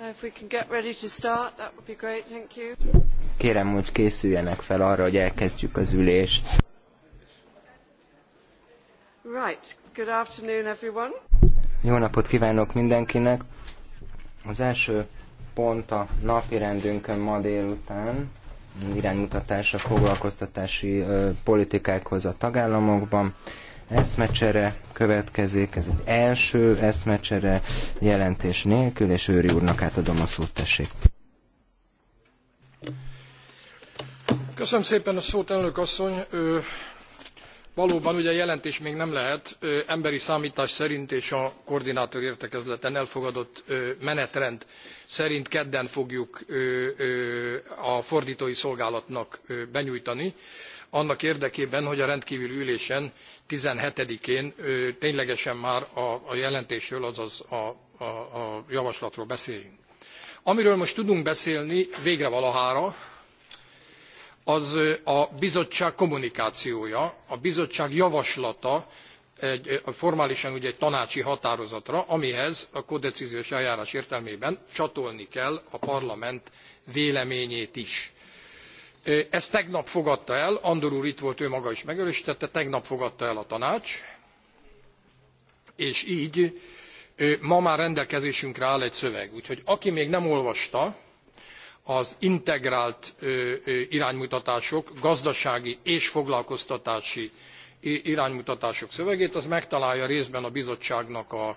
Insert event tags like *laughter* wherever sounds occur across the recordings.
Uh, Kérem, hogy készüljenek fel arra, hogy elkezdjük az ülést. Right. Good afternoon, everyone. Jó napot kívánok mindenkinek. Az első pont a napi rendünkön ma délután iránymutatás a foglalkoztatási ö, politikákhoz a tagállamokban. Ö, eszmecsere következik, ez egy első eszmecsere jelentés nélkül, és Őri úrnak átadom a szót, tessék. Köszönöm szépen a szót, elnök asszony. Ö, valóban ugye jelentés még nem lehet, ö, emberi számítás szerint és a koordinátor értekezleten elfogadott ö, menetrend szerint kedden fogjuk a fordítói szolgálatnak benyújtani annak érdekében, hogy a rendkívüli ülésen 17-én ténylegesen már a, a jelentésről, azaz a, a, a javaslatról beszéljünk. Amiről most tudunk beszélni végre valahára, az a bizottság kommunikációja, a bizottság javaslata, egy, formálisan ugye egy tanácsi határozatra, amihez a kodecíziós eljárás értelmében csatolni kell a parlament véleményét is ezt tegnap fogadta el andor úr itt volt ő maga is megerőstette tegnap fogadta el a tanács és gy ma már rendelkezésünkre áll egy szöveg úgyhogy aki még nem olvasta az integrált iránymutatások gazdasági és foglalkoztatási iránymutatások szövegét az megtalálja részben a bizottságnak a,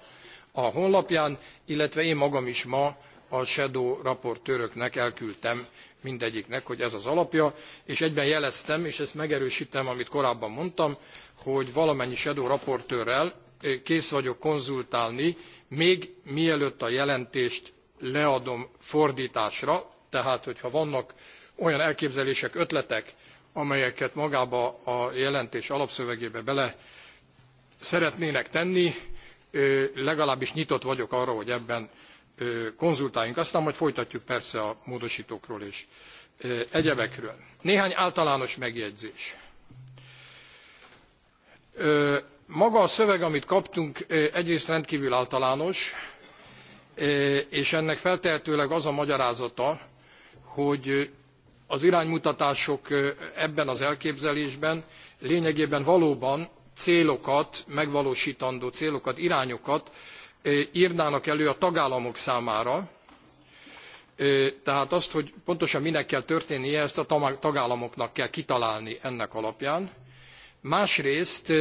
a honlapján illetve én magam is ma a shadow raportőröknek elküldtem mindegyiknek, hogy ez az alapja, és egyben jeleztem, és ezt megerősítem, amit korábban mondtam, hogy valamennyi shadow raportőrrel eh, kész vagyok konzultálni, még mielőtt a jelentést leadom fordításra, tehát hogyha vannak olyan elképzelések, ötletek, amelyeket magába a jelentés alapszövegébe bele szeretnének tenni, eh, legalábbis nyitott vagyok arra, hogy ebben konzultáljunk, aztán majd folytatjuk persze a módosítókról és egyebekről. Néhány általános megjegyzés. Maga a szöveg, amit kaptunk, egyrészt rendkívül általános, és ennek feltehetőleg az a magyarázata, hogy az iránymutatások ebben az elképzelésben lényegében valóban célokat, megvalósítandó célokat, irányokat rnának elő a tagállamok számára, tehát azt, hogy pontosan minek kell történnie, ezt a tagállamoknak kell kitalálni ennek alapján. Másrészt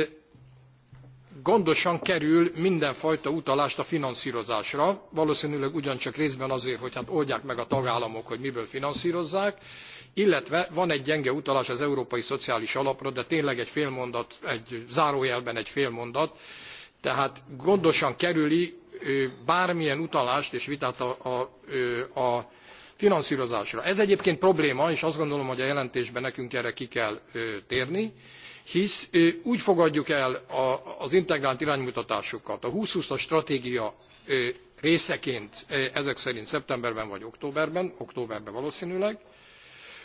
gondosan kerül mindenfajta utalást a finanszírozásra, valószínűleg ugyancsak részben azért, hogy hát oldják meg a tagállamok, hogy miből finanszírozzák, illetve van egy gyenge utalás az Európai Szociális Alapra, de tényleg egy félmondat, egy zárójelben egy félmondat, tehát gondosan kerüli bármilyen utalást és vitát a, a, a finanszírozásra. Ez egyébként probléma, és azt gondolom, hogy a jelentésben nekünk erre ki kell térni, hisz úgy fogadjuk el az integrált iránymutatásokat, a 2020-as stratégia részeként ezek szerint szeptemberben vagy októberben, októberben valószínűleg,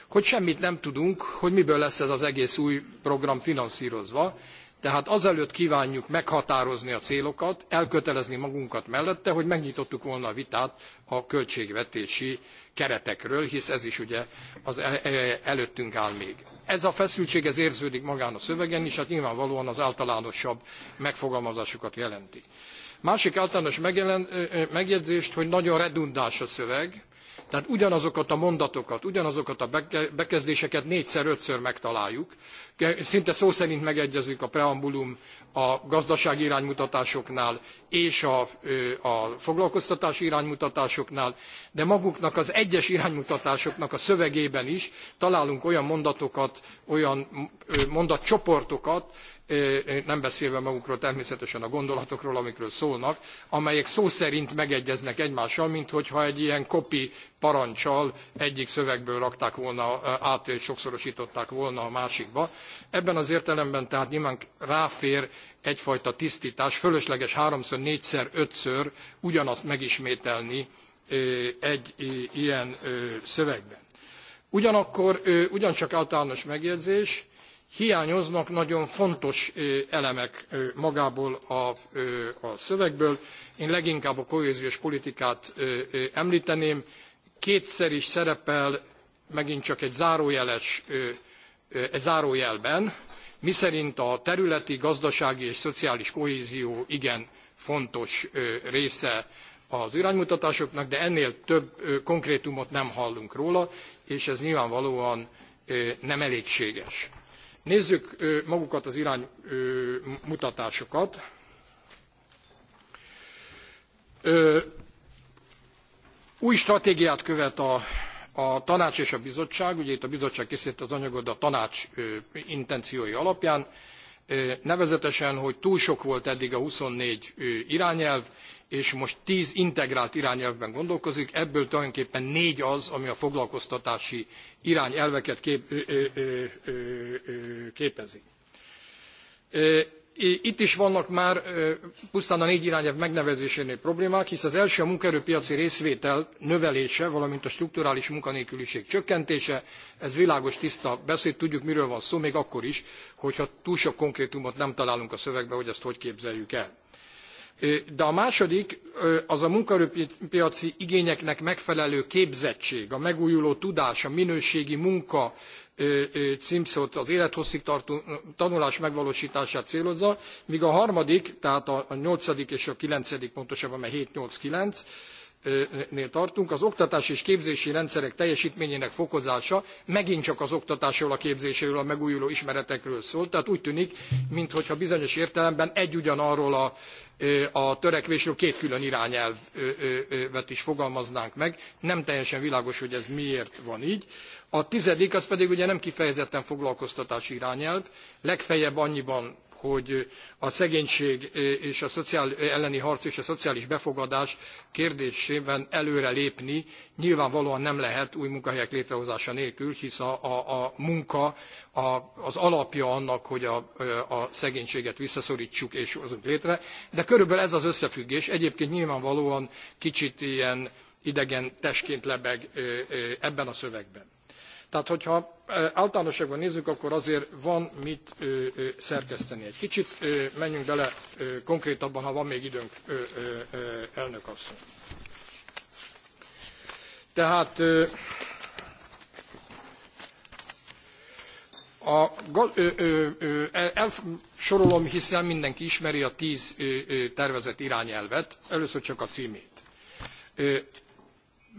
hogy semmit nem tudunk, hogy miből lesz ez az egész új program finanszírozva, tehát azelőtt kvánjuk meghatározni a célokat elkötelezni magunkat mellette hogy megnyitottuk volna a vitát a költségvetési keretekről hisz ez is ugye az e- e- előttünk áll még. ez a feszültség ez érződik magán a szövegen is hát nyilvánvalóan az általánosabb megfogalmazásokat jelenti. másik általános megjegyzést hogy nagyon redundáns a szöveg tehát ugyanazokat a mondatokat, ugyanazokat a bekezdéseket négyszer, ötször megtaláljuk. Szinte szó szerint megegyezünk a preambulum a gazdasági iránymutatásoknál és a, a foglalkoztatási iránymutatásoknál, de maguknak az egyes iránymutatásoknak a szövegében is találunk olyan mondatokat, olyan mondatcsoportokat, nem beszélve magukról természetesen a gondolatokról, amikről szólnak, amelyek szó szerint megegyeznek egymással, minthogyha egy ilyen kopi parancsal egyik szövegből rakták volna át, és sokszorosították volna a másikba. Ebben az értelemben tehát nyilván ráfér egyfajta tisztítás, fölösleges háromszor, négyszer, ötször ugyanazt megismételni egy ilyen szövegben. Ugyanakkor ugyancsak általános megjegyzés, hiányoznak nagyon fontos elemek magából a, szövegből. Én leginkább a kohéziós politikát említeném. Kétszer is szerepel, megint csak egy egy zárójelben, miszerint a területi, gazdasági és szociális kohézió igen fontos része az iránymutatásoknak, de ennél több konkrétumot nem hallunk róla, és ez nyilvánvalóan nem elégséges. Nézzük magukat az iránymutatásokat. Új stratégiát követ a, a tanács és a bizottság, ugye itt a bizottság készített az anyagot a tanács intenciói alapján, nevezetesen, hogy túl sok volt eddig a 24 irányelv, és most tíz integrált irányelvben gondolkozik, ebből tulajdonképpen négy az, ami a foglalkoztatási irányelveket kép, ö, ö, ö, képezi. Itt is vannak már pusztán a négy irányelv megnevezésénél problémák, hisz az első a munkaerőpiaci részvétel növelése, valamint a strukturális munkanélküliség csökkentése. Ez világos, tiszta beszéd, tudjuk miről van szó, még akkor is, hogyha túl sok konkrétumot nem találunk a szövegben, hogy ezt hogy képzeljük el de a második az a munkaerőpiaci igényeknek megfelelő képzettség, a megújuló tudás, a minőségi munka címszót az élethosszig tartó tanulás megvalósítását célozza, míg a harmadik, tehát a nyolcadik és a kilencedik pontosabban, mert 7-8-9, nél tartunk, az oktatás és képzési rendszerek teljesítményének fokozása megint csak az oktatásról, a képzésről, a megújuló ismeretekről szól. Tehát úgy tűnik, mintha bizonyos értelemben egy ugyanarról a a törekvésről két külön irányelvet is fogalmaznánk meg. Nem teljesen világos, hogy ez miért van így. A tizedik az pedig ugye nem kifejezetten foglalkoztatási irányelv, legfeljebb annyiban hogy a szegénység és a szociál, elleni harc és a szociális befogadás kérdésében előre lépni nyilvánvalóan nem lehet új munkahelyek létrehozása nélkül, hisz a, a, a munka a, az alapja annak, hogy a, a szegénységet visszaszorítsuk és hozunk létre. De körülbelül ez az összefüggés. Egyébként nyilvánvalóan kicsit ilyen idegen testként lebeg ebben a szövegben. Tehát, hogyha általánosságban nézzük, akkor azért van mit szerkeszteni. Egy kicsit menjünk bele konkrétabban, ha van még időnk, elnök asszony. Tehát a, el, sorolom, hiszen mindenki ismeri a tíz tervezett irányelvet, először csak a címét.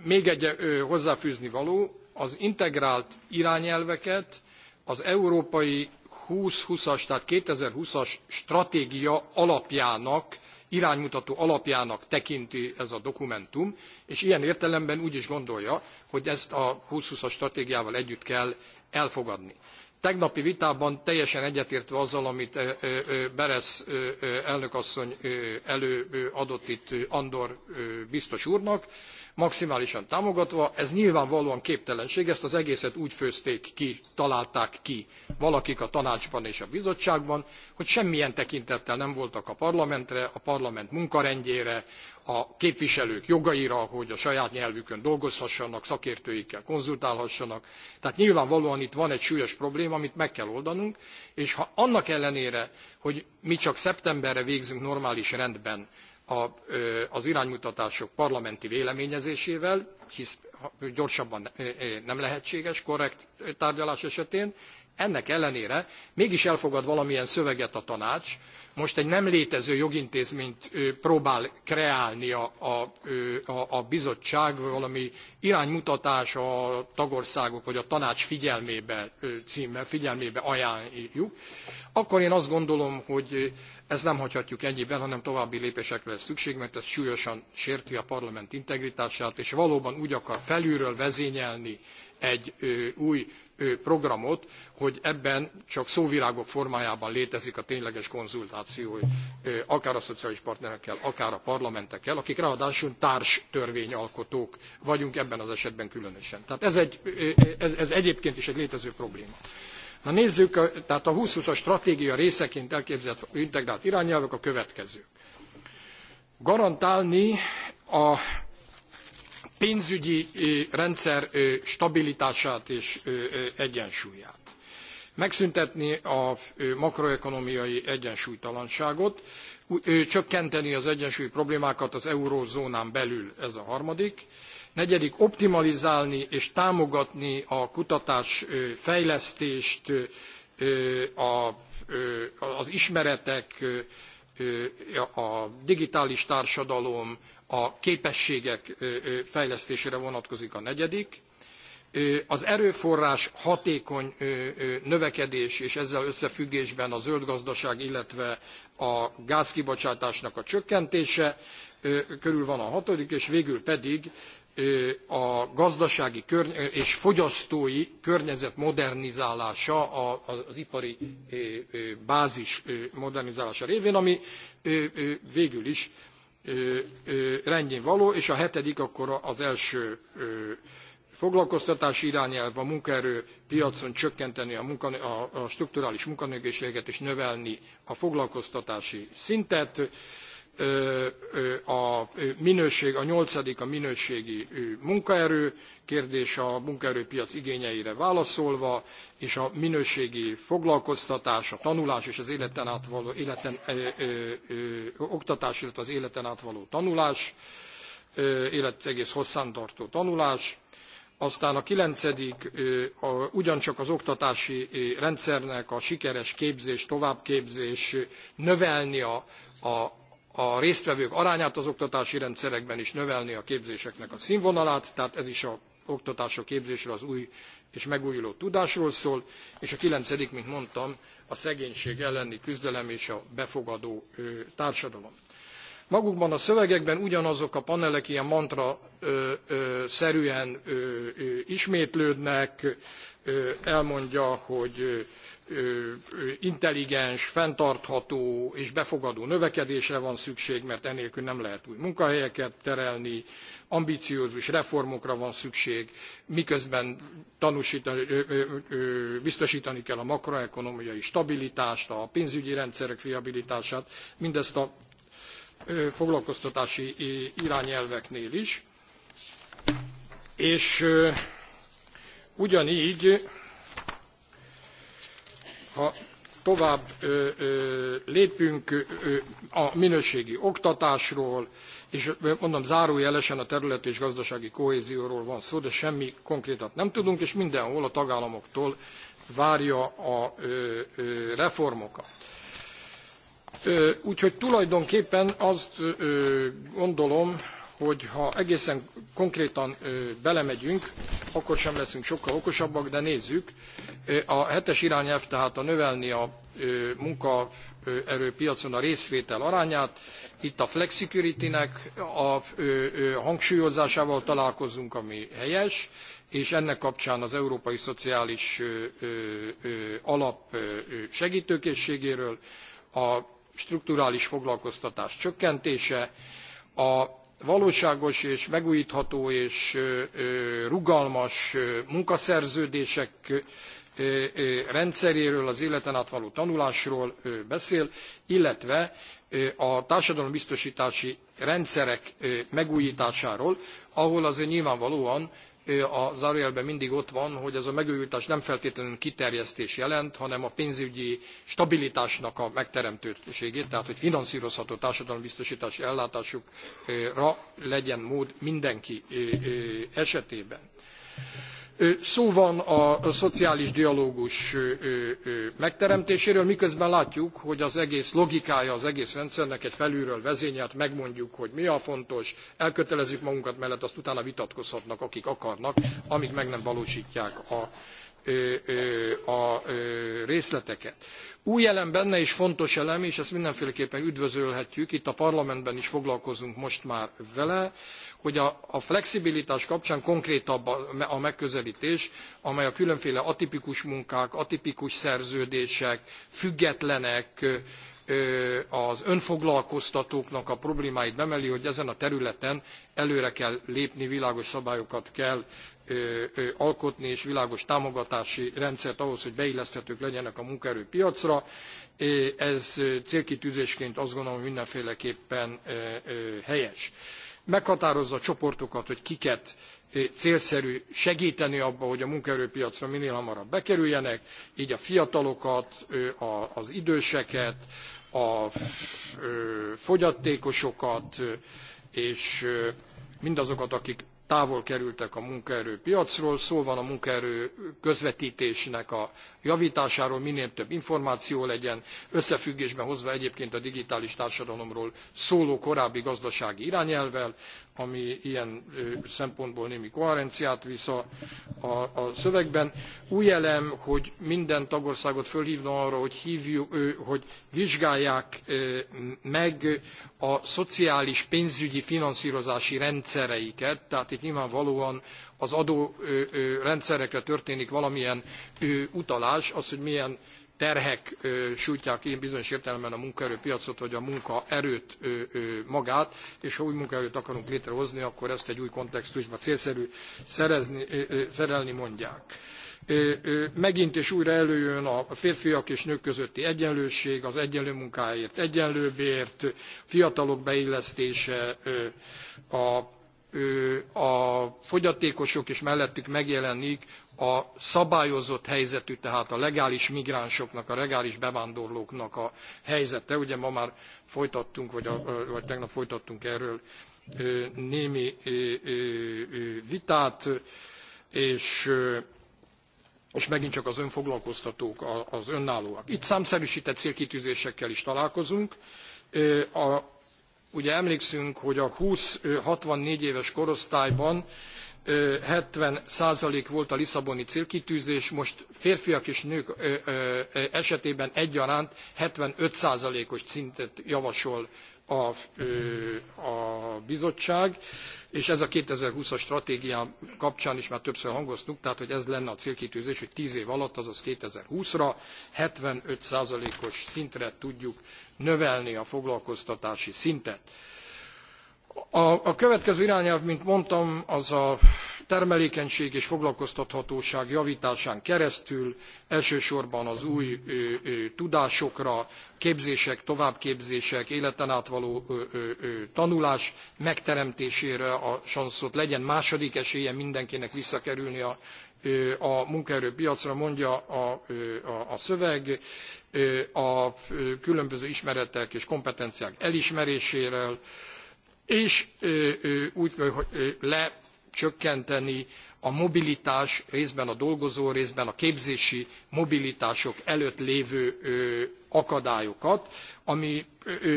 Még egy hozzáfűzni való, az integrált irányelveket az európai 2020-as, tehát 2020-as stratégia alapjának, iránymutató alapjának tekinti ez a dokumentum, és ilyen értelemben úgy is gondolja, hogy ezt a 2020-as stratégiával együtt kell elfogadni. Tegnapi vitában teljesen egyetértve azzal, amit Beresz elnökasszony előadott itt Andor biztos úrnak, maximálisan támogatva. Ez nyilvánvalóan képtelenség, ezt az egészet úgy főzték ki, találták ki valakik a tanácsban és a bizottságban, hogy semmilyen tekintettel nem voltak a parlamentre, a parlament munkarendjére, a képviselők jogaira, hogy a saját nyelvükön dolgozhassanak, szakértőikkel konzultálhassanak. Tehát nyilvánvalóan itt van egy súlyos probléma, amit meg kell oldanunk, és ha annak ellenére, hogy mi csak szeptemberre végzünk normális rendben a, az iránymutatások parlamenti véleményezésével, hisz gyorsabban nem lehetséges korrekt tárgyalás esetén, ennek ellenére mégis elfogad valamilyen szöveget a tanács, most egy nem létező jogintézményt próbál kreálni a, a, a, a bizottság, valami iránymutatás a tagországok vagy a tanács figyelmébe címmel, figyelmébe ajánljuk, akkor én azt gondolom, hogy ezt nem hagyhatjuk ennyiben, hanem további lépésekre lesz szükség, mert ez súlyosan sérti a parlament integritását, és valóban úgy akar felülről vezényelni egy új programot, hogy ebben csak szóvirágok formájában létezik a tényleges konzultáció, akár a szociális partnerekkel, akár a parlamentekkel, akik ráadásul társ törvényalkotók vagyunk ebben az esetben különösen. Tehát ez, egy, ez, ez egyébként is egy létező probléma. Na nézzük, a, tehát a 2020-as stratégia részeként elképzelt integrált irányelvek a következők. Garantálni a pénzügyi rendszer stabilitását és egyensúlyát. Megszüntetni a makroekonomiai egyensúlytalanságot, csökkenteni az egyensúly problémákat az eurózónán belül, ez a harmadik. Negyedik, optimalizálni és támogatni a kutatás fejlesztést, az ismeretek, a digitális társadalom, a képességek fejlesztésére vonatkozik a negyedik, az erőforrás hatékony növekedés és ezzel összefüggésben a zöld gazdaság, illetve a gázkibocsátásnak a csökkentése, körül van a hatodik, és végül pedig a gazdasági és fogyasztói környezet modernizálása az ipari bázis modernizálása révén, ami végül is rendjén való, és a hetedik akkor az első foglalkoztatási irányelv a munkaerő piacon csökkenteni a, a, a strukturális munkanőgéséget és növelni a foglalkoztatási szintet a minőség, a nyolcadik a minőségi munkaerő kérdés a munkaerőpiac igényeire válaszolva, és a minőségi foglalkoztatás, a tanulás és az életen átvaló, életen, ö, ö, ö, oktatás, illetve az életen átvaló tanulás, élet egész hosszantartó tanulás, aztán a kilencedik a, ugyancsak az oktatási rendszernek a sikeres képzés, továbbképzés növelni a, a a résztvevők arányát az oktatási rendszerekben is növelni a képzéseknek a színvonalát, tehát ez is a képzés képzésre, az új és megújuló tudásról szól, és a kilencedik, mint mondtam, a szegénység elleni küzdelem és a befogadó társadalom. Magukban a szövegekben ugyanazok a panelek ilyen mantra szerűen ismétlődnek, elmondja, hogy intelligens, fenntartható és befogadó növekedésre van szükség, mert enélkül nem lehet új munkahelyeket terelni, ambiciózus reformokra van szükség, miközben tanúsítani, biztosítani kell a makroekonomiai stabilitást, a pénzügyi rendszerek fiabilitását, mindezt a foglalkoztatási irányelveknél is. És ugyanígy ha tovább ö, ö, lépünk ö, a minőségi oktatásról, és mondom zárójelesen a terület és gazdasági kohézióról van szó, de semmi konkrétat nem tudunk, és mindenhol a tagállamoktól várja a reformokat. Úgyhogy tulajdonképpen azt gondolom, hogy ha egészen konkrétan belemegyünk, akkor sem leszünk sokkal okosabbak, de nézzük. A hetes irányelv tehát a növelni a munkaerőpiacon a részvétel arányát. Itt a flexicurity-nek a hangsúlyozásával találkozunk, ami helyes, és ennek kapcsán az Európai Szociális Alap segítőkészségéről, a strukturális foglalkoztatás csökkentése, a valóságos és megújítható és rugalmas munkaszerződések rendszeréről, az életen át való tanulásról beszél, illetve a társadalombiztostási rendszerek megújításáról, ahol azért nyilvánvalóan a zárójelben mindig ott van, hogy ez a megújítás nem feltétlenül kiterjesztés jelent, hanem a pénzügyi stabilitásnak a megteremtőségét, tehát hogy finanszírozható társadalombiztosítási ellátásukra legyen mód mindenki esetében. Szó van a szociális dialógus megteremtéséről, miközben látjuk, hogy az egész logikája az egész rendszernek egy felülről vezényelt, megmondjuk, hogy mi a fontos, elkötelezzük magunkat mellett, azt utána vitatkozhatnak, akik akarnak, amíg meg nem valósítják a a részleteket. Új elem benne és fontos elem, és ezt mindenféleképpen üdvözölhetjük, itt a parlamentben is foglalkozunk most már vele, hogy a, a flexibilitás kapcsán konkrétabb a, megközelítés, amely a különféle atipikus munkák, atipikus szerződések, függetlenek, az önfoglalkoztatóknak a problémáit bemeli, hogy ezen a területen előre kell lépni, világos szabályokat kell alkotni, és világos támogatási rendszert ahhoz, hogy beilleszthetők legyenek a munkaerőpiacra. Ez célkitűzésként azt gondolom, hogy mindenféleképpen helyes meghatározza a csoportokat, hogy kiket célszerű segíteni abban, hogy a munkaerőpiacra minél hamarabb bekerüljenek, így a fiatalokat, az időseket, a fogyatékosokat, és mindazokat, akik távol kerültek a munkaerőpiacról, szó van a munkaerő közvetítésnek a javításáról, minél több információ legyen, összefüggésben hozva egyébként a digitális társadalomról szóló korábbi gazdasági irányelvvel, ami ilyen szempontból némi koherenciát visz a, a, a szövegben. Új elem, hogy minden tagországot fölhívna arra, hogy, hívjuk, hogy vizsgálják meg a szociális pénzügyi finanszírozási rendszereiket, tehát itt nyilvánvalóan az adórendszerekre történik valamilyen utalás, az, hogy milyen terhek sújtják én bizonyos értelemben a munkaerőpiacot, vagy a munkaerőt magát, és ha új munkaerőt akarunk létrehozni, akkor ezt egy új kontextusba célszerű szerezni, szerelni mondják. Megint és újra előjön a férfiak és nők közötti egyenlőség, az egyenlő munkáért, egyenlő bért, fiatalok beillesztése, a a fogyatékosok, és mellettük megjelenik a szabályozott helyzetű, tehát a legális migránsoknak, a legális bevándorlóknak a helyzete. Ugye ma már folytattunk, vagy, a, vagy tegnap folytattunk erről némi vitát, és és megint csak az önfoglalkoztatók, az önállóak. Itt számszerűsített célkitűzésekkel is találkozunk. A Ugye emlékszünk, hogy a 20-64 éves korosztályban 70% volt a Lisszaboni célkitűzés, most férfiak és nők esetében egyaránt 75%-os szintet javasol a, a bizottság, és ez a 2020-as stratégia kapcsán is már többször hangoztuk, tehát hogy ez lenne a célkitűzés, hogy 10 év alatt, azaz 2020-ra 75%-os szintre tudjuk növelni a foglalkoztatási szintet. A, a következő irányelv, mint mondtam, az a termelékenység és foglalkoztathatóság javításán keresztül elsősorban az új ö, ö, tudásokra, képzések, továbbképzések, életen átvaló tanulás megteremtésére a sanszot legyen második esélye mindenkinek visszakerülni a a munkaerőpiacra, mondja a, a, a szöveg, a különböző ismeretek és kompetenciák elismerésével, és úgy hogy lecsökkenteni a mobilitás részben a dolgozó, részben a képzési mobilitások előtt lévő akadályokat, ami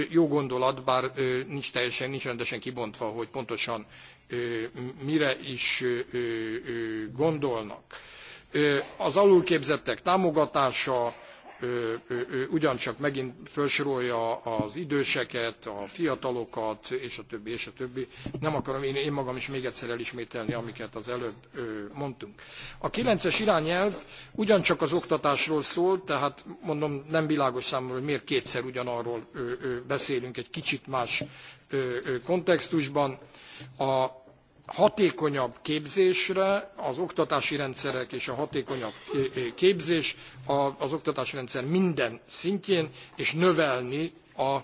jó gondolat, bár nincs teljesen, nincs rendesen kibontva, hogy pontosan mire is gondolnak. Az alulképzettek támogatása, ugyancsak megint felsorolja az időseket, a fiatalokat, és a többi, és a többi. Nem akarom én, én magam is még egyszer elismételni, amiket az előbb mondtunk. A kilences irányelv ugyancsak az oktatásról szól, tehát mondom, nem világos számomra, hogy miért kétszer ugyanarról beszélünk egy kicsit más kontextusban. A hatékonyabb képzésre, az oktatási rendszerek és a hatékonyabb képzés az oktatási rendszer minden szintjén, és növelni a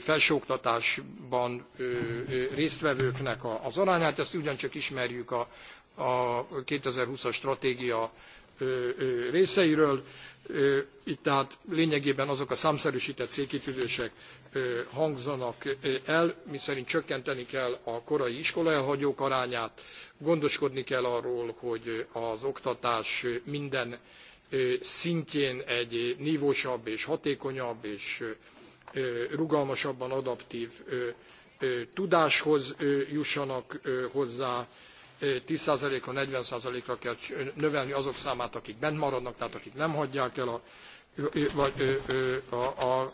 felsőoktatásban résztvevőknek az arányát. Ezt ugyancsak ismerjük a, 2020-as stratégia részeiről. Itt tehát lényegében azok a számszerűsített célkitűzések, hangzanak el, miszerint csökkenteni kell a korai iskolaelhagyók arányát, gondoskodni kell arról, hogy az oktatás minden szintjén egy nívósabb és hatékonyabb és rugalmasabban adaptív tudáshoz jussanak hozzá, 10%-ra, 40%-ra kell növelni azok számát, akik bent maradnak, tehát akik nem hagyják el a vagy a, a, a,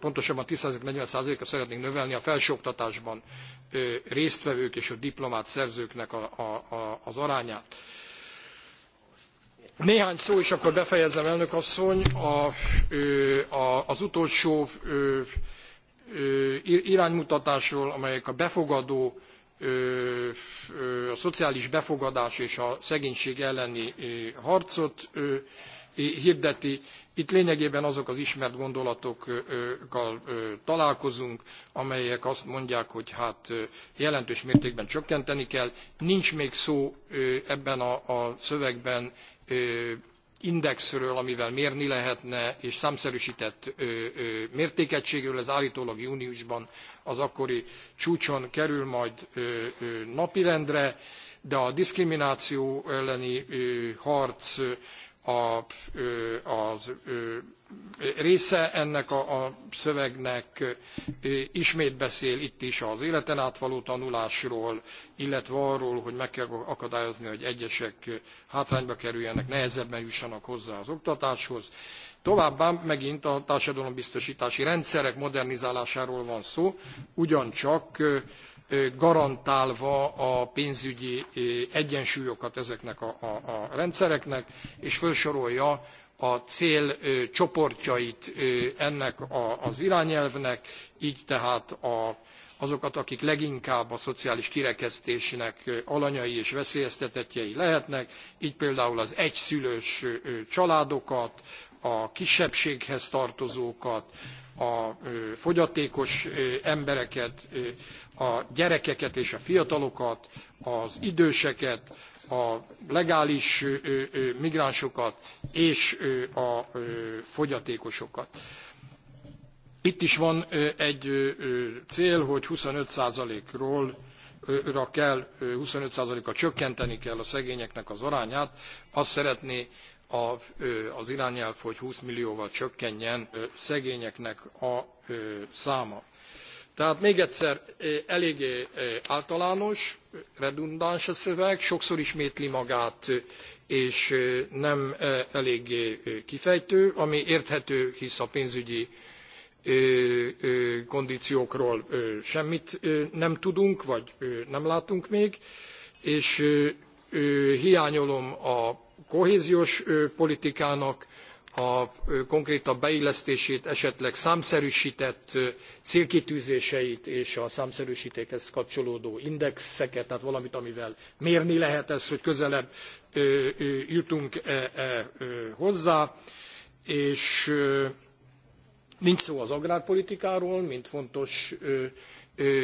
pontosabban 10-40%-ra szeretnénk növelni a felsőoktatásban résztvevők és a diplomát szerzőknek a, a, az arányát. Néhány szó, és akkor befejezem, elnök asszony. A, az utolsó iránymutatásról, amelyek a befogadó, a szociális befogadás és a szegénység elleni harcot hirdeti. Itt lényegében azok az ismert gondolatokkal találkozunk, amelyek azt mondják, hogy hát jelentős mértékben csökkenteni kell. Nincs még szó ebben a, a szövegben indexről, amivel mérni lehetne, és számszerűsített mértékegységről. Ez állítólag júniusban az akkori csúcson kerül majd napirendre, de a diszkrimináció elleni harc a, az része ennek a, a szövegnek ismét beszél itt is az életen átvaló tanulásról, illetve arról, hogy meg kell akadályozni, hogy egyesek hátrányba kerüljenek, nehezebben jussanak hozzá az oktatáshoz. Továbbá megint a társadalombiztosítási rendszerek modernizálásáról van szó, ugyancsak garantálva a pénzügyi egyensúlyokat ezeknek a, a, a rendszereknek, és felsorolja a célcsoportjait ennek a, az irányelvnek, így tehát a, azokat, akik leginkább a szociális kirekesztésnek alanyai és veszélyeztetettjei lehetnek, így például az egyszülős családokat, a kisebbséghez tartozókat, a fogyatékos embereket, a gyerekeket és a fiatalokat, az időseket, a legális migránsokat és a fogyatékosokat. Itt is van egy cél, hogy 25%-ról ra kell, 25%-kal csökkenteni kell a szegényeknek az arányát. Azt szeretné a, az irányelv, hogy 20 millióval csökkenjen szegényeknek a száma. Tehát még egyszer eléggé általános, redundáns a szöveg, sokszor ismétli magát, és nem eléggé kifejtő, ami érthető, hisz a pénzügyi kondíciókról semmit nem tudunk, vagy nem látunk még, és hiányolom a kohéziós politikának a konkrétabb beillesztését, esetleg számszerűstett célkitűzéseit és a számszerűstéshez kapcsolódó indexeket, tehát valamit, amivel mérni lehet ezt, hogy közelebb jutunk -e hozzá, és nincs szó az agrárpolitikáról, mint fontos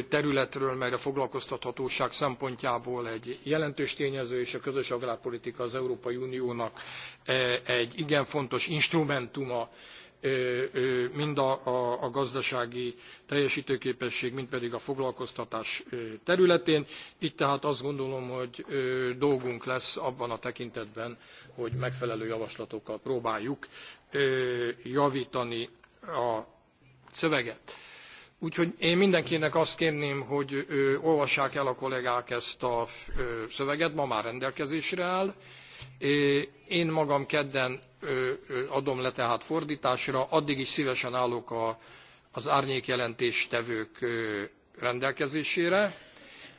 területről, mely a foglalkoztathatóság szempontjából egy jelentős tényező, és a közös agrárpolitika az Európai Uniónak egy igen fontos instrumentuma, mind a, a, a gazdasági teljesítőképesség, mind pedig a foglalkoztatás területén. Itt tehát azt gondolom, hogy dolgunk lesz abban a tekintetben, hogy megfelelő javaslatokkal próbáljuk javítani a szöveget. Úgyhogy én mindenkinek azt kérném, hogy ö, olvassák el a kollégák ezt a ö, szöveget, ma már rendelkezésre áll. É, én magam kedden ö, adom le tehát fordításra, addig is szívesen állok a, az árnyékjelentéstevők ö, rendelkezésére,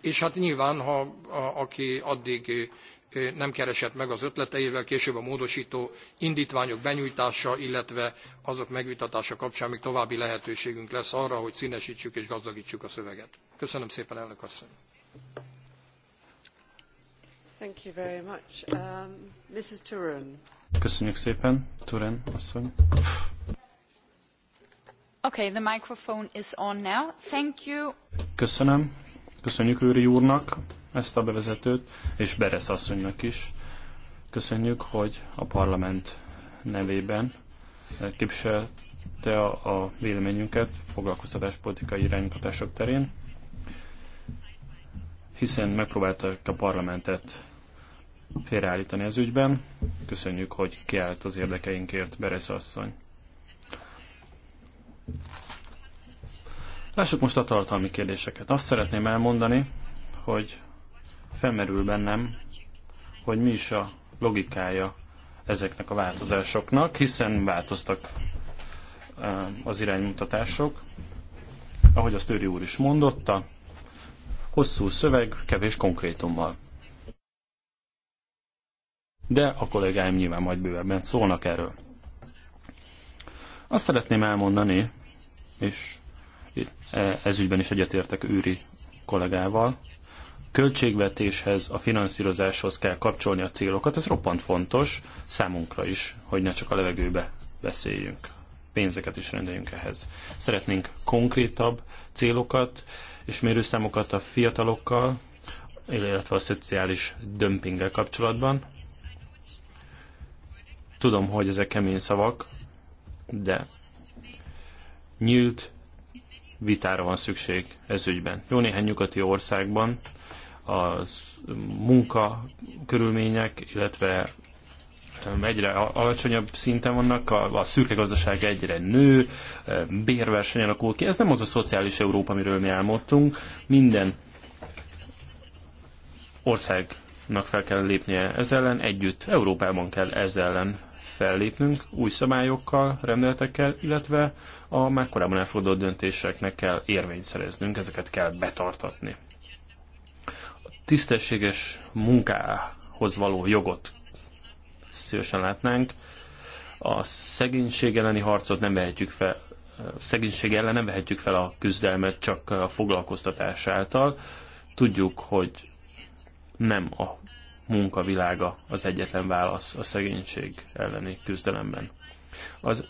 és hát nyilván, ha a, aki addig nem keresett meg az ötleteivel, később a módosító indítványok benyújtása, illetve azok megvitatása kapcsán még további lehetőségünk lesz arra, hogy színesítsük és gazdagítsuk a szöveget. Köszönöm szépen, elnök asszony! Thank you very much. Um, Mrs. Turin. Köszönjük szépen, Turen asszony. Okay, the microphone is on now. Thank you. Köszönöm. Köszönjük Őri úrnak ezt a bevezetőt, és Beresz asszonynak is. Köszönjük, hogy a parlament nevében képviselte a véleményünket foglalkoztatáspolitikai iránymutatások terén, hiszen megpróbálták a parlamentet félreállítani az ügyben. Köszönjük, hogy kiállt az érdekeinkért Beresz asszony. Lássuk most a tartalmi kérdéseket. Azt szeretném elmondani, hogy felmerül bennem, hogy mi is a logikája ezeknek a változásoknak, hiszen változtak eh, az iránymutatások, ahogy azt Őri úr is mondotta, hosszú szöveg, kevés konkrétummal. De a kollégáim nyilván majd bővebben szólnak erről. Azt szeretném elmondani, és eh, ezügyben is egyetértek Őri kollégával, költségvetéshez, a finanszírozáshoz kell kapcsolni a célokat. Ez roppant fontos számunkra is, hogy ne csak a levegőbe beszéljünk. Pénzeket is rendeljünk ehhez. Szeretnénk konkrétabb célokat és mérőszámokat a fiatalokkal, illetve a szociális dömpinggel kapcsolatban. Tudom, hogy ezek kemény szavak, de nyílt vitára van szükség ez ügyben. Jó néhány nyugati országban a munka körülmények, illetve egyre alacsonyabb szinten vannak, a, a szürke gazdaság egyre nő, bérverseny alakul ki. Ez nem az a szociális Európa, amiről mi álmodtunk. Minden országnak fel kell lépnie ez ellen, együtt Európában kell ez ellen fellépnünk, új szabályokkal, rendeletekkel, illetve a már korábban elfogadott döntéseknek kell érvényt szereznünk, ezeket kell betartatni tisztességes munkához való jogot szívesen látnánk. A szegénység elleni harcot nem vehetjük fel, szegénység ellen nem vehetjük fel a küzdelmet csak a foglalkoztatás által. Tudjuk, hogy nem a munkavilága az egyetlen válasz a szegénység elleni küzdelemben. Az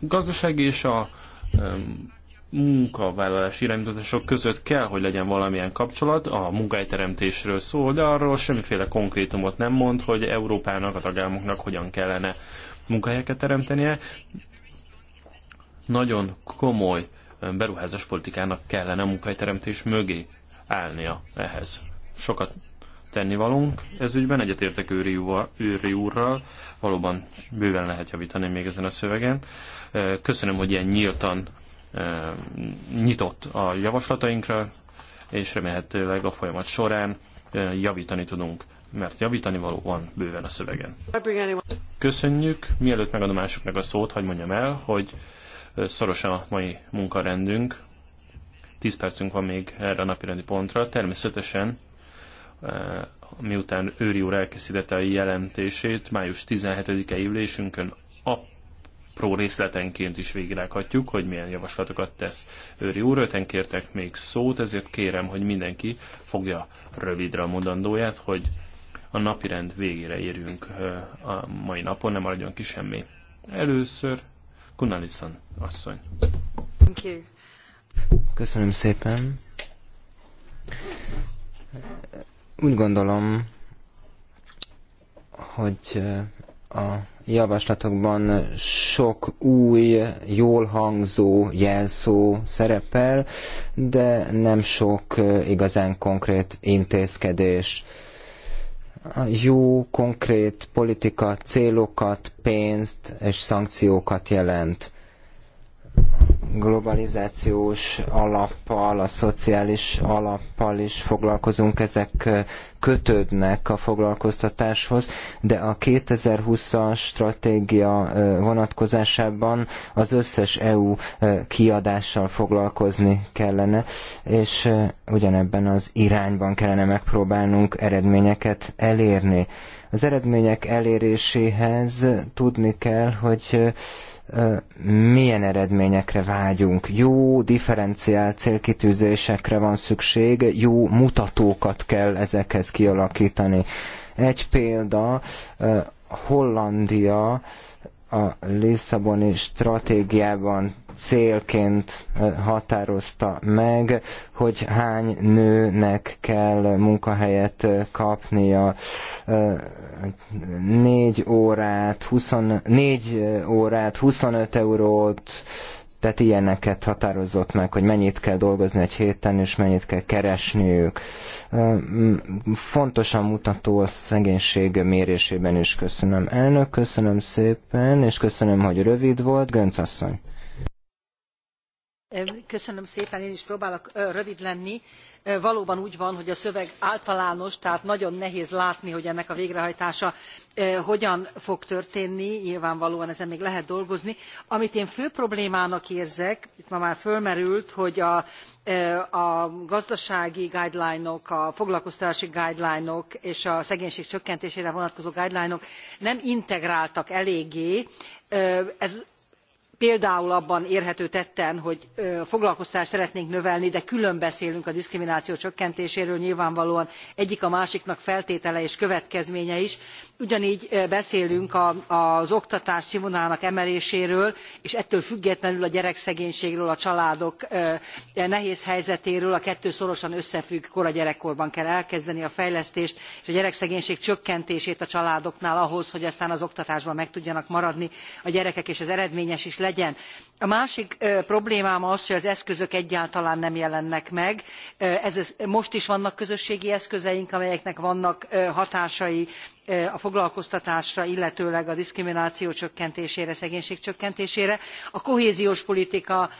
gazdaság és a um, munkavállalási iránymutatások között kell, hogy legyen valamilyen kapcsolat, a munkahelyteremtésről szól, de arról semmiféle konkrétumot nem mond, hogy Európának, a tagállamoknak hogyan kellene munkahelyeket teremtenie. Nagyon komoly beruházás politikának kellene munkahelyteremtés mögé állnia ehhez. Sokat tennivalónk ez ügyben, egyetértek őri, őri úrral, valóban bőven lehet javítani még ezen a szövegen. Köszönöm, hogy ilyen nyíltan nyitott a javaslatainkra, és remélhetőleg a folyamat során javítani tudunk, mert javítani való van bőven a szövegen. Köszönjük, mielőtt megadom másoknak a szót, hogy mondjam el, hogy szoros a mai munkarendünk, 10 percünk van még erre a napirendi pontra. Természetesen, miután Őri úr elkészítette a jelentését, május 17-e ülésünkön a apró részletenként is végigrághatjuk, hogy milyen javaslatokat tesz Őri úr. Öten kértek még szót, ezért kérem, hogy mindenki fogja rövidre a mondandóját, hogy a napirend végére érjünk a mai napon, nem maradjon ki semmi. Először Kunalison asszony. Köszönöm szépen. Úgy gondolom, hogy a javaslatokban sok új, jól hangzó jelszó szerepel, de nem sok igazán konkrét intézkedés. A jó, konkrét politika célokat, pénzt és szankciókat jelent globalizációs alappal, a szociális alappal is foglalkozunk, ezek kötődnek a foglalkoztatáshoz, de a 2020-as stratégia vonatkozásában az összes EU kiadással foglalkozni kellene, és ugyanebben az irányban kellene megpróbálnunk eredményeket elérni. Az eredmények eléréséhez tudni kell, hogy milyen eredményekre vágyunk. Jó differenciált célkitűzésekre van szükség, jó mutatókat kell ezekhez kialakítani. Egy példa, Hollandia a Lisszaboni stratégiában célként határozta meg, hogy hány nőnek kell munkahelyet kapnia. négy órát, huszon négy órát, 25 eurót, tehát ilyeneket határozott meg, hogy mennyit kell dolgozni egy héten, és mennyit kell keresniük. Fontos a mutató a szegénység mérésében is. Köszönöm elnök, köszönöm szépen, és köszönöm, hogy rövid volt. Gönc asszony. Köszönöm szépen, én is próbálok rövid lenni. Valóban úgy van, hogy a szöveg általános, tehát nagyon nehéz látni, hogy ennek a végrehajtása hogyan fog történni, nyilvánvalóan ezen még lehet dolgozni. Amit én fő problémának érzek, itt ma már fölmerült, hogy a, a gazdasági guideline ok a foglalkoztatási guideline ok és a szegénység csökkentésére vonatkozó guideline ok nem integráltak eléggé. Ez például abban érhető tetten hogy a foglalkoztatást szeretnénk növelni de külön beszélünk a diszkrimináció csökkentéséről nyilvánvalóan egyik a másiknak feltétele és következménye is ugyangy beszélünk az oktatás sznvonalának emeléséről és ettől függetlenül a gyerekszegénységről a családok nehéz helyzetéről a kettő szorosan összefügg kora gyerekkorban kell elkezdeni a fejlesztést és a gyerekszegénység csökkentését a családoknál ahhoz hogy aztán az oktatásban meg tudjanak maradni a gyerekek és ez eredményes is legyen. a másik problémám az hogy az eszközök egyáltalán nem jelennek meg. most is vannak közösségi eszközeink amelyeknek vannak hatásai a foglalkoztatásra illetőleg a diszkrimináció csökkentésére szegénység csökkentésére. a kohéziós politika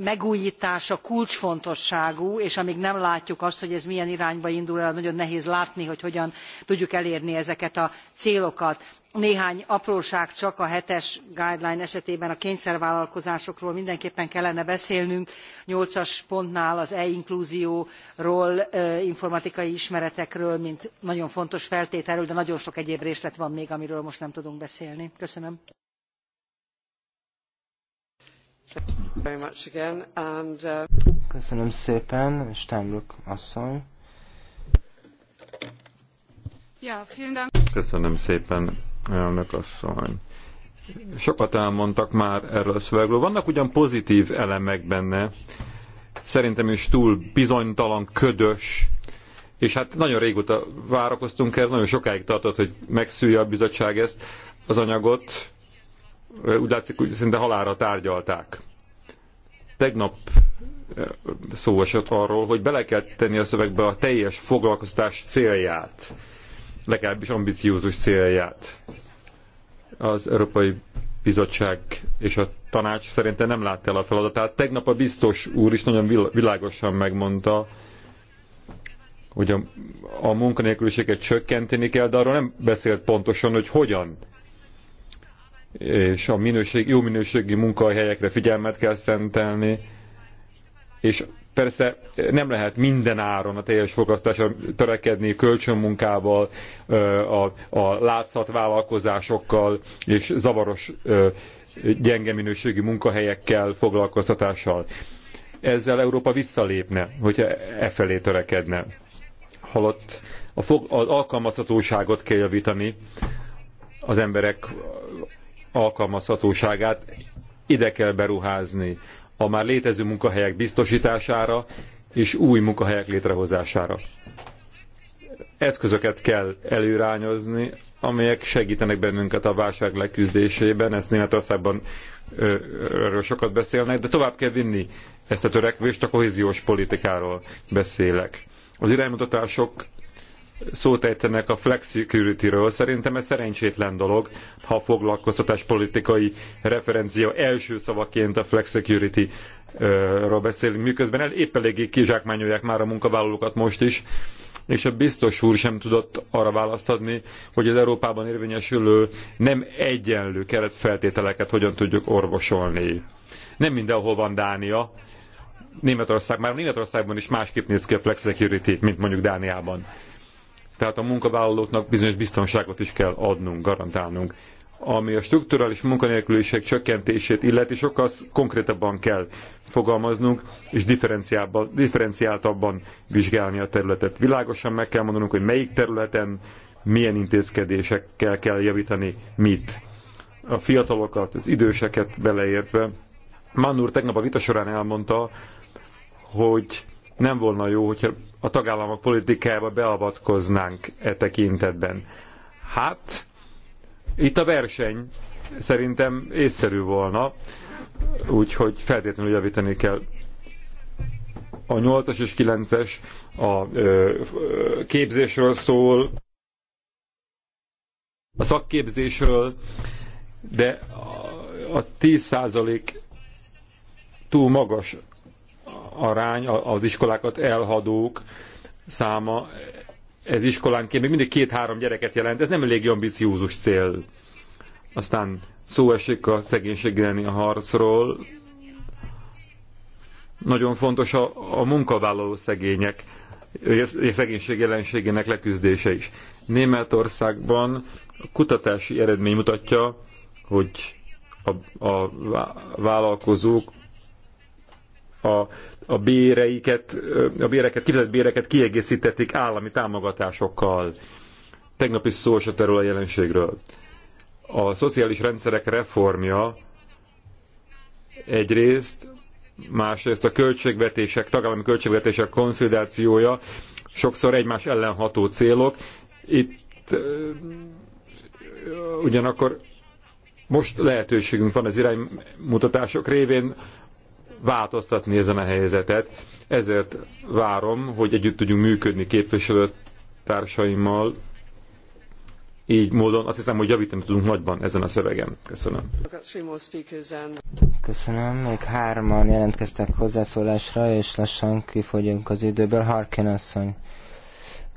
megújtása kulcsfontosságú és amg nem látjuk azt hogy ez milyen irányba indul el nagyon nehéz látni hogy hogyan tudjuk elérni ezeket a célokat néhány apróság csak a hetes guideline esetében a kényszervállalkozásokról mindenképpen kellene beszélnünk nyolcas pontnál az e inklúzióról informatikai ismeretekről mint nagyon fontos feltételről de nagyon sok egyéb részlet van még amiről most nem tudunk beszélni. köszönöm. Uh, köszönöm szépen, Steinbrück asszony. Köszönöm szépen, elnök asszony. Sokat elmondtak már erről a szövegről. Vannak ugyan pozitív elemek benne, szerintem is túl bizonytalan, ködös, és hát nagyon régóta várakoztunk el, nagyon sokáig tartott, hogy megszűlje a bizottság ezt az anyagot. Úgy látszik, hogy szinte halára tárgyalták. Tegnap eh, szó esett arról, hogy bele kell tenni a szövegbe a teljes foglalkoztatás célját legalábbis ambiciózus célját. Az Európai Bizottság és a tanács szerintem nem látta el a feladatát. Tegnap a biztos úr is nagyon világosan megmondta, hogy a, a munkanélküliséget csökkenteni kell, de arról nem beszélt pontosan, hogy hogyan. És a minőség, jó minőségi munkahelyekre figyelmet kell szentelni, és Persze nem lehet minden áron a teljes fokoztásra törekedni kölcsönmunkával, a, a látszatvállalkozásokkal és zavaros gyenge minőségű munkahelyekkel, foglalkoztatással. Ezzel Európa visszalépne, hogyha e felé törekedne. Halott a fog, az alkalmazhatóságot kell javítani, az emberek alkalmazhatóságát ide kell beruházni a már létező munkahelyek biztosítására és új munkahelyek létrehozására. Eszközöket kell előrányozni, amelyek segítenek bennünket a válság leküzdésében. Ezt Németországban erről sokat beszélnek, de tovább kell vinni ezt a törekvést, a kohéziós politikáról beszélek. Az iránymutatások szót ejtenek a flex ről Szerintem ez szerencsétlen dolog, ha a foglalkoztatáspolitikai referencia első szavaként a flex security ről beszélünk, miközben el, épp eléggé kizsákmányolják már a munkavállalókat most is, és a biztos úr sem tudott arra választ adni, hogy az Európában érvényesülő nem egyenlő keretfeltételeket hogyan tudjuk orvosolni. Nem mindenhol van Dánia, Németország, már Németországban is másképp néz ki a flexicurity, mint mondjuk Dániában. Tehát a munkavállalóknak bizonyos biztonságot is kell adnunk, garantálnunk. Ami a strukturális munkanélküliség csökkentését illeti, sokkal konkrétabban kell fogalmaznunk, és differenciáltabban vizsgálni a területet. Világosan meg kell mondanunk, hogy melyik területen milyen intézkedésekkel kell javítani mit. A fiatalokat, az időseket beleértve. Mann úr tegnap a vita során elmondta, hogy nem volna jó, hogyha a tagállamok politikájába beavatkoznánk e tekintetben. Hát, itt a verseny szerintem észszerű volna, úgyhogy feltétlenül javítani kell a 8-as és 9-es a ö, ö, képzésről szól, a szakképzésről, de a, a 10% túl magas arány, az iskolákat elhadók száma, ez iskolánként még mindig két-három gyereket jelent, ez nem elég ambiciózus cél. Aztán szó esik a szegénység a harcról. Nagyon fontos a, a munkavállaló szegények, a szegénység jelenségének leküzdése is. Németországban a kutatási eredmény mutatja, hogy a, a vállalkozók a, a béreiket, a béreket, kifizetett béreket kiegészítették állami támogatásokkal. Tegnap is szó esett erről a jelenségről. A szociális rendszerek reformja egyrészt, másrészt a költségvetések, tagállami költségvetések konszolidációja, sokszor egymás ellenható célok. Itt ugyanakkor most lehetőségünk van az iránymutatások révén változtatni ezen a helyzetet. Ezért várom, hogy együtt tudjunk működni képviselőtársaimmal, így módon azt hiszem, hogy javítani tudunk nagyban ezen a szövegen. Köszönöm. Köszönöm. Még hárman jelentkeztek hozzászólásra, és lassan kifogyunk az időből. Harkin asszony.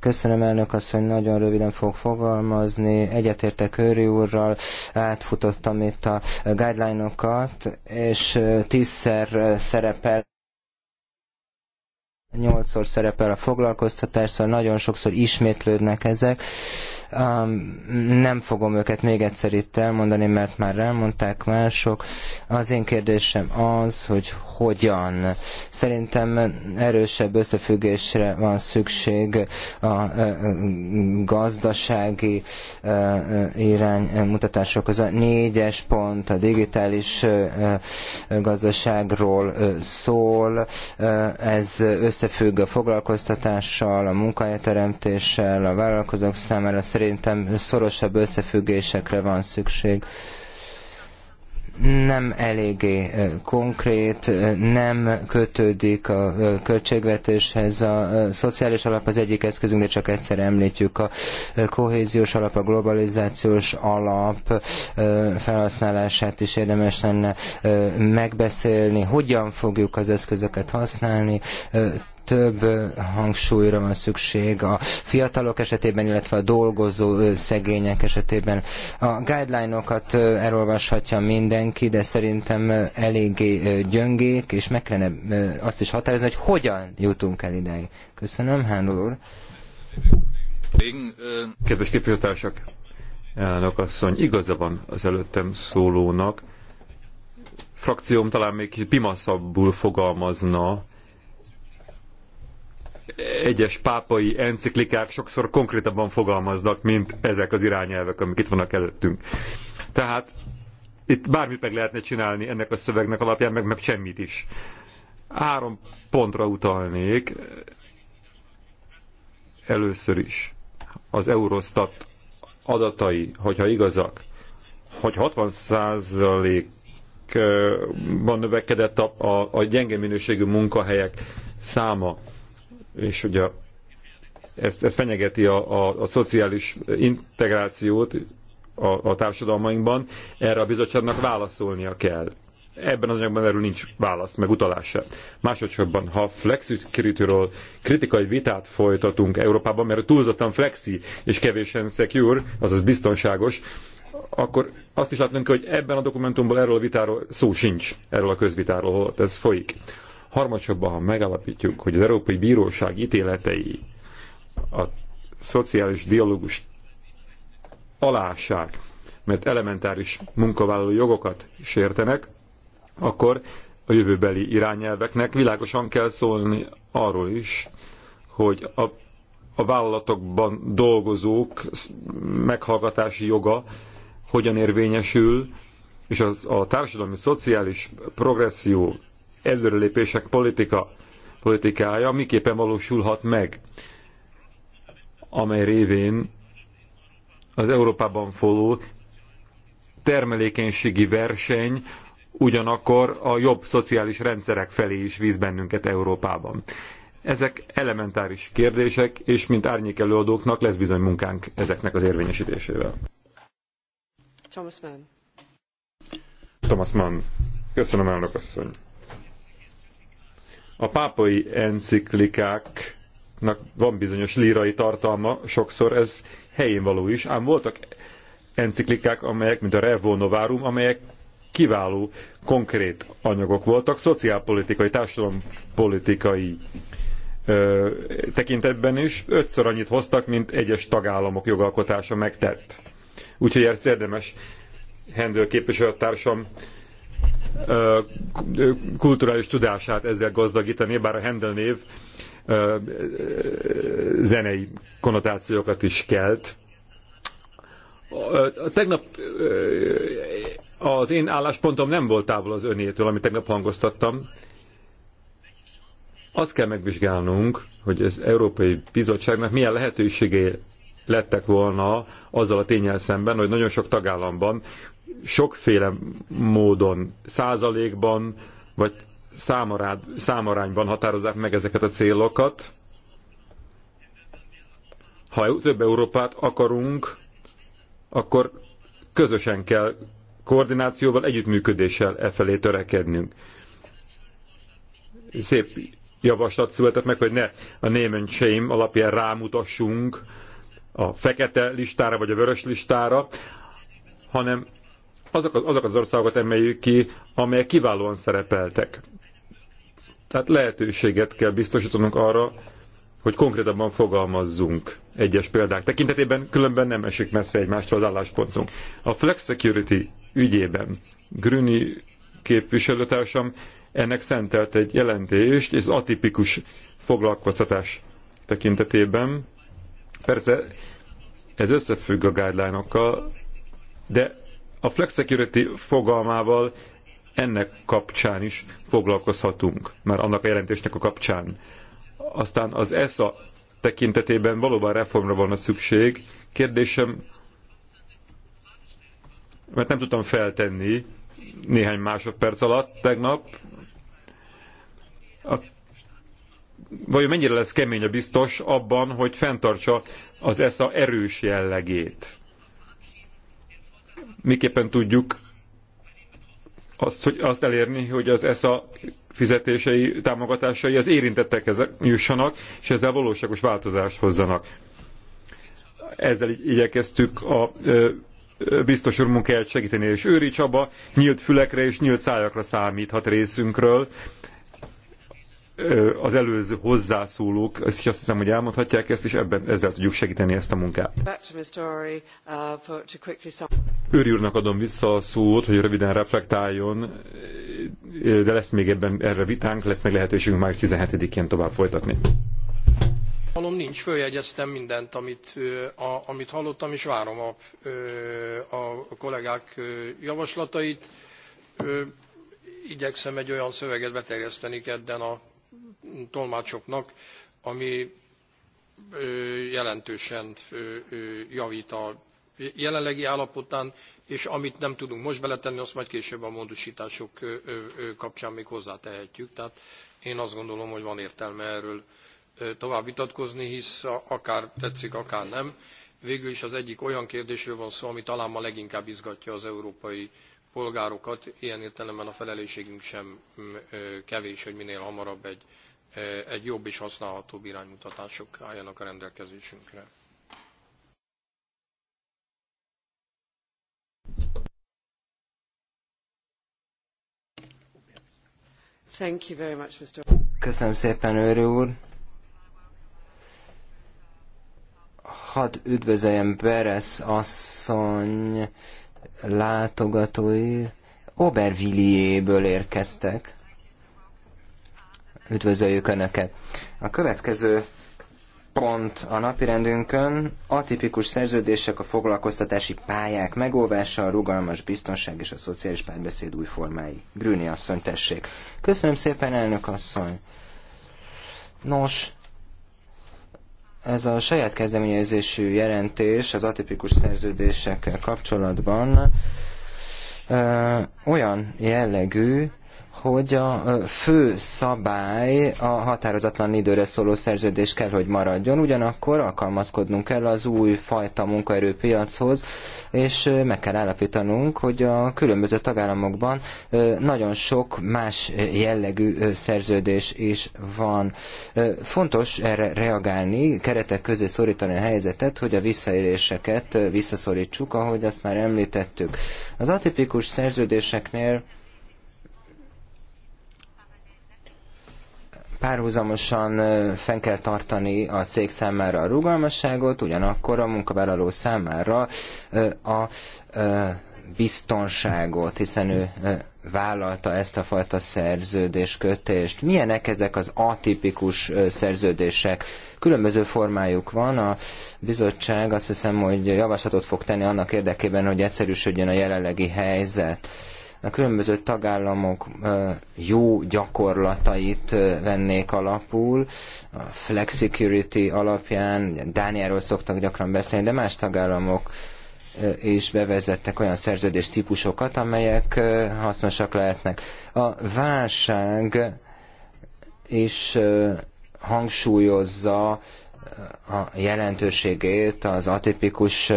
Köszönöm elnök asszony, nagyon röviden fog fogalmazni. Egyetértek Őri úrral, átfutottam itt a guideline-okat, és tízszer szerepel nyolcszor szerepel a foglalkoztatás, szóval nagyon sokszor ismétlődnek ezek nem fogom őket még egyszer itt elmondani, mert már elmondták mások. Az én kérdésem az, hogy hogyan. Szerintem erősebb összefüggésre van szükség a gazdasági iránymutatások között. A négyes pont a digitális gazdaságról szól, ez összefügg a foglalkoztatással, a munkahelyteremtéssel, a vállalkozók számára. Szerintem szerintem szorosabb összefüggésekre van szükség nem eléggé eh, konkrét, eh, nem kötődik a eh, költségvetéshez. A szociális alap az egyik eszközünk, de csak egyszer említjük a kohéziós alap, a globalizációs alap felhasználását is érdemes lenne megbeszélni, hogyan fogjuk az eszközöket használni, több hangsúlyra van szükség a fiatalok esetében, illetve a dolgozó szegények esetében. A guideline-okat elolvashatja mindenki, de szerintem eléggé gyöngék, és meg kellene azt is határozni, hogy hogyan jutunk el ideig. Köszönöm, Hándor úr. Kedves képviselőtársak, elnök asszony, igaza van az előttem szólónak. Frakcióm talán még pimaszabbul fogalmazna, egyes pápai enciklikák sokszor konkrétabban fogalmaznak, mint ezek az irányelvek, amik itt vannak előttünk. Tehát itt bármit meg lehetne csinálni ennek a szövegnek alapján, meg, meg semmit is. Három pontra utalnék először is. Az Eurostat adatai, hogyha igazak, hogy 60 százalékban növekedett a, a, a gyenge minőségű munkahelyek száma és hogy a, ezt, ezt fenyegeti a, a, a szociális integrációt a, a társadalmainkban, erre a bizottságnak válaszolnia kell. Ebben az anyagban erről nincs válasz, meg utalása. Másodszorban, ha flexikritőről kritikai vitát folytatunk Európában, mert túlzottan flexi és kevésen secure, azaz biztonságos, akkor azt is látnunk, hogy ebben a dokumentumból erről a vitáról szó sincs, erről a közvitáról, ez folyik. Harmadsorban, ha megalapítjuk, hogy az Európai Bíróság ítéletei a szociális dialógus alássák, mert elementáris munkavállaló jogokat sértenek, akkor a jövőbeli irányelveknek világosan kell szólni arról is, hogy a, a vállalatokban dolgozók meghallgatási joga hogyan érvényesül, és az a társadalmi szociális progresszió előrelépések politika, politikája miképpen valósulhat meg, amely révén az Európában folyó termelékenységi verseny ugyanakkor a jobb szociális rendszerek felé is víz bennünket Európában. Ezek elementáris kérdések, és mint árnyék előadóknak lesz bizony munkánk ezeknek az érvényesítésével. Thomas Mann. Thomas Mann. Köszönöm, elnök asszony. A pápai enciklikáknak van bizonyos lírai tartalma, sokszor ez helyén való is, ám voltak enciklikák, amelyek, mint a Revo Novarum, amelyek kiváló, konkrét anyagok voltak, szociálpolitikai, társadalompolitikai ö, tekintetben is ötször annyit hoztak, mint egyes tagállamok jogalkotása megtett. Úgyhogy ezt érdemes Hendel képviselőtársam kulturális tudását ezzel gazdagítani, bár a Handel név zenei konnotációkat is kelt. Tegnap az én álláspontom nem volt távol az önétől, amit tegnap hangoztattam. Azt kell megvizsgálnunk, hogy az Európai Bizottságnak milyen lehetőségei lettek volna azzal a tényel szemben, hogy nagyon sok tagállamban sokféle módon, százalékban, vagy számarád, számarányban határozzák meg ezeket a célokat. Ha több Európát akarunk, akkor közösen kell koordinációval, együttműködéssel e felé törekednünk. Szép javaslat született meg, hogy ne a name and shame alapján rámutassunk a fekete listára vagy a vörös listára, hanem azok, azokat az országokat emeljük ki, amelyek kiválóan szerepeltek. Tehát lehetőséget kell biztosítanunk arra, hogy konkrétabban fogalmazzunk egyes példák tekintetében, különben nem esik messze egymástól az álláspontunk. A Flex Security ügyében Grüni képviselőtársam ennek szentelt egy jelentést, és atipikus foglalkoztatás tekintetében. Persze ez összefügg a guideline de a flexicurity fogalmával ennek kapcsán is foglalkozhatunk, már annak a jelentésnek a kapcsán. Aztán az ESA tekintetében valóban reformra van a szükség. Kérdésem, mert nem tudtam feltenni néhány másodperc alatt tegnap, a, vajon mennyire lesz kemény a biztos abban, hogy fenntartsa az ESA erős jellegét miképpen tudjuk azt, hogy azt elérni, hogy az ESA fizetései, támogatásai az érintettekhez jussanak, és ezzel valóságos változást hozzanak. Ezzel igyekeztük a ö, biztos úr munkáját segíteni, és Őri Csaba nyílt fülekre és nyílt szájakra számíthat részünkről, az előző hozzászólók, ezt azt hiszem, hogy elmondhatják ezt, és ebben ezzel tudjuk segíteni ezt a munkát. Uh, Őri úrnak adom vissza a szót, hogy röviden reflektáljon, de lesz még ebben erre vitánk, lesz még lehetőségünk május 17-én tovább folytatni. Hallom, nincs, följegyeztem mindent, amit, a, amit hallottam, és várom a, a kollégák javaslatait igyekszem egy olyan szöveget beterjeszteni kedden a tolmácsoknak, ami jelentősen javít a jelenlegi állapotán, és amit nem tudunk most beletenni, azt majd később a módosítások kapcsán még hozzátehetjük. Tehát én azt gondolom, hogy van értelme erről tovább vitatkozni, hisz akár tetszik, akár nem. Végül is az egyik olyan kérdésről van szó, ami talán ma leginkább izgatja az európai polgárokat. Ilyen értelemben a felelősségünk sem mm, kevés, hogy minél hamarabb egy Eh, egy jobb és használhatóbb iránymutatások álljanak a rendelkezésünkre. Thank you very much, Mr. Köszönöm szépen, őrő úr. Hadd üdvözöljem Beres asszony látogatói. Obervilliéből érkeztek. Üdvözöljük Önöket! A következő pont a napirendünkön atipikus szerződések a foglalkoztatási pályák megóvása, a rugalmas biztonság és a szociális párbeszéd új formái. Grüni asszony, tessék! Köszönöm szépen, elnök asszony! Nos, ez a saját kezdeményezésű jelentés az atipikus szerződésekkel kapcsolatban ö, olyan jellegű, hogy a fő szabály a határozatlan időre szóló szerződés kell, hogy maradjon, ugyanakkor alkalmazkodnunk kell az új fajta munkaerőpiachoz, és meg kell állapítanunk, hogy a különböző tagállamokban nagyon sok más jellegű szerződés is van. Fontos erre reagálni, keretek közé szorítani a helyzetet, hogy a visszaéléseket visszaszorítsuk, ahogy azt már említettük. Az atipikus szerződéseknél Párhuzamosan fenn kell tartani a cég számára a rugalmasságot, ugyanakkor a munkavállaló számára a biztonságot, hiszen ő vállalta ezt a fajta szerződéskötést. Milyenek ezek az atipikus szerződések? Különböző formájuk van. A bizottság azt hiszem, hogy javaslatot fog tenni annak érdekében, hogy egyszerűsödjön a jelenlegi helyzet a különböző tagállamok jó gyakorlatait vennék alapul, a flexicurity alapján, Dániáról szoktak gyakran beszélni, de más tagállamok és bevezettek olyan szerződés típusokat, amelyek hasznosak lehetnek. A válság is hangsúlyozza a jelentőségét az atipikus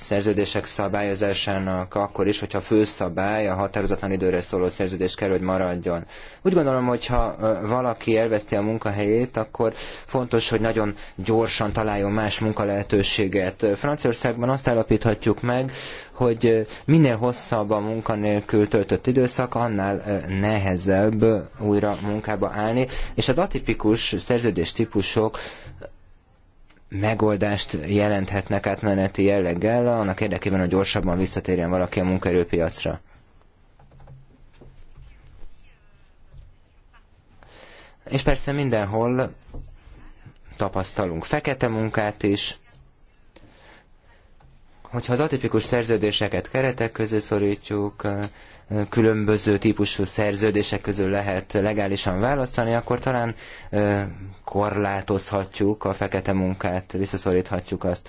szerződések szabályozásának akkor is, hogyha a főszabály a határozatlan időre szóló szerződés kell, hogy maradjon. Úgy gondolom, hogy ha valaki elveszti a munkahelyét, akkor fontos, hogy nagyon gyorsan találjon más munkalehetőséget. Franciaországban azt állapíthatjuk meg, hogy minél hosszabb a munkanélkül töltött időszak, annál nehezebb újra munkába állni, és az atipikus szerződés típusok megoldást jelenthetnek átmeneti jelleggel, annak érdekében, hogy gyorsabban visszatérjen valaki a munkaerőpiacra. És persze mindenhol tapasztalunk fekete munkát is, hogyha az atipikus szerződéseket keretek közé szorítjuk, különböző típusú szerződések közül lehet legálisan választani, akkor talán korlátozhatjuk a fekete munkát, visszaszoríthatjuk azt.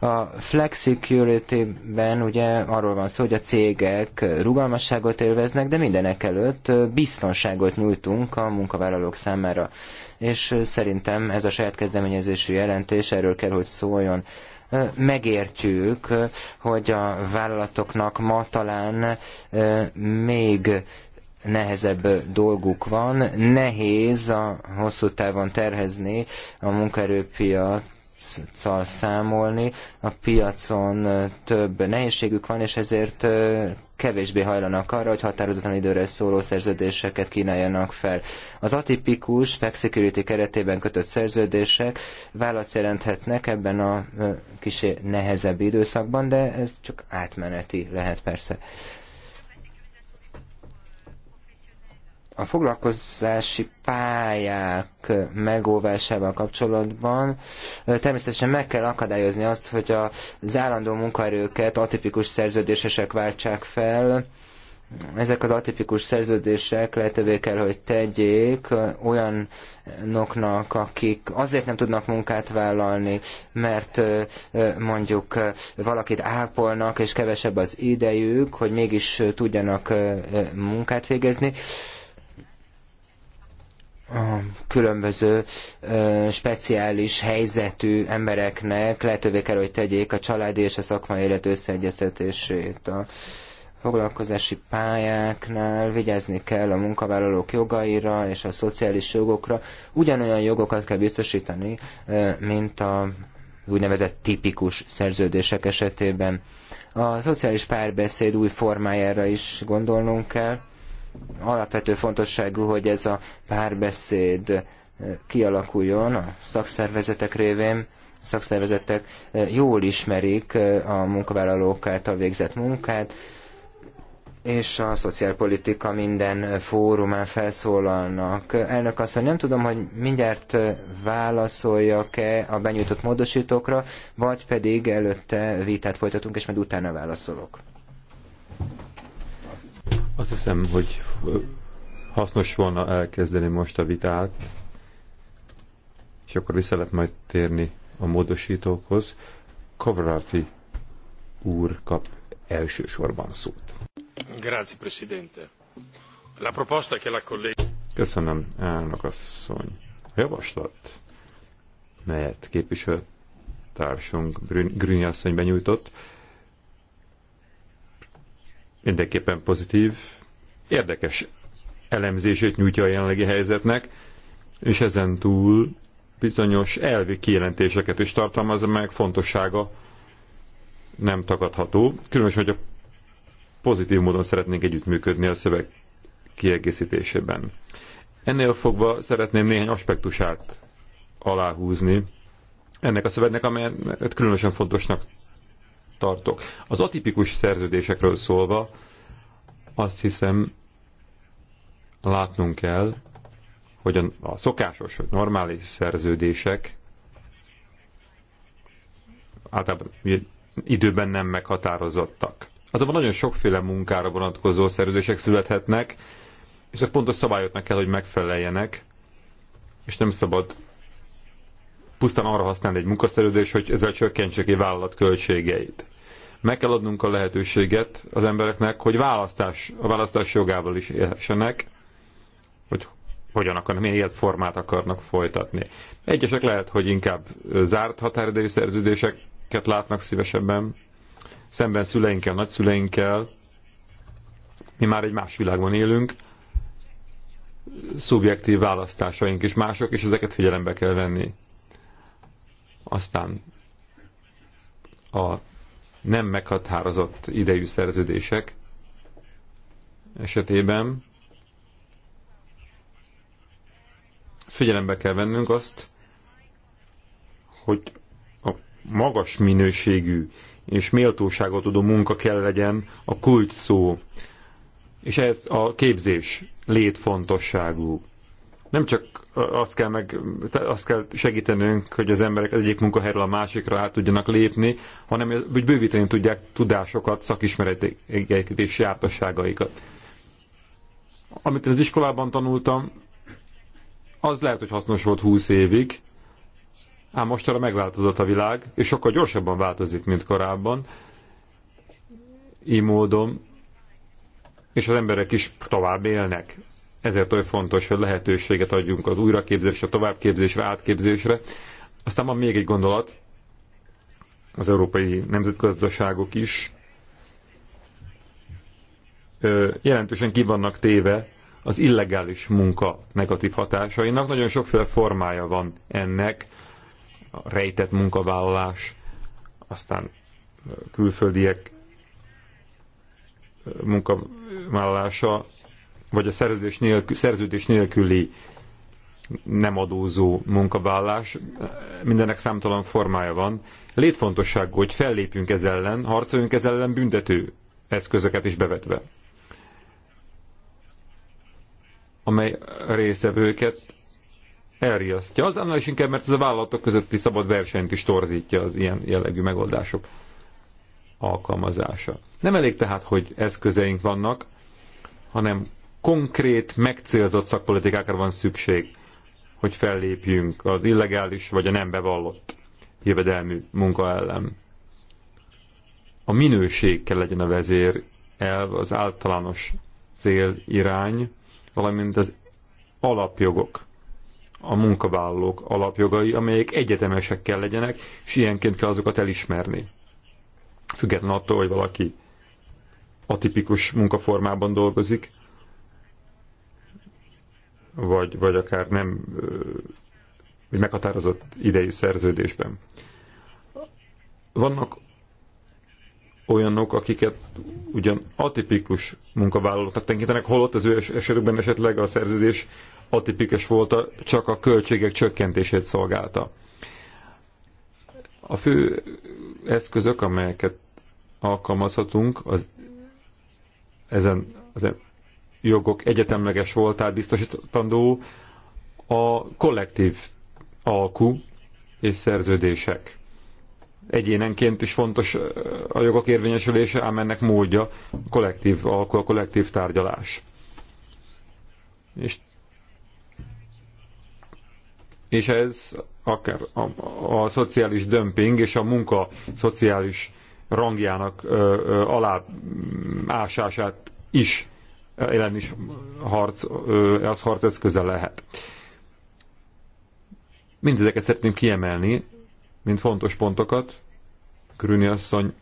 A Flex Security-ben ugye arról van szó, hogy a cégek rugalmasságot élveznek, de mindenek előtt biztonságot nyújtunk a munkavállalók számára. És szerintem ez a saját kezdeményezésű jelentés erről kell, hogy szóljon megértjük, hogy a vállalatoknak ma talán még nehezebb dolguk van, nehéz a hosszú távon terhezni a munkaerőpiac piaccal számolni, a piacon több nehézségük van, és ezért kevésbé hajlanak arra, hogy határozatlan időre szóló szerződéseket kínáljanak fel. Az atipikus flexicurity keretében kötött szerződések választ jelenthetnek ebben a kicsi nehezebb időszakban, de ez csak átmeneti lehet persze. A foglalkozási pályák megóvásával kapcsolatban természetesen meg kell akadályozni azt, hogy az állandó munkaerőket atipikus szerződésesek váltsák fel, ezek az atipikus szerződések lehetővé kell, hogy tegyék olyanoknak, akik azért nem tudnak munkát vállalni, mert mondjuk valakit ápolnak, és kevesebb az idejük, hogy mégis tudjanak munkát végezni különböző ö, speciális helyzetű embereknek lehetővé kell, hogy tegyék a családi és a szakmai élet összeegyeztetését. A foglalkozási pályáknál vigyázni kell a munkavállalók jogaira és a szociális jogokra. Ugyanolyan jogokat kell biztosítani, ö, mint a úgynevezett tipikus szerződések esetében. A szociális párbeszéd új formájára is gondolnunk kell alapvető fontosságú, hogy ez a párbeszéd eh, kialakuljon a szakszervezetek révén, a szakszervezetek eh, jól ismerik eh, a munkavállalók által végzett munkát, és a szociálpolitika minden fórumán felszólalnak. Elnök azt, mondja, nem tudom, hogy mindjárt válaszoljak-e a benyújtott módosítókra, vagy pedig előtte vitát folytatunk, és majd utána válaszolok. Azt hiszem, hogy hasznos volna elkezdeni most a vitát, és akkor vissza lehet majd térni a módosítókhoz. Kavrati úr kap elsősorban szót. Grazie, Presidente. La proposta che la collega... Köszönöm, elnök asszony. A javaslat, melyet képviselőtársunk Grüni asszony benyújtott, mindenképpen pozitív, érdekes elemzését nyújtja a jelenlegi helyzetnek, és ezen túl bizonyos elvi kijelentéseket is tartalmaz, amelyek fontossága nem tagadható. Különösen, hogy a pozitív módon szeretnénk együttműködni a szöveg kiegészítésében. Ennél fogva szeretném néhány aspektusát aláhúzni ennek a szövegnek, amelyet különösen fontosnak tartok. Az atipikus szerződésekről szólva azt hiszem látnunk kell, hogy a, szokásos, vagy normális szerződések általában időben nem meghatározottak. Azonban nagyon sokféle munkára vonatkozó szerződések születhetnek, és a pontos szabályoknak kell, hogy megfeleljenek, és nem szabad pusztán arra használni egy munkaszerződést, hogy ezzel csökkentsék egy vállalat költségeit. Meg kell adnunk a lehetőséget az embereknek, hogy választás, a választás jogával is élhessenek, hogy hogyan akarnak, milyen ilyet formát akarnak folytatni. Egyesek lehet, hogy inkább zárt határidejű szerződéseket látnak szívesebben, szemben szüleinkkel, nagyszüleinkkel. Mi már egy más világban élünk, szubjektív választásaink is mások, és ezeket figyelembe kell venni. Aztán a nem meghatározott idejű szerződések esetében figyelembe kell vennünk azt, hogy a magas minőségű és méltóságot adó munka kell legyen a kulcs szó. És ez a képzés létfontosságú nem csak azt kell, meg, azt kell segítenünk, hogy az emberek az egyik munkahelyről a másikra át tudjanak lépni, hanem hogy bővíteni tudják tudásokat, szakismereteket és jártasságaikat. Amit az iskolában tanultam, az lehet, hogy hasznos volt 20 évig, ám mostanra megváltozott a világ, és sokkal gyorsabban változik, mint korábban. Így módon, és az emberek is tovább élnek ezért olyan fontos, hogy lehetőséget adjunk az újraképzésre, továbbképzésre, átképzésre. Aztán van még egy gondolat, az európai nemzetgazdaságok is jelentősen kivannak téve az illegális munka negatív hatásainak. Nagyon sokféle formája van ennek, a rejtett munkavállalás, aztán külföldiek munkavállalása, vagy a szerződés, nélkül, szerződés nélküli nem adózó munkavállás, mindennek számtalan formája van. Létfontosságú, hogy fellépjünk ez ellen, harcoljunk ez ellen büntető eszközöket is bevetve, amely részevőket elriasztja. Az annál is inkább, mert ez a vállalatok közötti szabad versenyt is torzítja az ilyen jellegű megoldások alkalmazása. Nem elég tehát, hogy eszközeink vannak, hanem konkrét, megcélzott szakpolitikákra van szükség, hogy fellépjünk az illegális vagy a nem bevallott jövedelmű munka ellen. A minőség kell legyen a vezér elv, az általános cél, irány, valamint az alapjogok, a munkavállalók alapjogai, amelyek egyetemesek kell legyenek, és ilyenként kell azokat elismerni. Független attól, hogy valaki atipikus munkaformában dolgozik, vagy, vagy akár nem egy meghatározott idei szerződésben. Vannak olyanok, akiket ugyan atipikus munkavállalóknak tekintenek, holott az ő esetükben esetleg a szerződés atipikus volt, csak a költségek csökkentését szolgálta. A fő eszközök, amelyeket alkalmazhatunk, az ezen az e- jogok egyetemleges voltát biztosítandó a kollektív alkú és szerződések. Egyénenként is fontos a jogok érvényesülése, ám ennek módja kollektív alkú, a kollektív tárgyalás. És, és ez akár a, a, a szociális dömping és a munka szociális rangjának ö, ö, alá ásását is ellen is harc, az harc eszköze lehet. Mindezeket szeretném kiemelni, mint fontos pontokat Krüni asszony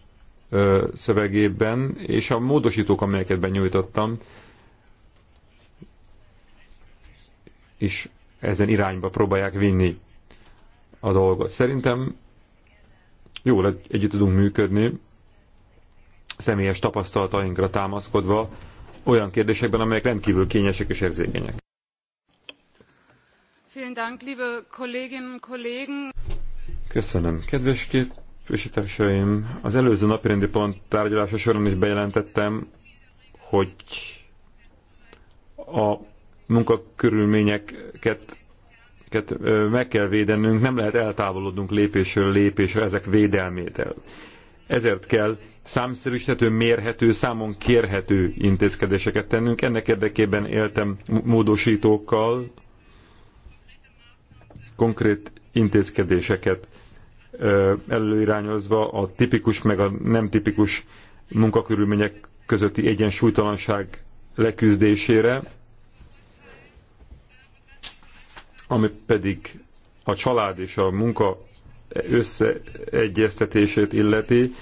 szövegében, és a módosítók, amelyeket benyújtottam, is ezen irányba próbálják vinni a dolgot. Szerintem jól együtt tudunk működni, személyes tapasztalatainkra támaszkodva, olyan kérdésekben, amelyek rendkívül kényesek és érzékenyek. Köszönöm, kedves képviselőtársaim! Az előző napirendi pont tárgyalása során is bejelentettem, hogy a munkakörülményeket ket, meg kell védenünk, nem lehet eltávolodnunk lépésről lépésre ezek védelmétől. Ezért kell számszerűsíthető, mérhető, számon kérhető intézkedéseket tennünk. Ennek érdekében éltem módosítókkal, konkrét intézkedéseket előirányozva a tipikus meg a nem tipikus munkakörülmények közötti egyensúlytalanság leküzdésére, ami pedig a család és a munka összeegyeztetését illeti,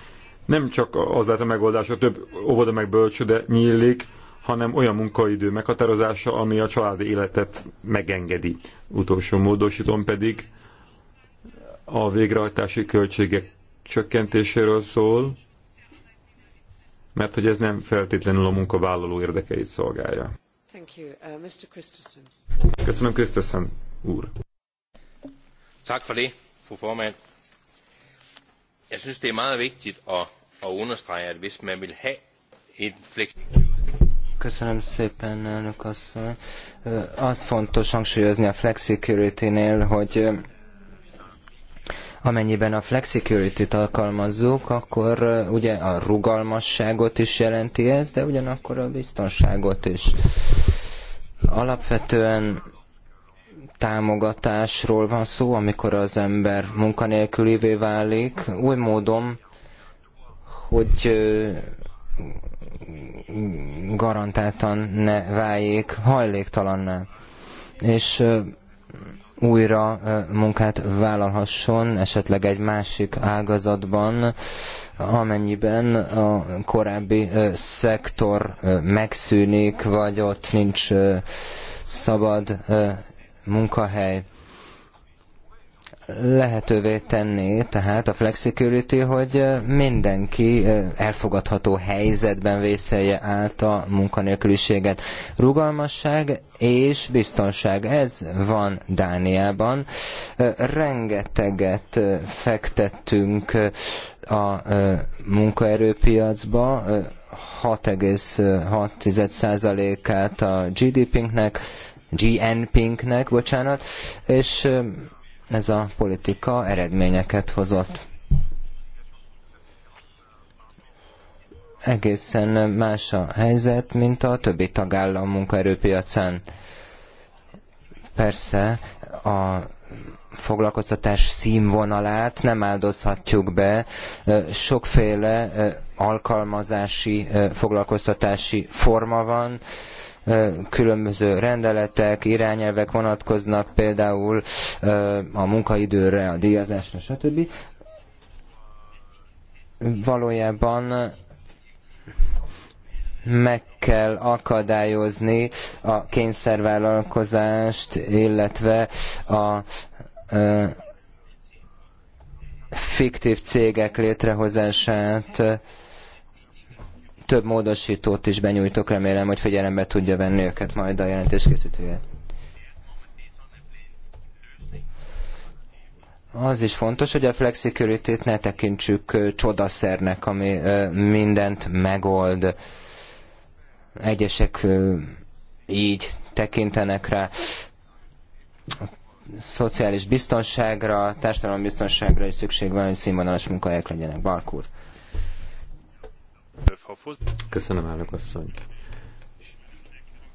nem csak az lehet a megoldás, hogy több óvoda meg bölcsőde nyílik, hanem olyan munkaidő meghatározása, ami a családi életet megengedi. Utolsó módosítom pedig a végrehajtási költségek csökkentéséről szól, mert hogy ez nem feltétlenül a munkavállaló érdekeit szolgálja. Thank you. Uh, Mr. Christensen. Köszönöm, Christensen úr. Tak for det, fru formand. Jeg synes, det er understreger, at hvis man vil have et fleksibelt Köszönöm szépen, elnök asszony. Azt fontos hangsúlyozni a flexicurity-nél, hogy amennyiben a flexicurity-t alkalmazzuk, akkor ugye a rugalmasságot is jelenti ez, de ugyanakkor a biztonságot is. Alapvetően támogatásról van szó, amikor az ember munkanélkülivé válik, új módon hogy garantáltan ne váljék hajléktalanná. És újra munkát vállalhasson, esetleg egy másik ágazatban, amennyiben a korábbi szektor megszűnik, vagy ott nincs szabad munkahely lehetővé tenni, tehát a flexicurity, hogy mindenki elfogadható helyzetben vészelje át a munkanélküliséget. Rugalmasság és biztonság, ez van Dániában. Rengeteget fektettünk a munkaerőpiacba, 6,6%-át a GDP-nknek, GNP-nknek, bocsánat, és ez a politika eredményeket hozott. Egészen más a helyzet, mint a többi tagállam munkaerőpiacán. Persze a foglalkoztatás színvonalát nem áldozhatjuk be. Sokféle alkalmazási, foglalkoztatási forma van, különböző rendeletek, irányelvek vonatkoznak például a munkaidőre, a díjazásra, stb. Valójában meg kell akadályozni a kényszervállalkozást, illetve a fiktív cégek létrehozását több módosítót is benyújtok, remélem, hogy figyelembe tudja venni őket majd a jelentés készítője. Az is fontos, hogy a flexicurity-t ne tekintsük csodaszernek, ami mindent megold. Egyesek így tekintenek rá szociális biztonságra, társadalmi biztonságra is szükség van, hogy színvonalas munkahelyek legyenek. Barkúr. Köszönöm, elnök asszony.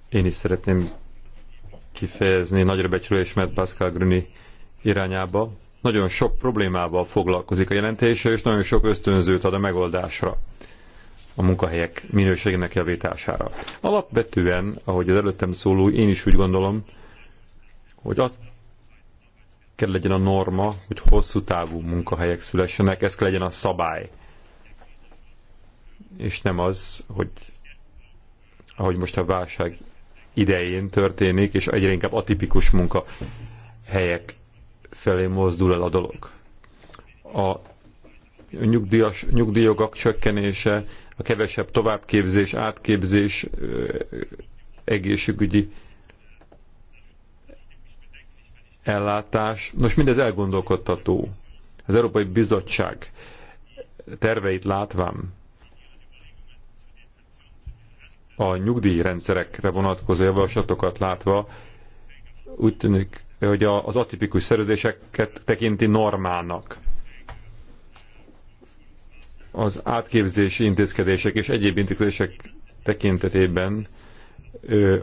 Én is szeretném kifejezni nagyra becsülésemet Pascal Grüni irányába. Nagyon sok problémával foglalkozik a jelentése, és nagyon sok ösztönzőt ad a megoldásra a munkahelyek minőségének javítására. Alapvetően, ahogy az előttem szóló, én is úgy gondolom, hogy azt kell legyen a norma, hogy hosszú távú munkahelyek szülessenek, ez kell legyen a szabály és nem az, hogy ahogy most a válság idején történik, és egyre inkább atipikus munka helyek felé mozdul el a dolog. A nyugdíjas, nyugdíjogak csökkenése, a kevesebb továbbképzés, átképzés, egészségügyi ellátás. Nos, mindez elgondolkodtató. Az Európai Bizottság terveit látvám a nyugdíjrendszerekre vonatkozó javaslatokat látva úgy tűnik, hogy az atipikus szerződéseket tekinti normának. Az átképzési intézkedések és egyéb intézkedések tekintetében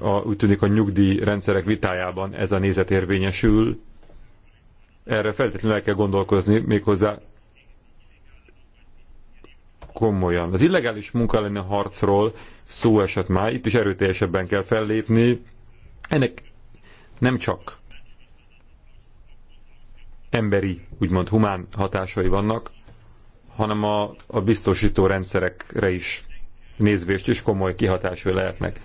a, úgy tűnik a nyugdíjrendszerek vitájában ez a nézet érvényesül. Erre feltétlenül el kell gondolkozni méghozzá komolyan. Az illegális munka elleni harcról szó esett már, itt is erőteljesebben kell fellépni. Ennek nem csak emberi, úgymond humán hatásai vannak, hanem a, a biztosító rendszerekre is nézvést is komoly kihatásai lehetnek.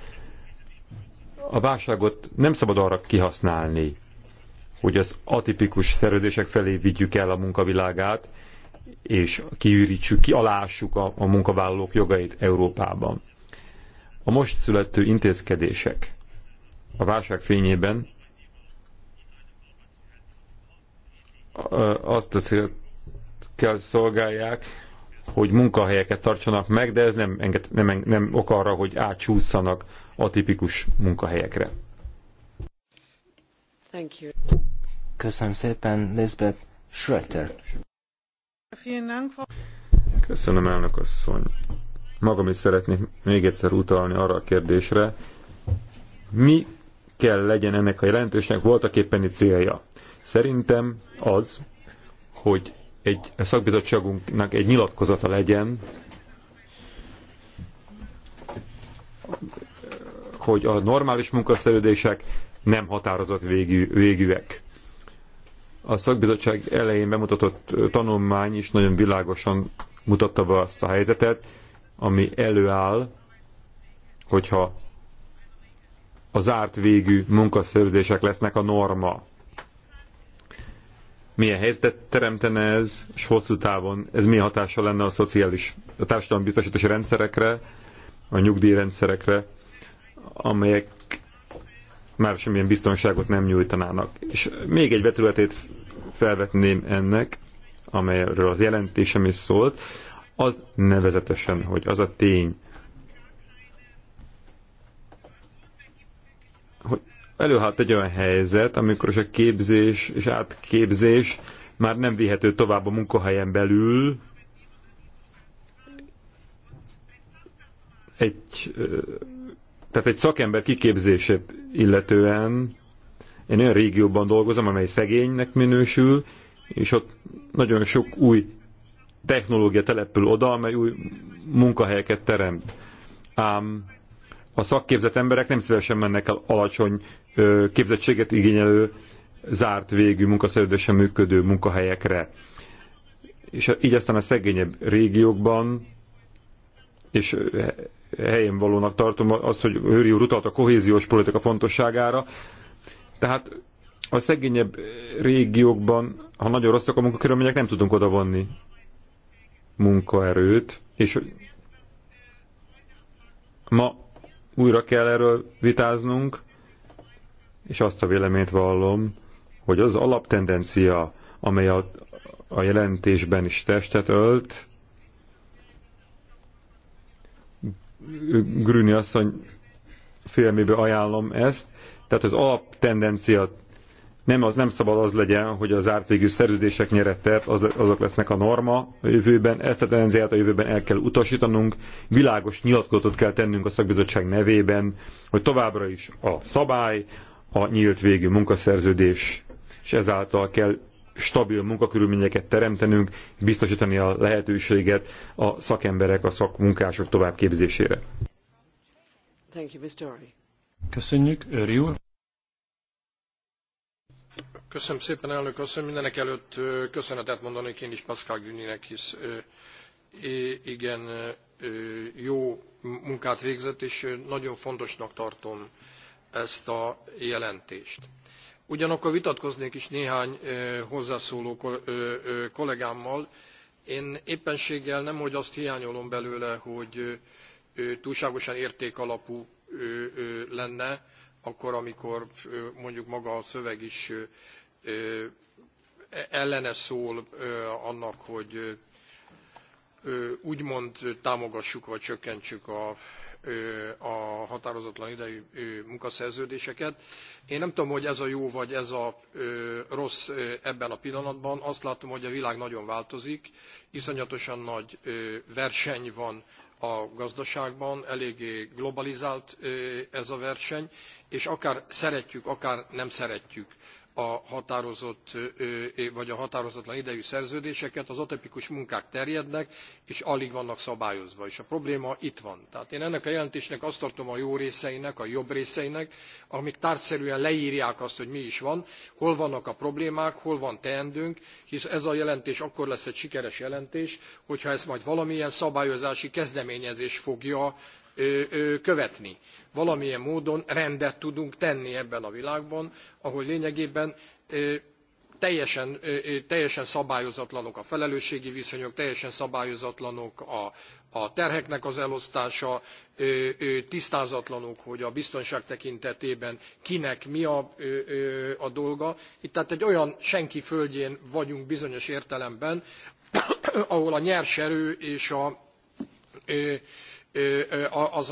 A válságot nem szabad arra kihasználni, hogy az atipikus szerződések felé vigyük el a munkavilágát, és kiürítsük, kialássuk a, a munkavállalók jogait Európában. A most születő intézkedések a válság fényében azt a kell szolgálják, hogy munkahelyeket tartsanak meg, de ez nem, enged, nem, nem ok arra, hogy átsúszanak tipikus munkahelyekre. Thank you. Köszönöm szépen, Lisbeth Schröter. Köszönöm, elnök asszony. Magam is szeretnék még egyszer utalni arra a kérdésre, mi kell legyen ennek a jelentősnek voltak éppen itt célja. Szerintem az, hogy egy a szakbizottságunknak egy nyilatkozata legyen, hogy a normális munkaszerződések nem határozott végű, végűek. A szakbizottság elején bemutatott tanulmány is nagyon világosan mutatta be azt a helyzetet, ami előáll, hogyha az árt végű munkaszerződések lesznek a norma. Milyen helyzetet teremtene ez, és hosszú távon ez milyen hatása lenne a szociális, a társadalmi biztosítási rendszerekre, a nyugdíjrendszerekre, amelyek már semmilyen biztonságot nem nyújtanának. És még egy vetületét felvetném ennek, amelyről az jelentésem is szólt, az nevezetesen, hogy az a tény, hogy előhat egy olyan helyzet, amikor is a képzés és átképzés már nem vihető tovább a munkahelyen belül, egy, tehát egy szakember kiképzését illetően én olyan régióban dolgozom, amely szegénynek minősül, és ott nagyon sok új technológia települ oda, amely új munkahelyeket teremt. Ám a szakképzett emberek nem szívesen mennek el alacsony képzettséget igényelő, zárt végű, munkaszerződésen működő munkahelyekre. És így aztán a szegényebb régiókban és helyén valónak tartom azt, hogy Őri úr utalt a kohéziós politika fontosságára, tehát a szegényebb régiókban, ha nagyon rosszak a munkakörülmények, nem tudunk odavonni munkaerőt, és ma újra kell erről vitáznunk, és azt a véleményt vallom, hogy az alaptendencia, amely a, a jelentésben is testet ölt, Grüni asszony félmébe ajánlom ezt, tehát az alaptendencia nem, az nem szabad az legyen, hogy az ártvégű szerződések nyerettert, az, azok lesznek a norma a jövőben. Ezt a tendenciát a jövőben el kell utasítanunk. Világos nyilatkozatot kell tennünk a szakbizottság nevében, hogy továbbra is a szabály, a nyílt végű munkaszerződés, és ezáltal kell stabil munkakörülményeket teremtenünk, biztosítani a lehetőséget a szakemberek, a szakmunkások továbbképzésére. Thank you, Mr. Ari. Köszönjük, Őri úr. Köszönöm szépen, elnök asszony. Mindenek előtt köszönetet mondanék én is Pascal Güninek, hisz igen jó munkát végzett, és nagyon fontosnak tartom ezt a jelentést. Ugyanakkor vitatkoznék is néhány hozzászóló kollégámmal. Én éppenséggel nem, hogy azt hiányolom belőle, hogy túlságosan értékalapú lenne, akkor amikor mondjuk maga a szöveg is ellene szól annak, hogy úgymond támogassuk vagy csökkentsük a, a határozatlan idejű munkaszerződéseket. Én nem tudom, hogy ez a jó vagy ez a rossz ebben a pillanatban. Azt látom, hogy a világ nagyon változik, iszonyatosan nagy verseny van a gazdaságban, eléggé globalizált ez a verseny, és akár szeretjük, akár nem szeretjük a határozott vagy a határozatlan idejű szerződéseket, az atipikus munkák terjednek, és alig vannak szabályozva, és a probléma itt van. Tehát én ennek a jelentésnek azt tartom a jó részeinek, a jobb részeinek, amik tárgyszerűen leírják azt, hogy mi is van, hol vannak a problémák, hol van teendőnk, hisz ez a jelentés akkor lesz egy sikeres jelentés, hogyha ezt majd valamilyen szabályozási kezdeményezés fogja követni. Valamilyen módon rendet tudunk tenni ebben a világban, ahol lényegében teljesen, teljesen szabályozatlanok a felelősségi viszonyok, teljesen szabályozatlanok a, a terheknek az elosztása, tisztázatlanok, hogy a biztonság tekintetében kinek mi a, a dolga. Itt tehát egy olyan senki földjén vagyunk bizonyos értelemben, *coughs* ahol a nyers erő és a az,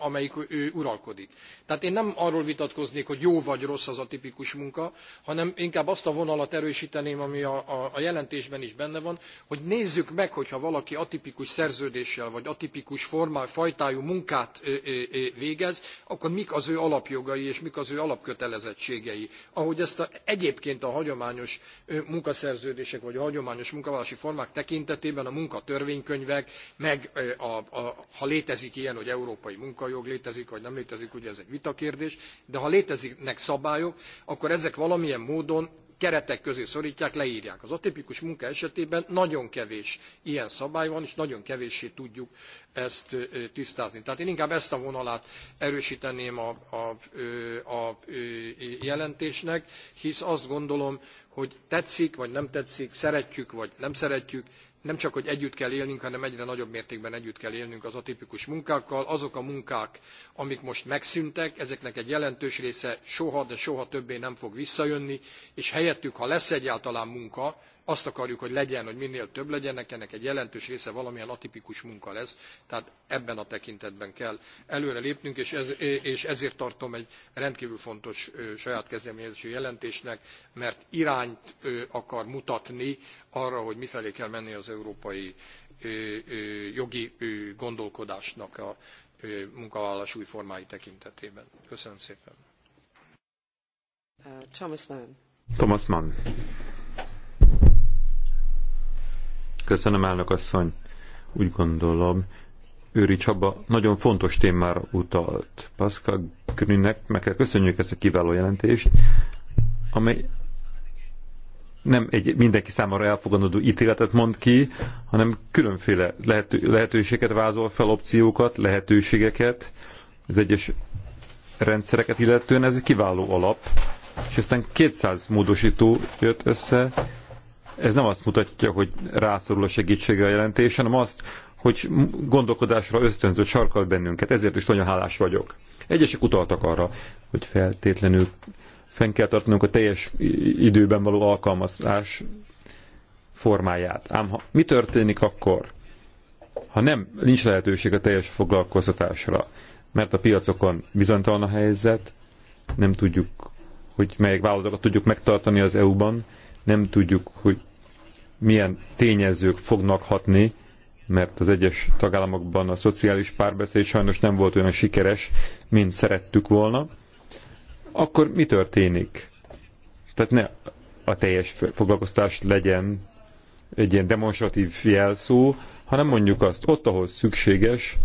amelyik uralkodik. Tehát én nem arról vitatkoznék, hogy jó vagy rossz az a tipikus munka, hanem inkább azt a vonalat erősíteném, ami a, a, a jelentésben is benne van, hogy nézzük meg, hogyha valaki atipikus szerződéssel vagy atipikus formál, fajtájú munkát ö, ö, végez, akkor mik az ő alapjogai és mik az ő alapkötelezettségei. Ahogy ezt a, egyébként a hagyományos munkaszerződések vagy a hagyományos munkavállalási formák tekintetében a munkatörvénykönyvek, meg a, a, ha létezik ilyen, hogy európai munkajog létezik, vagy nem létezik, ugye ez egy vitakérdés, de ha léteznek szabályok, akkor ezek valamilyen módon keretek közé szorítják, leírják. Az atipikus munka esetében nagyon kevés ilyen szabály van, és nagyon kevéssé tudjuk ezt tisztázni. Tehát én inkább ezt a vonalát erősíteném a, a, a jelentésnek, hisz azt gondolom, hogy tetszik vagy nem tetszik, szeretjük vagy nem szeretjük, nem csak, hogy együtt kell élnünk, hanem egyre nagyobb mértékben együtt kell élnünk az atipikus munkákkal. Azok a munkák, amik most megszűntek, ezeknek egy jelentős része soha, de soha többé nem fog visszajönni, és helyettük, ha lesz egyáltalán munka, azt akarjuk, hogy legyen, hogy minél több legyenek, ennek egy jelentős része valamilyen atipikus munka lesz, tehát ebben a tekintetben kell előre lépnünk, és, ez, és ezért tartom egy rendkívül fontos saját kezdeményezésű jelentésnek, mert irányt akar mutatni arra, hogy mifelé kell menni az európai jogi gondolkodásnak a munkavállalás új formái tekintetében. Köszönöm szépen. Uh, Thomas Mann. Thomas Mann. Köszönöm, elnök asszony. Úgy gondolom, Őri Csaba nagyon fontos témára utalt. Pascal Grünnek meg kell köszönjük ezt a kiváló jelentést, amely nem egy mindenki számára elfogadó ítéletet mond ki, hanem különféle lehető, lehetőséget vázol fel, opciókat, lehetőségeket, az egyes rendszereket illetően. Ez egy kiváló alap, és aztán 200 módosító jött össze, ez nem azt mutatja, hogy rászorul a segítségre a jelentés, hanem azt, hogy gondolkodásra ösztönző sarkal bennünket. Ezért is nagyon hálás vagyok. Egyesek utaltak arra, hogy feltétlenül fenn kell tartanunk a teljes időben való alkalmazás formáját. Ám ha, mi történik akkor, ha nem, nincs lehetőség a teljes foglalkoztatásra, mert a piacokon bizonytalan a helyzet, nem tudjuk, hogy melyik vállalatokat tudjuk megtartani az EU-ban, nem tudjuk, hogy milyen tényezők fognak hatni, mert az egyes tagállamokban a szociális párbeszéd sajnos nem volt olyan sikeres, mint szerettük volna, akkor mi történik? Tehát ne a teljes foglalkoztás legyen egy ilyen demonstratív jelszó, hanem mondjuk azt, ott, ahol szükséges,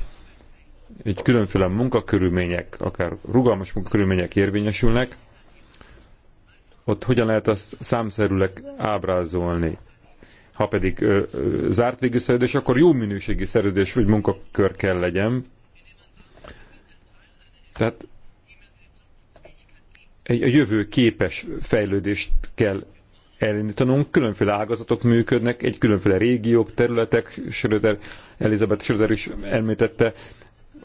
egy különféle munkakörülmények, akár rugalmas munkakörülmények érvényesülnek, ott hogyan lehet azt számszerűleg ábrázolni? Ha pedig ö, ö, zárt végű szerződés, akkor jó minőségi szerződés vagy munkakör kell legyen. Tehát egy a jövő képes fejlődést kell elindítanunk. Különféle ágazatok működnek, egy különféle régiók, területek, Schröder, Elizabeth Schröder is említette,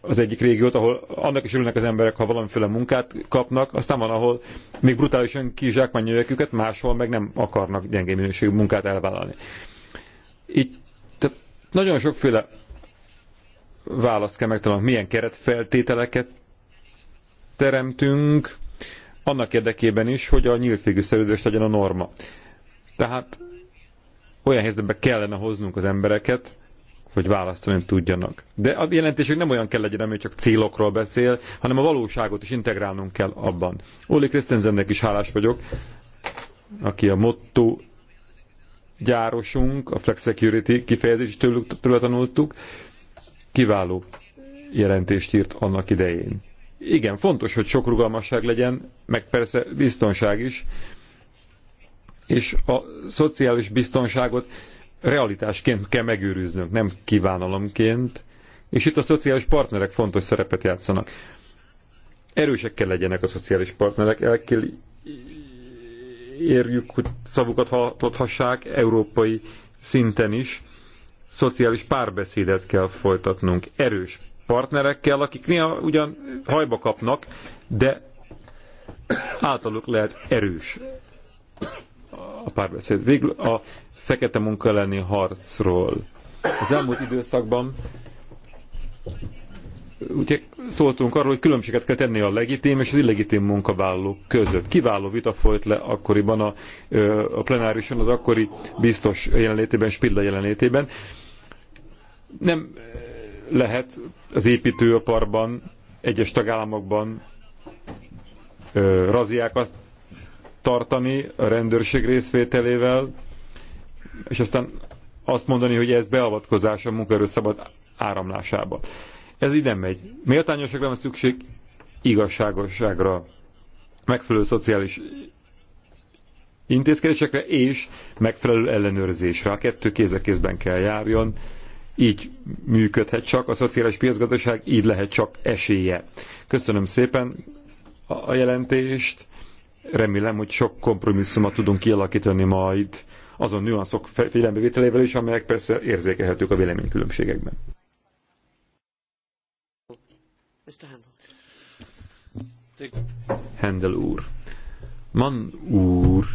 az egyik régiót, ahol annak is örülnek az emberek, ha valamiféle munkát kapnak, aztán van, ahol még brutálisan kizsákmányolják őket, máshol meg nem akarnak gyengé minőségű munkát elvállalni. Így tehát nagyon sokféle választ kell megtalálnunk, milyen keretfeltételeket teremtünk, annak érdekében is, hogy a végű szerződés legyen a norma. Tehát olyan helyzetbe kellene hoznunk az embereket, hogy választani tudjanak. De a jelentésük nem olyan kell legyen, ami csak célokról beszél, hanem a valóságot is integrálnunk kell abban. Oli Krisztenzennek is hálás vagyok, aki a motto gyárosunk, a Flex Security kifejezést tőle, tőle tanultuk, kiváló jelentést írt annak idején. Igen, fontos, hogy sok rugalmasság legyen, meg persze biztonság is, és a szociális biztonságot realitásként kell megőriznünk, nem kívánalomként, és itt a szociális partnerek fontos szerepet játszanak. Erősek kell legyenek a szociális partnerek, el kell érjük, hogy szavukat hallhassák európai szinten is, szociális párbeszédet kell folytatnunk erős partnerekkel, akik néha ugyan hajba kapnak, de általuk lehet erős a párbeszéd. Végül a fekete munka elleni harcról. Az elmúlt időszakban ugye szóltunk arról, hogy különbséget kell tenni a legitim és az illegitim munkavállalók között. Kiváló vita folyt le akkoriban a, a plenárison, az akkori biztos jelenlétében, Spilla jelenlétében. Nem lehet az építőaparban, egyes tagállamokban ö, raziákat tartani a rendőrség részvételével, és aztán azt mondani, hogy ez beavatkozás a munkaerő szabad áramlásába. Ez ide megy. Méltányosságra van szükség igazságosságra, megfelelő szociális intézkedésekre és megfelelő ellenőrzésre. A kettő kézek kézben kell járjon, így működhet csak, a szociális piacgazdaság így lehet csak esélye. Köszönöm szépen a jelentést, remélem, hogy sok kompromisszumot tudunk kialakítani majd azon nüanszok figyelembevételével is, amelyek persze érzékelhetők a véleménykülönbségekben. Hendel úr. Mann úr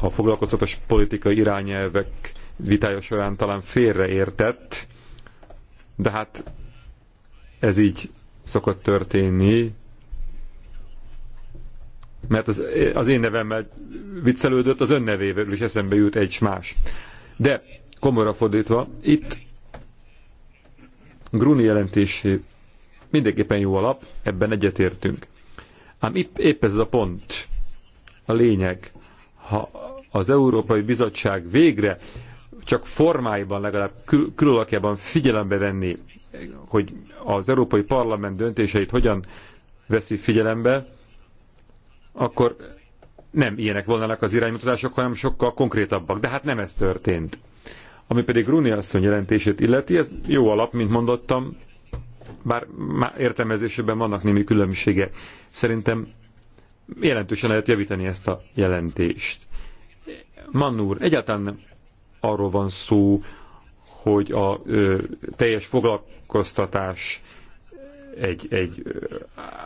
a foglalkoztatás politikai irányelvek vitája során talán félreértett, de hát ez így szokott történni, mert az, az én nevemmel viccelődött, az ön nevével is eszembe jut egy más. De komora fordítva, itt Gruni jelentésé mindenképpen jó alap, ebben egyetértünk. Ám itt épp ez a pont, a lényeg, ha az Európai Bizottság végre csak formáiban, legalább kül- külalakjában figyelembe venni, hogy az Európai Parlament döntéseit hogyan veszi figyelembe, akkor nem ilyenek volnának az iránymutatások, hanem sokkal konkrétabbak. De hát nem ez történt. Ami pedig Runi asszony jelentését illeti, ez jó alap, mint mondottam, bár már értelmezésében vannak némi különbsége. Szerintem jelentősen lehet javítani ezt a jelentést. Manúr, egyáltalán nem arról van szó, hogy a ö, teljes foglalkoztatás egy, egy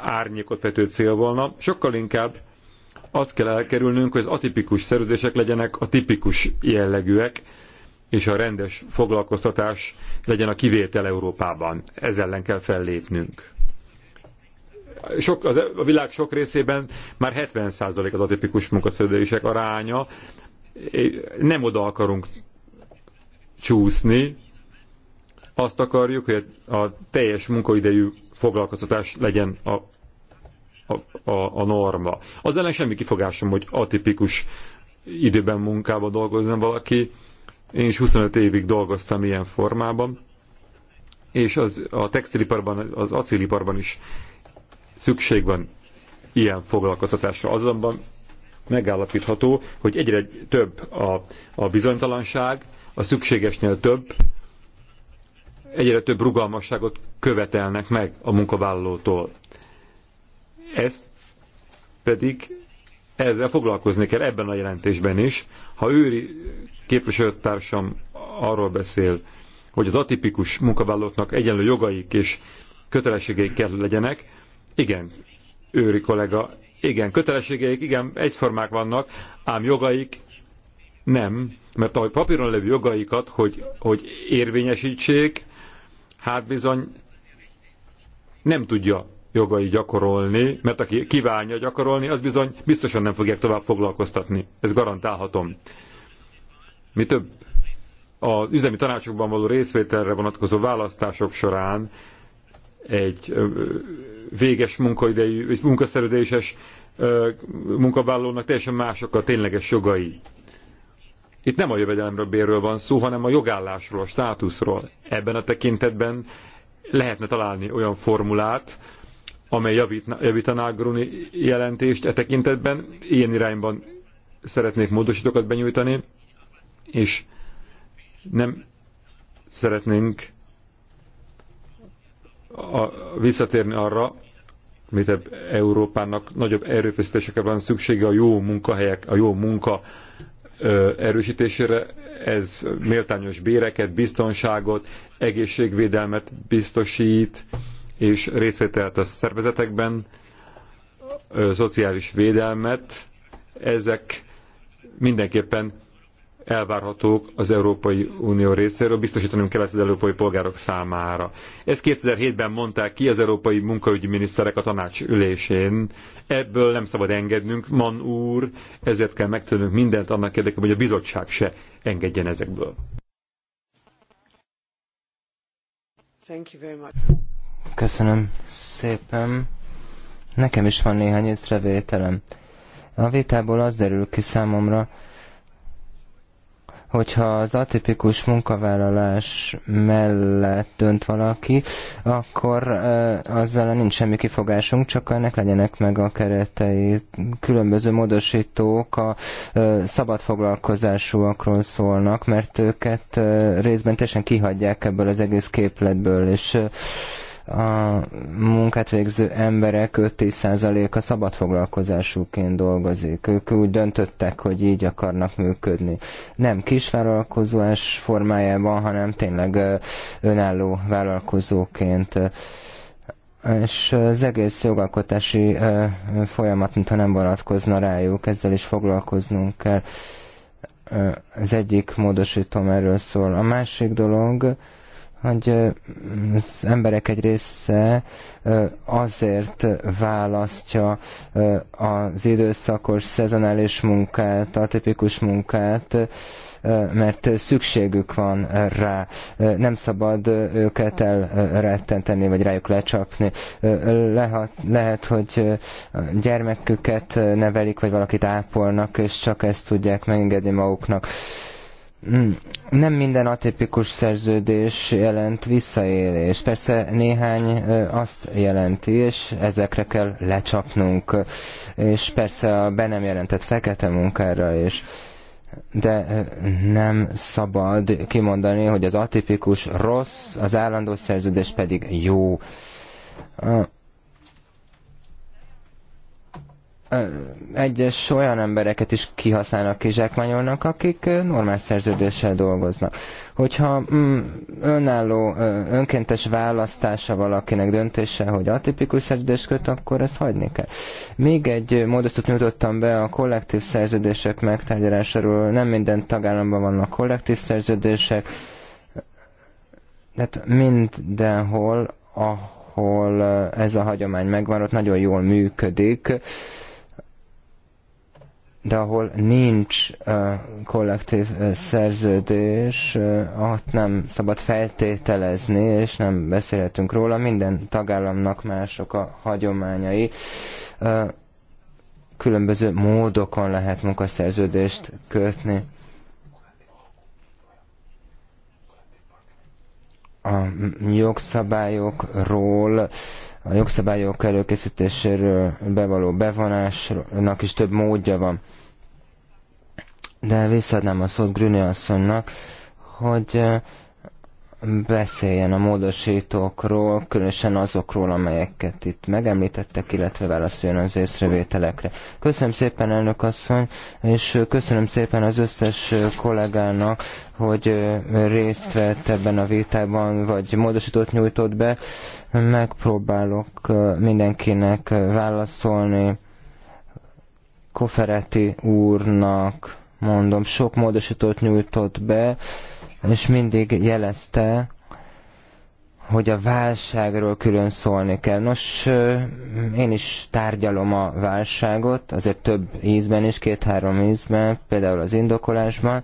árnyékot vető cél volna. Sokkal inkább azt kell elkerülnünk, hogy az atipikus szerződések legyenek a tipikus jellegűek, és a rendes foglalkoztatás legyen a kivétel Európában. Ez ellen kell fellépnünk. Sok, az, a világ sok részében már 70% az atipikus munkaszerződések aránya. Nem oda akarunk csúszni, azt akarjuk, hogy a teljes munkaidejű foglalkoztatás legyen a, a, a, a norma. Az ellen semmi kifogásom, hogy atipikus időben munkába dolgozzon valaki. Én is 25 évig dolgoztam ilyen formában, és az, a textiliparban, az acéliparban is szükség van ilyen foglalkoztatásra. Azonban megállapítható, hogy egyre több a, a bizonytalanság, a szükségesnél több egyre több rugalmasságot követelnek meg a munkavállalótól. Ezt pedig ezzel foglalkozni kell ebben a jelentésben is. Ha őri képviselőtársam arról beszél, hogy az atipikus munkavállalóknak egyenlő jogaik és kötelességeik kell legyenek, igen, őri kollega, igen, kötelességeik, igen, egyformák vannak, ám jogaik nem, mert ahogy papíron levő jogaikat, hogy, hogy érvényesítsék, hát bizony nem tudja jogai gyakorolni, mert aki kívánja gyakorolni, az bizony biztosan nem fogják tovább foglalkoztatni. Ez garantálhatom. Mi több, az üzemi tanácsokban való részvételre vonatkozó választások során egy véges munkaidejű, egy munkaszerződéses munkavállalónak teljesen mások a tényleges jogai. Itt nem a jövedelemről, bérről van szó, hanem a jogállásról, a státuszról. Ebben a tekintetben lehetne találni olyan formulát, amely javítna, javítaná a Gruni jelentést e tekintetben. Ilyen irányban szeretnék módosítókat benyújtani, és nem szeretnénk a, visszatérni arra, mint Európának nagyobb erőfeszítésekre van szüksége a jó munkahelyek, a jó munka erősítésére, ez méltányos béreket, biztonságot, egészségvédelmet biztosít, és részvételt a szervezetekben, szociális védelmet, ezek mindenképpen elvárhatók az Európai Unió részéről, biztosítanunk kell ezt az európai polgárok számára. Ezt 2007-ben mondták ki az európai munkaügyi miniszterek a tanács ülésén. Ebből nem szabad engednünk, man úr, ezért kell megtennünk mindent annak érdekében, hogy a bizottság se engedjen ezekből. Köszönöm szépen. Nekem is van néhány észrevételem. A vitából az derül ki számomra, hogyha az atipikus munkavállalás mellett dönt valaki, akkor eh, azzal nincs semmi kifogásunk, csak ennek legyenek meg a keretei. Különböző módosítók a eh, szabad foglalkozásúakról szólnak, mert őket eh, részben teljesen kihagyják ebből az egész képletből, és a munkát végző emberek 5-10%-a szabadfoglalkozásúként dolgozik. Ők úgy döntöttek, hogy így akarnak működni. Nem kisvállalkozás formájában, hanem tényleg önálló vállalkozóként és az egész jogalkotási folyamat, mintha nem vonatkozna rájuk, ezzel is foglalkoznunk kell. Az egyik módosítom erről szól. A másik dolog, hogy az emberek egy része azért választja az időszakos, szezonális munkát, tipikus munkát, mert szükségük van rá. Nem szabad őket elrettenteni, vagy rájuk lecsapni. lehet, lehet, hogy gyermeküket nevelik, vagy valakit ápolnak, és csak ezt tudják megengedni maguknak Mm. nem minden atipikus szerződés jelent visszaélés. Persze néhány azt jelenti, és ezekre kell lecsapnunk, és persze a be nem jelentett fekete munkára is. De nem szabad kimondani, hogy az atipikus rossz, az állandó szerződés pedig jó. egyes olyan embereket is kihasználnak, kizsákmányolnak, akik normál szerződéssel dolgoznak. Hogyha mm, önálló, önkéntes választása valakinek döntése, hogy atipikus szerződést köt, akkor ezt hagyni kell. Még egy módosztot nyújtottam be a kollektív szerződések megtárgyalásáról. Nem minden tagállamban vannak kollektív szerződések, tehát mindenhol, ahol ez a hagyomány megvan, ott nagyon jól működik de ahol nincs uh, kollektív uh, szerződés, uh, ott nem szabad feltételezni, és nem beszélhetünk róla. Minden tagállamnak mások a hagyományai. Uh, különböző módokon lehet munkaszerződést kötni. A jogszabályokról uh, a jogszabályok előkészítéséről bevaló bevonásnak is több módja van. De visszaadnám a szót Grüni asszonynak, hogy beszéljen a módosítókról, különösen azokról, amelyeket itt megemlítettek, illetve válaszoljon az észrevételekre. Köszönöm szépen, elnök asszony, és köszönöm szépen az összes kollégának, hogy részt vett ebben a vitában, vagy módosítót nyújtott be. Megpróbálok mindenkinek válaszolni. Kofereti úrnak mondom, sok módosítót nyújtott be, és mindig jelezte, hogy a válságról külön szólni kell. Nos, én is tárgyalom a válságot, azért több ízben is, két-három ízben, például az indokolásban,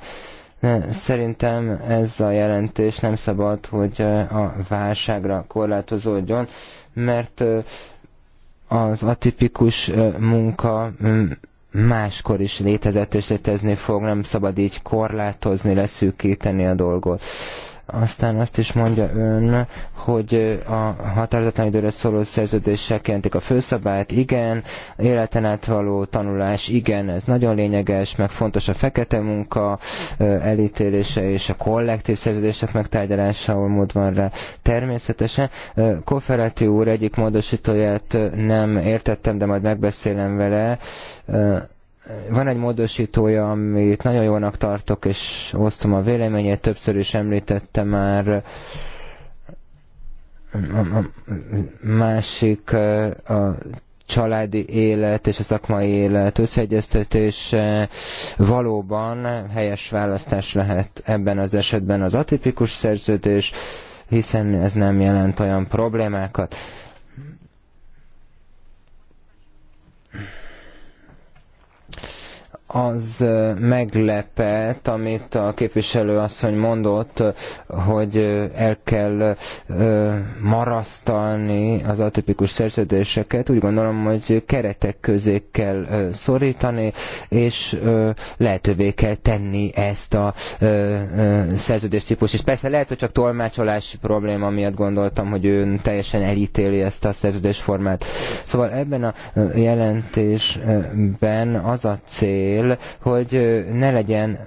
de szerintem ez a jelentés nem szabad, hogy a válságra korlátozódjon, mert az atipikus munka máskor is létezett és létezni fog, nem szabad így korlátozni, leszűkíteni a dolgot. Aztán azt is mondja ön, hogy a határozatlan időre szóló szerződések jelentik a főszabályt, igen, életen át való tanulás, igen, ez nagyon lényeges, meg fontos a fekete munka elítélése és a kollektív szerződések megtárgyalása, ahol mód van rá. Természetesen Koferati úr egyik módosítóját nem értettem, de majd megbeszélem vele van egy módosítója, amit nagyon jónak tartok, és osztom a véleményét, többször is említette már a másik a családi élet és a szakmai élet összeegyeztetése valóban helyes választás lehet ebben az esetben az atipikus szerződés, hiszen ez nem jelent olyan problémákat. az meglepet, amit a képviselő asszony mondott, hogy el kell marasztalni az atipikus szerződéseket. Úgy gondolom, hogy keretek közé kell szorítani, és lehetővé kell tenni ezt a szerződéstípus. És persze lehet, hogy csak tolmácsolási probléma miatt gondoltam, hogy ő teljesen elítéli ezt a szerződésformát. Szóval ebben a jelentésben az a cél, cél, hogy ne legyen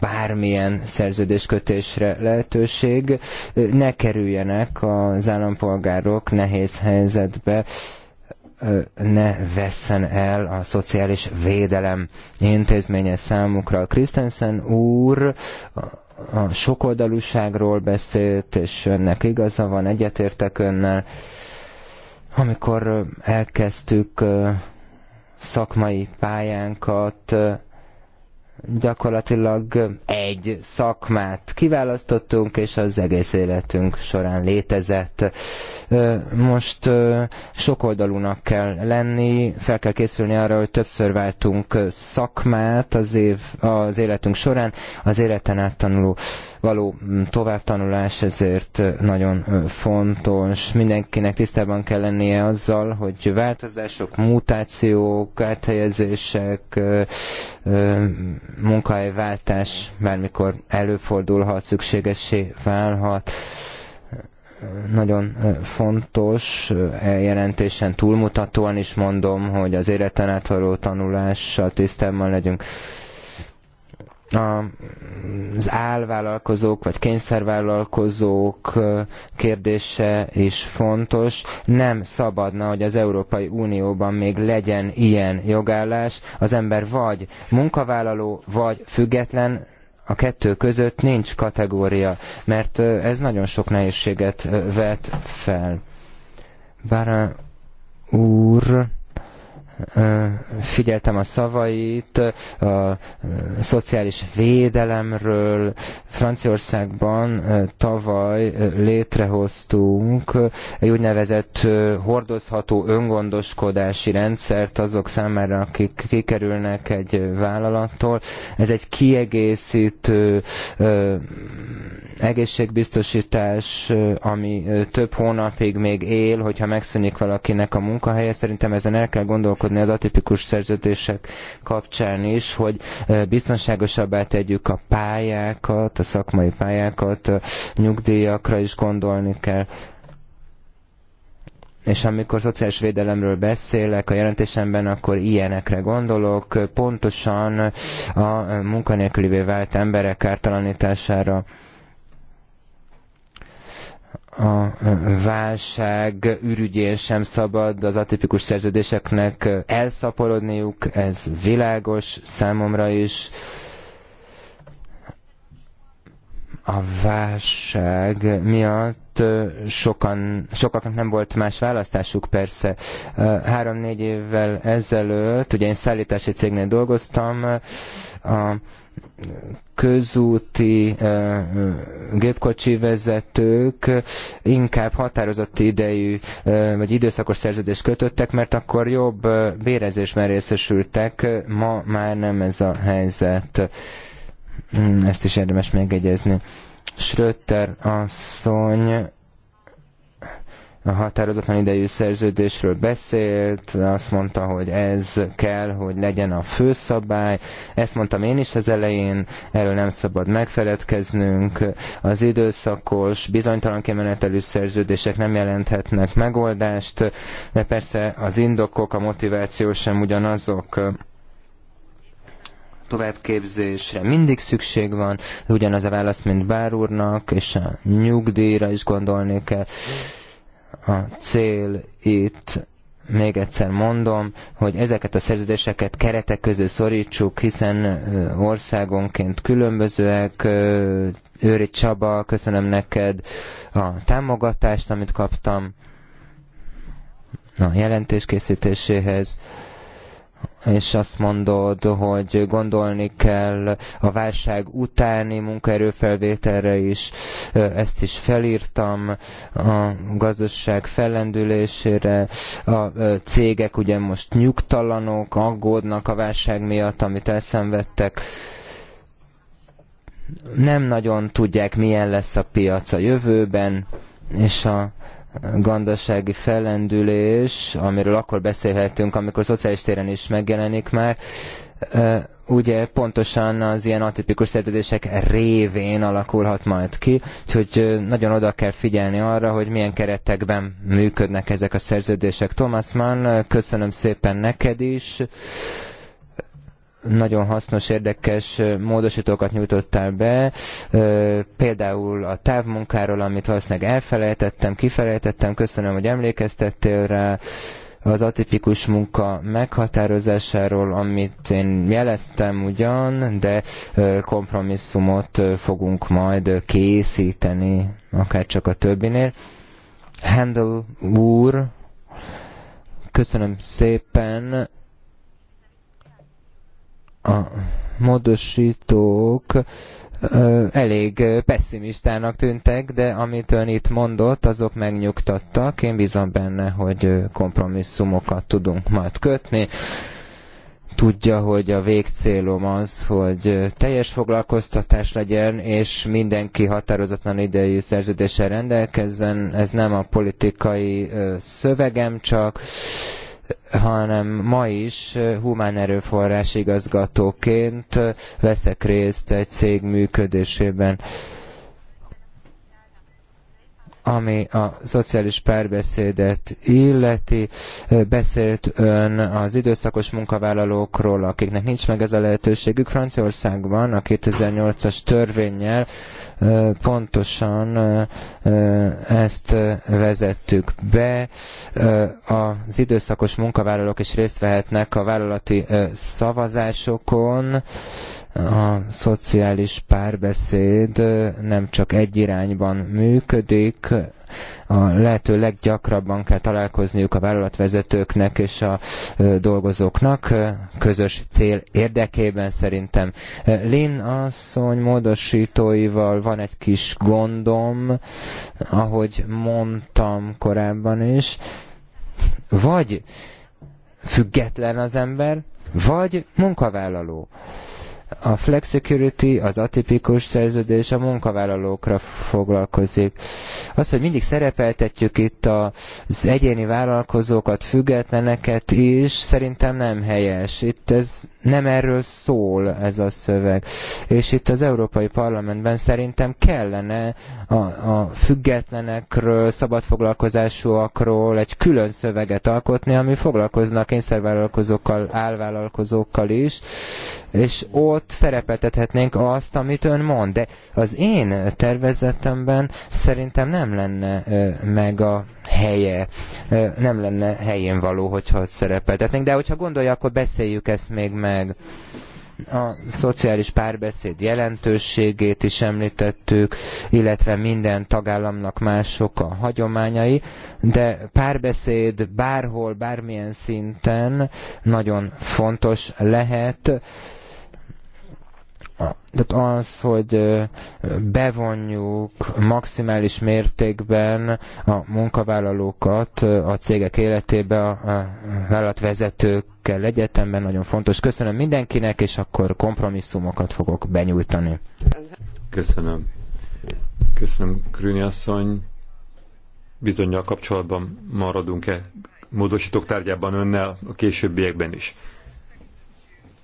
bármilyen szerződéskötésre lehetőség, ne kerüljenek az állampolgárok nehéz helyzetbe, ne vesszen el a szociális védelem intézménye számukra. Christensen úr a sokoldalúságról beszélt, és önnek igaza van, egyetértek önnel. Amikor elkezdtük szakmai pályánkat gyakorlatilag egy szakmát kiválasztottunk, és az egész életünk során létezett. Most sok oldalúnak kell lenni, fel kell készülni arra, hogy többször váltunk szakmát az, év, az életünk során, az életen át tanuló való továbbtanulás ezért nagyon fontos. Mindenkinek tisztában kell lennie azzal, hogy változások, mutációk, áthelyezések, munkahelyváltás bármikor előfordulhat, szükségessé válhat. Nagyon fontos e jelentésen túlmutatóan is mondom, hogy az életen átvaló tanulással tisztában legyünk a, az állvállalkozók vagy kényszervállalkozók kérdése is fontos. Nem szabadna, hogy az Európai Unióban még legyen ilyen jogállás. Az ember vagy munkavállaló, vagy független, a kettő között nincs kategória, mert ez nagyon sok nehézséget vet fel. Vára úr figyeltem a szavait a szociális védelemről. Franciaországban tavaly létrehoztunk egy úgynevezett hordozható öngondoskodási rendszert azok számára, akik kikerülnek egy vállalattól. Ez egy kiegészítő egészségbiztosítás, ami több hónapig még él, hogyha megszűnik valakinek a munkahelye. Szerintem ezen el kell gondolkodni gondolkodni az atipikus szerződések kapcsán is, hogy biztonságosabbá tegyük a pályákat, a szakmai pályákat, a nyugdíjakra is gondolni kell és amikor szociális védelemről beszélek a jelentésemben, akkor ilyenekre gondolok, pontosan a munkanélkülivé vált emberek ártalanítására a válság ürügyén sem szabad az atipikus szerződéseknek elszaporodniuk, ez világos számomra is. A válság miatt sokan, sokaknak nem volt más választásuk persze. Három-négy évvel ezelőtt, ugye én szállítási cégnél dolgoztam, a közúti eh, eh, gépkocsi vezetők inkább határozott idejű eh, vagy időszakos szerződést kötöttek, mert akkor jobb bérezésben részesültek. Ma már nem ez a helyzet. Hm, ezt is érdemes megegyezni. Schröter asszony a határozatlan idejű szerződésről beszélt, azt mondta, hogy ez kell, hogy legyen a főszabály. Ezt mondtam én is az elején, erről nem szabad megfeledkeznünk. Az időszakos, bizonytalan kimenetelű szerződések nem jelenthetnek megoldást, de persze az indokok, a motiváció sem ugyanazok továbbképzésre mindig szükség van, ugyanaz a válasz, mint Bár úrnak, és a nyugdíjra is gondolni kell. A cél itt még egyszer mondom, hogy ezeket a szerződéseket keretek közé szorítsuk, hiszen országonként különbözőek. Őri Csaba, köszönöm neked a támogatást, amit kaptam a jelentéskészítéséhez. készítéséhez és azt mondod, hogy gondolni kell a válság utáni munkaerőfelvételre is, ezt is felírtam a gazdaság fellendülésére, a cégek ugye most nyugtalanok, aggódnak a válság miatt, amit elszenvedtek, nem nagyon tudják, milyen lesz a piac a jövőben, és a gazdasági fellendülés, amiről akkor beszélhetünk, amikor szociális téren is megjelenik már, ugye pontosan az ilyen atipikus szerződések révén alakulhat majd ki, úgyhogy nagyon oda kell figyelni arra, hogy milyen keretekben működnek ezek a szerződések. Thomas Mann, köszönöm szépen neked is nagyon hasznos, érdekes módosítókat nyújtottál be, például a távmunkáról, amit valószínűleg elfelejtettem, kifelejtettem, köszönöm, hogy emlékeztettél rá, az atipikus munka meghatározásáról, amit én jeleztem ugyan, de kompromisszumot fogunk majd készíteni, akár csak a többinél. Handel úr, köszönöm szépen, a módosítók elég pessimistának tűntek, de amit ön itt mondott, azok megnyugtattak. Én bízom benne, hogy kompromisszumokat tudunk majd kötni. Tudja, hogy a végcélom az, hogy teljes foglalkoztatás legyen, és mindenki határozatlan idejű szerződéssel rendelkezzen. Ez nem a politikai szövegem csak hanem ma is humán erőforrás igazgatóként veszek részt egy cég működésében. Ami a szociális párbeszédet illeti, beszélt ön az időszakos munkavállalókról, akiknek nincs meg ez a lehetőségük. Franciaországban a 2008-as törvényel pontosan ezt vezettük be. Az időszakos munkavállalók is részt vehetnek a vállalati szavazásokon, a szociális párbeszéd nem csak egy irányban működik, a lehető leggyakrabban kell találkozniuk a vállalatvezetőknek és a dolgozóknak közös cél érdekében szerintem. Lin asszony módosítóival van egy kis gondom, ahogy mondtam korábban is, vagy független az ember, vagy munkavállaló. A flexicurity, az atipikus szerződés a munkavállalókra foglalkozik. Az, hogy mindig szerepeltetjük itt az egyéni vállalkozókat, függetleneket is, szerintem nem helyes. Itt ez nem erről szól ez a szöveg. És itt az Európai Parlamentben szerintem kellene a, a függetlenekről, szabadfoglalkozásúakról egy külön szöveget alkotni, ami foglalkozna kényszervállalkozókkal, állvállalkozókkal is, és ott szerepeltethetnénk azt, amit ön mond. De az én tervezetemben szerintem nem lenne meg a helye, nem lenne helyén való, hogyha ott szerepeltetnénk. De hogyha gondolja, akkor beszéljük ezt még meg a szociális párbeszéd jelentőségét is említettük, illetve minden tagállamnak mások a hagyományai, de párbeszéd bárhol, bármilyen szinten nagyon fontos lehet, tehát az, hogy bevonjuk maximális mértékben a munkavállalókat a cégek életébe, a vállalatvezetőkkel egyetemben nagyon fontos. Köszönöm mindenkinek, és akkor kompromisszumokat fogok benyújtani. Köszönöm. Köszönöm, Krüni asszony. Bizonyal kapcsolatban maradunk-e módosítók tárgyában önnel a későbbiekben is.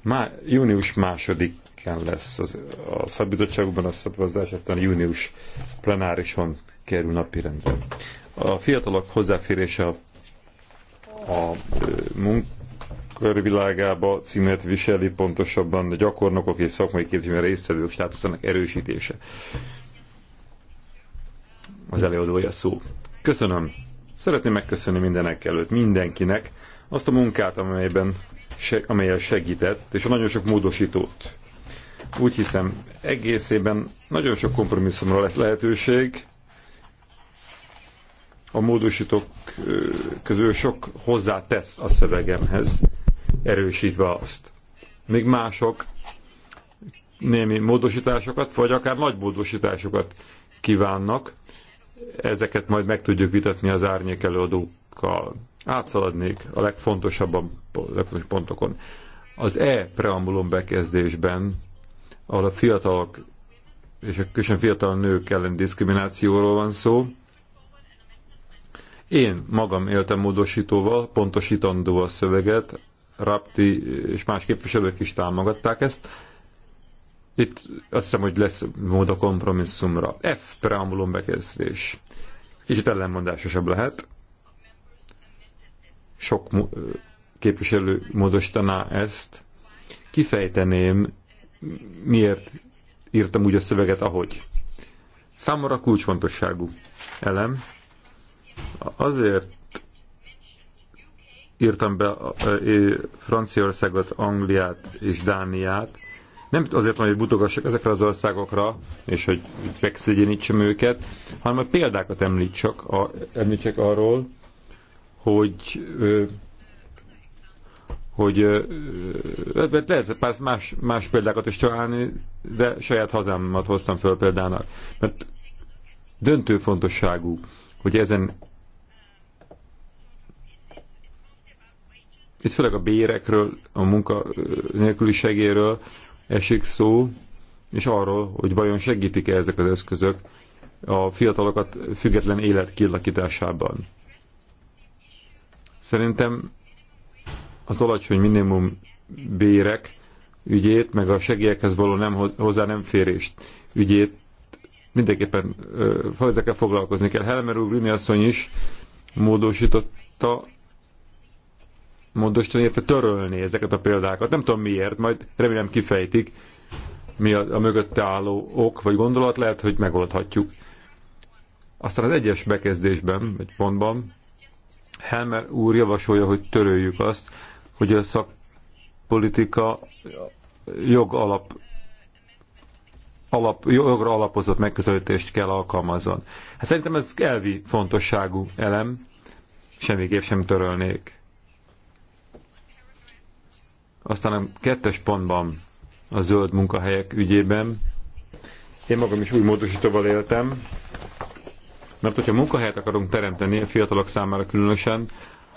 Má, június második pénteken lesz az, a szakbizottságokban a szavazás, aztán június plenárison kerül napirendre. A fiatalok hozzáférése a, a munkörvilágába címet viseli, pontosabban a gyakornokok és szakmai képzésben résztvevők státuszának erősítése. Az előadója szó. Köszönöm. Szeretném megköszönni mindenek előtt mindenkinek azt a munkát, amelyben, amelyel segített, és a nagyon sok módosítót úgy hiszem, egészében nagyon sok kompromisszumra lett lehetőség. A módosítók közül sok hozzátesz a szövegemhez, erősítve azt. Még mások némi módosításokat, vagy akár nagy módosításokat kívánnak. Ezeket majd meg tudjuk vitatni az árnyék előadókkal. Átszaladnék a legfontosabb, a legfontosabb pontokon. Az E preambulum bekezdésben ahol a fiatalok és a különösen fiatal nők ellen diszkriminációról van szó. Én magam éltem módosítóval, pontosítandó a szöveget, Rapti és más képviselők is támogatták ezt. Itt azt hiszem, hogy lesz mód a kompromisszumra. F preambulum bekezdés. Kicsit ellenmondásosabb lehet. Sok képviselő módosítaná ezt. Kifejteném miért írtam úgy a szöveget, ahogy. Számomra kulcsfontosságú elem. Azért írtam be Franciaországot, Angliát és Dániát. Nem azért van, hogy butogassak ezekre az országokra, és hogy megszegyenítsem őket, hanem a példákat említsek, a, említsek arról, hogy hogy lehet le, persze más, más példákat is találni, de saját hazámat hoztam föl példának. Mert döntő fontosságú, hogy ezen itt főleg a bérekről, a munka nélküli segéről esik szó, és arról, hogy vajon segítik-e ezek az eszközök a fiatalokat független élet kilakításában. Szerintem az alacsony minimum bérek ügyét, meg a segélyekhez való nem, hozzá nem férést ügyét mindenképpen ezekkel foglalkozni kell. Helmer úr, asszony is módosította módosítani, illetve törölni ezeket a példákat. Nem tudom miért, majd remélem kifejtik, mi a, a mögötte álló ok vagy gondolat, lehet, hogy megoldhatjuk. Aztán az egyes bekezdésben, vagy pontban, Helmer úr javasolja, hogy töröljük azt, hogy a szakpolitika jog alap, alap jogra alapozott megközelítést kell alkalmazon. Hát szerintem ez elvi fontosságú elem, semmiképp sem törölnék. Aztán a kettes pontban a zöld munkahelyek ügyében én magam is új módosítóval éltem, mert hogyha munkahelyet akarunk teremteni a fiatalok számára különösen,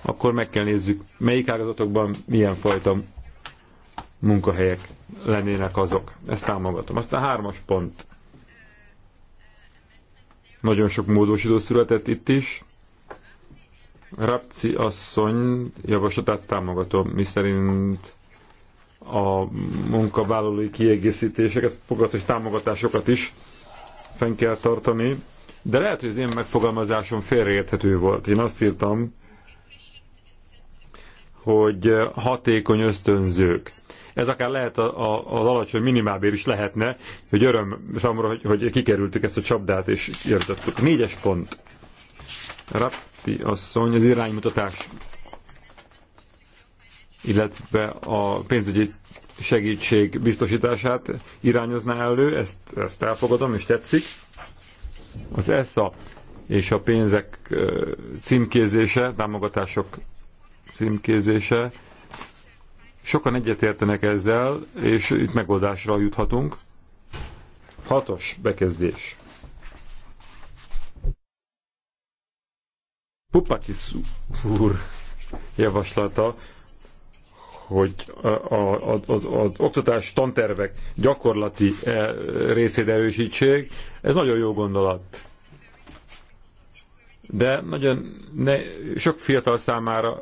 akkor meg kell nézzük, melyik ágazatokban milyen fajta munkahelyek lennének azok. Ezt támogatom. Aztán hármas pont. Nagyon sok módosító született itt is. Rapci asszony javaslatát támogatom, miszerint a munkavállalói kiegészítéseket, foglalkozás támogatásokat is fenn kell tartani. De lehet, hogy az én megfogalmazásom félreérthető volt. Én azt írtam, hogy eh, hatékony ösztönzők. Ez akár lehet a, a, az alacsony minimálbér is lehetne, hogy öröm számomra, hogy, hogy kikerültük ezt a csapdát és kijöntöttük. Négyes pont. Rapti asszony, az iránymutatás, illetve a pénzügyi segítség biztosítását irányozná elő, ezt, ezt elfogadom és tetszik. Az ESA és a pénzek eh, címkézése, támogatások címkézése. Sokan egyetértenek ezzel, és itt megoldásra juthatunk. Hatos bekezdés. Pupakis úr javaslata, hogy az, oktatás tantervek gyakorlati e, részét erősítsék, ez nagyon jó gondolat. De nagyon ne, sok fiatal számára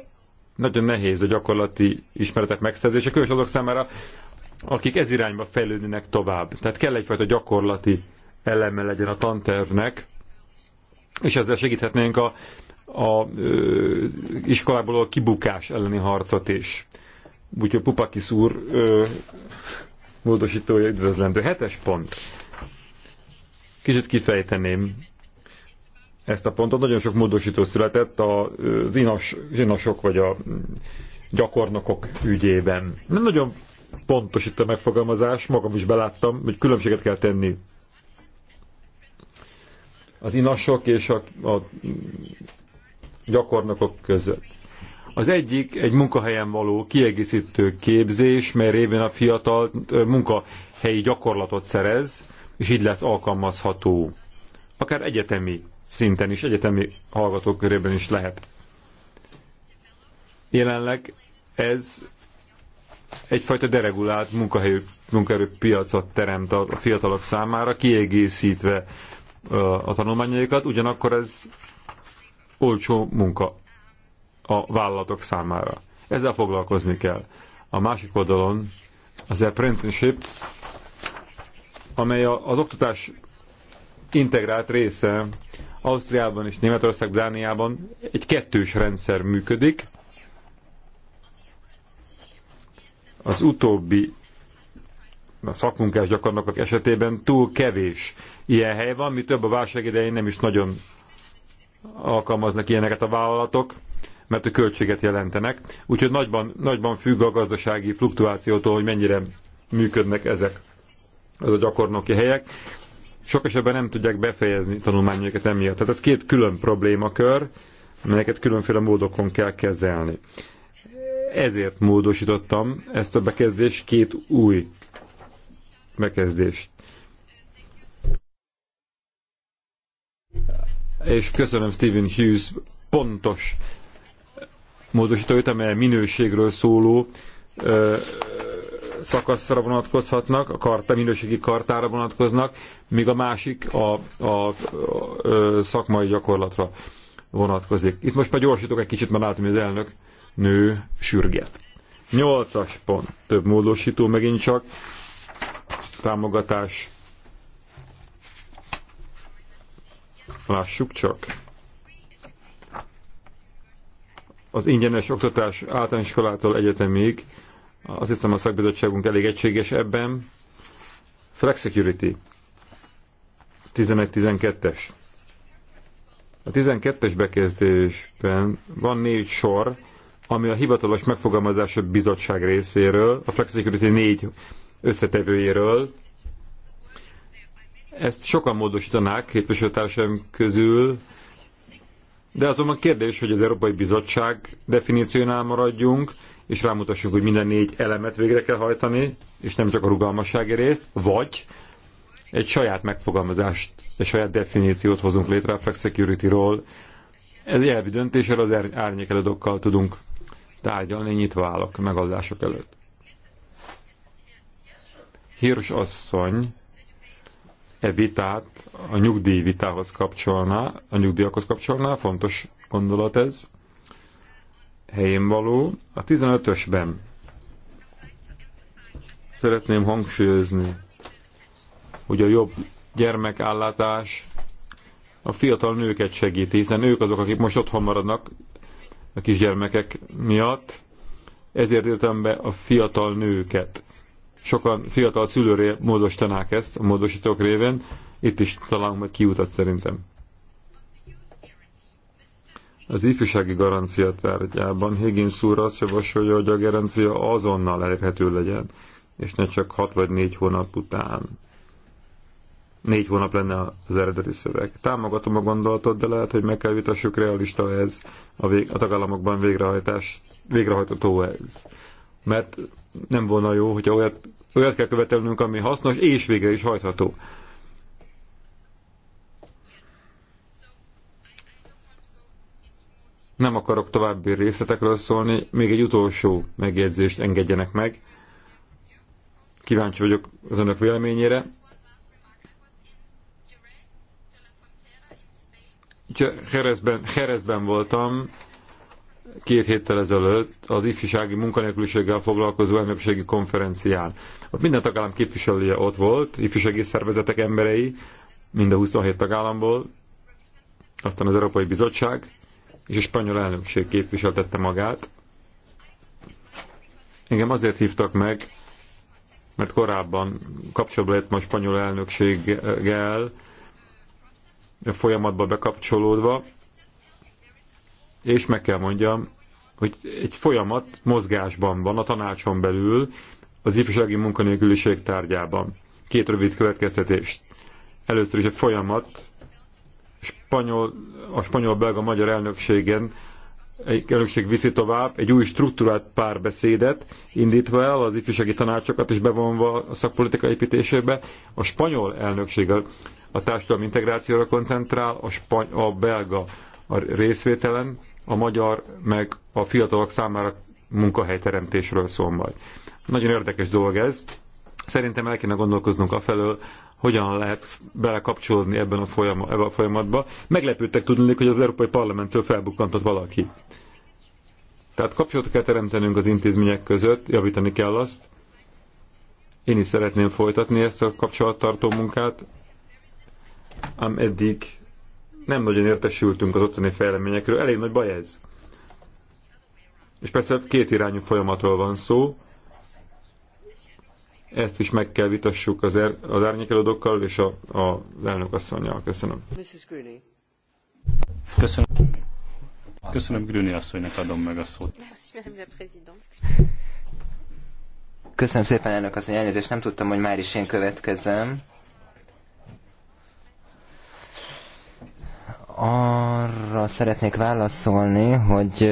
nagyon nehéz a gyakorlati ismeretek megszerzése, különösen azok számára, akik ez irányba fejlődnek tovább. Tehát kell egyfajta gyakorlati eleme legyen a tantervnek, és ezzel segíthetnénk a, a ö, iskolából a kibukás elleni harcot is. Úgyhogy Pupakis úr ö, módosítója üdvözlendő. Hetes pont. Kicsit kifejteném ezt a pontot. Nagyon sok módosító született az inas, inasok vagy a gyakornokok ügyében. Nem nagyon pontos itt a megfogalmazás, magam is beláttam, hogy különbséget kell tenni az inasok és a, a gyakornokok között. Az egyik egy munkahelyen való kiegészítő képzés, mert révén a fiatal munkahelyi gyakorlatot szerez, és így lesz alkalmazható. Akár egyetemi szinten is, egyetemi hallgatók körében is lehet. Jelenleg ez egyfajta deregulált munkahely, munkaerőpiacot teremt a fiatalok számára, kiegészítve a tanulmányaikat, ugyanakkor ez olcsó munka a vállalatok számára. Ezzel foglalkozni kell. A másik oldalon az apprenticeships, amely az oktatás integrált része Ausztriában és Németország, Dániában egy kettős rendszer működik. Az utóbbi a szakmunkás gyakornokok esetében túl kevés ilyen hely van, mi több a válság idején nem is nagyon alkalmaznak ilyeneket a vállalatok, mert a költséget jelentenek. Úgyhogy nagyban, nagyban függ a gazdasági fluktuációtól, hogy mennyire működnek ezek az a gyakornoki helyek sok esetben nem tudják befejezni tanulmányokat emiatt. Tehát ez két külön problémakör, amelyeket különféle módokon kell kezelni. Ezért módosítottam ezt a bekezdést, két új bekezdést. És köszönöm Stephen Hughes pontos módosítóit, amely minőségről szóló szakaszra vonatkozhatnak, a karta, minőségi kartára vonatkoznak, míg a másik a, a, a, a szakmai gyakorlatra vonatkozik. Itt most már gyorsítok egy kicsit, mert látom, hogy az elnök nő sürget. Nyolcas pont, több módosító megint csak, támogatás. Lássuk csak. Az ingyenes oktatás általános iskolától egyetemig azt hiszem a szakbizottságunk elég egységes ebben. Flexicurity 11-12-es. A 12-es bekezdésben van négy sor, ami a hivatalos megfogalmazása bizottság részéről, a Flexicurity négy összetevőjéről. Ezt sokan módosítanák képviselőtársaim közül, de azonban kérdés, hogy az Európai Bizottság definíciónál maradjunk, és rámutassuk, hogy minden négy elemet végre kell hajtani, és nem csak a rugalmassági részt, vagy egy saját megfogalmazást, egy saját definíciót hozunk létre a Flex Security-ról. Ez egy elvi döntéssel az árnyékelődokkal tudunk tárgyalni, nyitva állok megoldások előtt. Hirs asszony e vitát a nyugdíj vitához kapcsolná, a nyugdíjakhoz kapcsolná, fontos gondolat ez helyén való. A 15-ösben szeretném hangsúlyozni, hogy a jobb gyermekállátás a fiatal nőket segíti, hiszen ők azok, akik most otthon maradnak a kisgyermekek miatt, ezért írtam be a fiatal nőket. Sokan fiatal szülőre módosítanák ezt a módosítók révén, itt is találunk majd kiutat szerintem. Az ifjúsági garancia tárgyában Higgins úr azt javasolja, hogy a garancia azonnal elérhető legyen, és ne csak hat vagy négy hónap után. Négy hónap lenne az eredeti szöveg. Támogatom a gondolatot, de lehet, hogy meg kell vitassuk, realista ez a, vég, a tagállamokban végrehajtás, végrehajtató ez. Mert nem volna jó, hogyha olyat, olyat kell követelnünk, ami hasznos és végre is hajtható. Nem akarok további részletekről szólni, még egy utolsó megjegyzést engedjenek meg. Kíváncsi vagyok az önök véleményére. Jerezben, Jerezben voltam két héttel ezelőtt az ifjúsági munkanélküliséggel foglalkozó elnökségi konferencián. Ott minden tagállam képviselője ott volt, ifjúsági szervezetek emberei, mind a 27 tagállamból, aztán az Európai Bizottság, és a spanyol elnökség képviseltette magát. Engem azért hívtak meg, mert korábban kapcsolatban lett a spanyol elnökséggel, folyamatba bekapcsolódva, és meg kell mondjam, hogy egy folyamat mozgásban van a tanácson belül, az ifjúsági munkanélküliség tárgyában. Két rövid következtetést. Először is a folyamat spanyol, a spanyol-belga-magyar elnökségen egy elnökség viszi tovább, egy új struktúrált párbeszédet indítva el, az ifjúsági tanácsokat is bevonva a szakpolitika építésébe. A spanyol elnökség a, a társadalmi integrációra koncentrál, a, spany- a belga a részvételen, a magyar meg a fiatalok számára munkahelyteremtésről szól majd. Nagyon érdekes dolog ez. Szerintem el kéne gondolkoznunk afelől, hogyan lehet belekapcsolódni ebben a, folyama, ebben a folyamatba. Meglepődtek tudni, hogy az Európai Parlamenttől felbukkantott valaki. Tehát kapcsolatot kell teremtenünk az intézmények között, javítani kell azt. Én is szeretném folytatni ezt a kapcsolattartó munkát, ám eddig nem nagyon értesültünk az ottani fejleményekről. Elég nagy baj ez. És persze két irányú folyamatról van szó, ezt is meg kell vitassuk az, er, az árnyékelődőkkel és a, a, az asszonyjal. Köszönöm. Köszönöm. Köszönöm, Grüni asszonynak adom meg a szót. Köszönöm szépen, elnök asszony, elnézést, nem tudtam, hogy már is én következem. Arra szeretnék válaszolni, hogy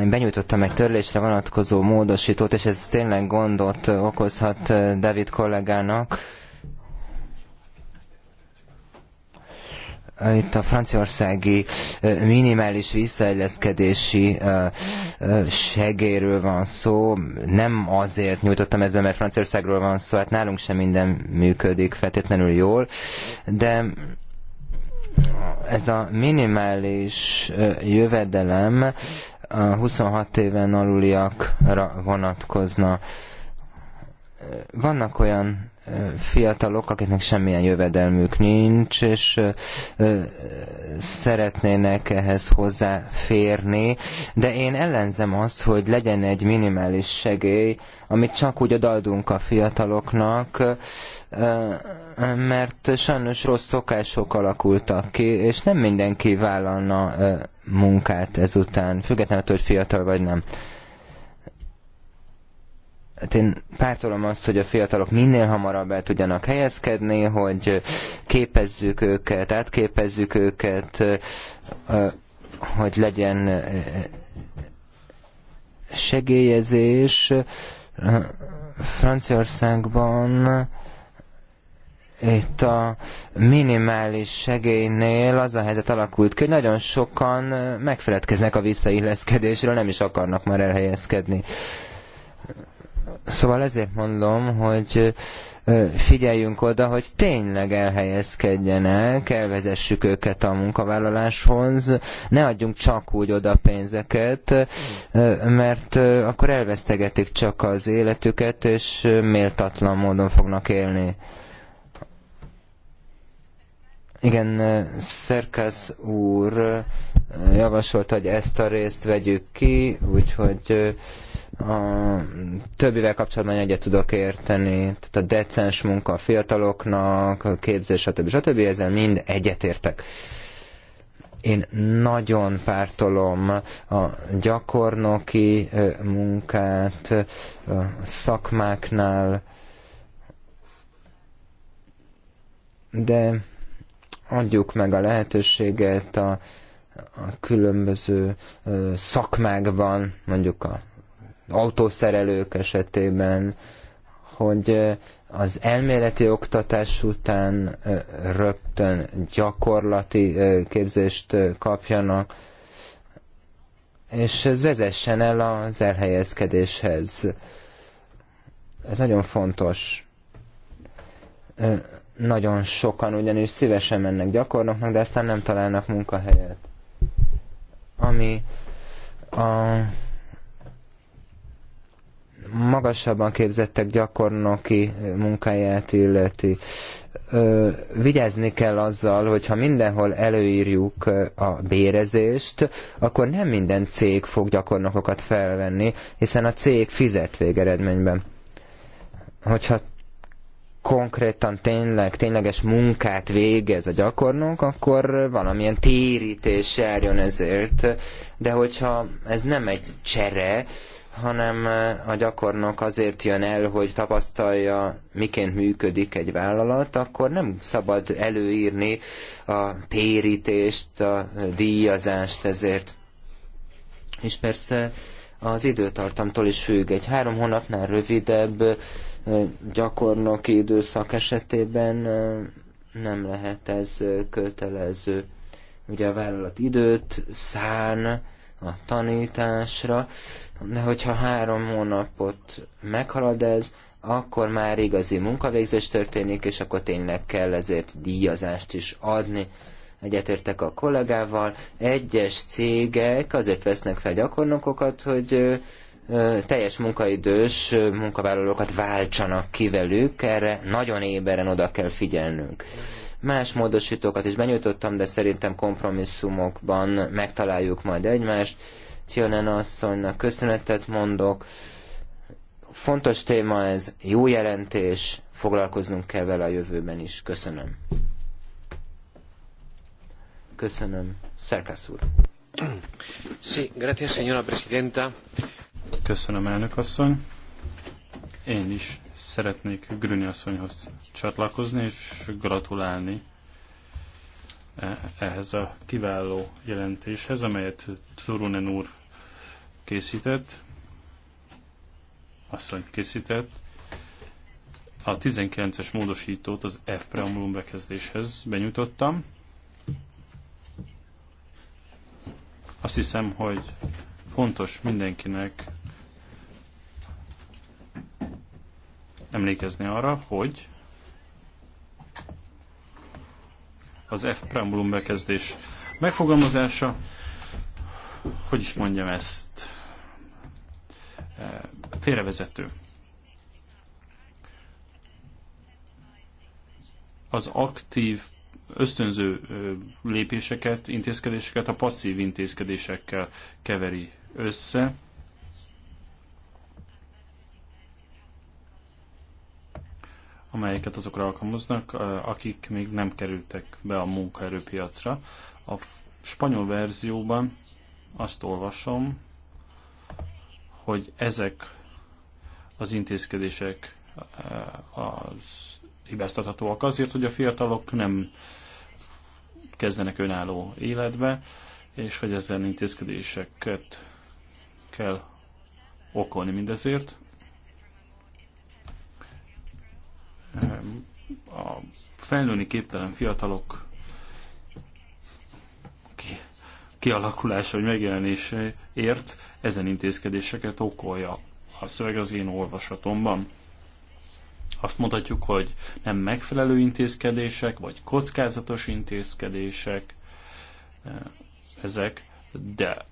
én benyújtottam egy törlésre vonatkozó módosítót, és ez tényleg gondot okozhat eh, David kollégának. Eh, itt a franciaországi eh, minimális visszaegyezkedési segéről van szó. Nem azért nyújtottam ezt be, mert Franciaországról van szó, hát nálunk sem minden működik feltétlenül jól, de ez a minimális jövedelem a 26 éven aluliakra vonatkozna. Vannak olyan fiatalok, akiknek semmilyen jövedelmük nincs, és szeretnének ehhez hozzáférni, de én ellenzem azt, hogy legyen egy minimális segély, amit csak úgy adunk a fiataloknak, mert sajnos rossz szokások alakultak ki, és nem mindenki vállalna munkát ezután, függetlenül, hogy fiatal vagy nem. Hát én pártolom azt, hogy a fiatalok minél hamarabb el tudjanak helyezkedni, hogy képezzük őket, átképezzük őket, hogy legyen segélyezés. Franciaországban itt a minimális segélynél az a helyzet alakult ki, hogy nagyon sokan megfeledkeznek a visszailleszkedésről, nem is akarnak már elhelyezkedni. Uh, Szóval ezért mondom, hogy figyeljünk oda, hogy tényleg elhelyezkedjenek, elvezessük őket a munkavállaláshoz, ne adjunk csak úgy oda pénzeket, mert akkor elvesztegetik csak az életüket, és méltatlan módon fognak élni. Igen, Szerkesz úr javasolt, hogy ezt a részt vegyük ki, úgyhogy a többivel kapcsolatban egyet tudok érteni, tehát a decens munka a fiataloknak, a képzés, stb. stb. Ezzel mind egyetértek én nagyon pártolom a gyakornoki munkát a szakmáknál, de adjuk meg a lehetőséget a, a különböző szakmákban, mondjuk a autószerelők esetében, hogy az elméleti oktatás után rögtön gyakorlati képzést kapjanak, és ez vezessen el az elhelyezkedéshez. Ez nagyon fontos. Nagyon sokan ugyanis szívesen mennek gyakornoknak, de aztán nem találnak munkahelyet. Ami a magasabban képzettek gyakornoki munkáját illeti. Vigyázni kell azzal, hogy ha mindenhol előírjuk a bérezést, akkor nem minden cég fog gyakornokokat felvenni, hiszen a cég fizet végeredményben. Hogyha konkrétan tényleg, tényleges munkát végez a gyakornok, akkor valamilyen térítés járjon ezért. De hogyha ez nem egy csere, hanem a gyakornok azért jön el, hogy tapasztalja, miként működik egy vállalat, akkor nem szabad előírni a térítést, a díjazást ezért. És persze az időtartamtól is függ. Egy három hónapnál rövidebb gyakornoki időszak esetében nem lehet ez kötelező. Ugye a vállalat időt szán a tanításra, de hogyha három hónapot meghalad ez, akkor már igazi munkavégzés történik, és akkor tényleg kell ezért díjazást is adni. Egyetértek a kollégával. Egyes cégek azért vesznek fel gyakornokokat, hogy teljes munkaidős munkavállalókat váltsanak ki velük, erre nagyon éberen oda kell figyelnünk. Más módosítókat is benyújtottam, de szerintem kompromisszumokban megtaláljuk majd egymást Tionen asszonynak köszönetet mondok. Fontos téma ez, jó jelentés, foglalkoznunk kell vele a jövőben is. Köszönöm. Köszönöm. Szerkasz úr. Sí, gracias, señora presidenta. Köszönöm, elnök asszony. Én is szeretnék Grüni asszonyhoz csatlakozni és gratulálni ehhez a kiváló jelentéshez, amelyet Turunen úr készített, asszony készített. A 19-es módosítót az F preambulum bekezdéshez benyújtottam. Azt hiszem, hogy fontos mindenkinek emlékezni arra, hogy az F preambulum bekezdés megfogalmazása. Hogy is mondjam ezt? E, félrevezető. Az aktív ösztönző lépéseket, intézkedéseket a passzív intézkedésekkel keveri össze. amelyeket azokra alkalmaznak, akik még nem kerültek be a munkaerőpiacra. A spanyol verzióban azt olvasom, hogy ezek az intézkedések az hibáztathatóak azért, hogy a fiatalok nem kezdenek önálló életbe, és hogy ezen intézkedéseket kell okolni mindezért. a felnőni képtelen fiatalok kialakulása vagy megjelenéséért ezen intézkedéseket okolja a szöveg az én olvasatomban. Azt mondhatjuk, hogy nem megfelelő intézkedések, vagy kockázatos intézkedések eh, ezek, de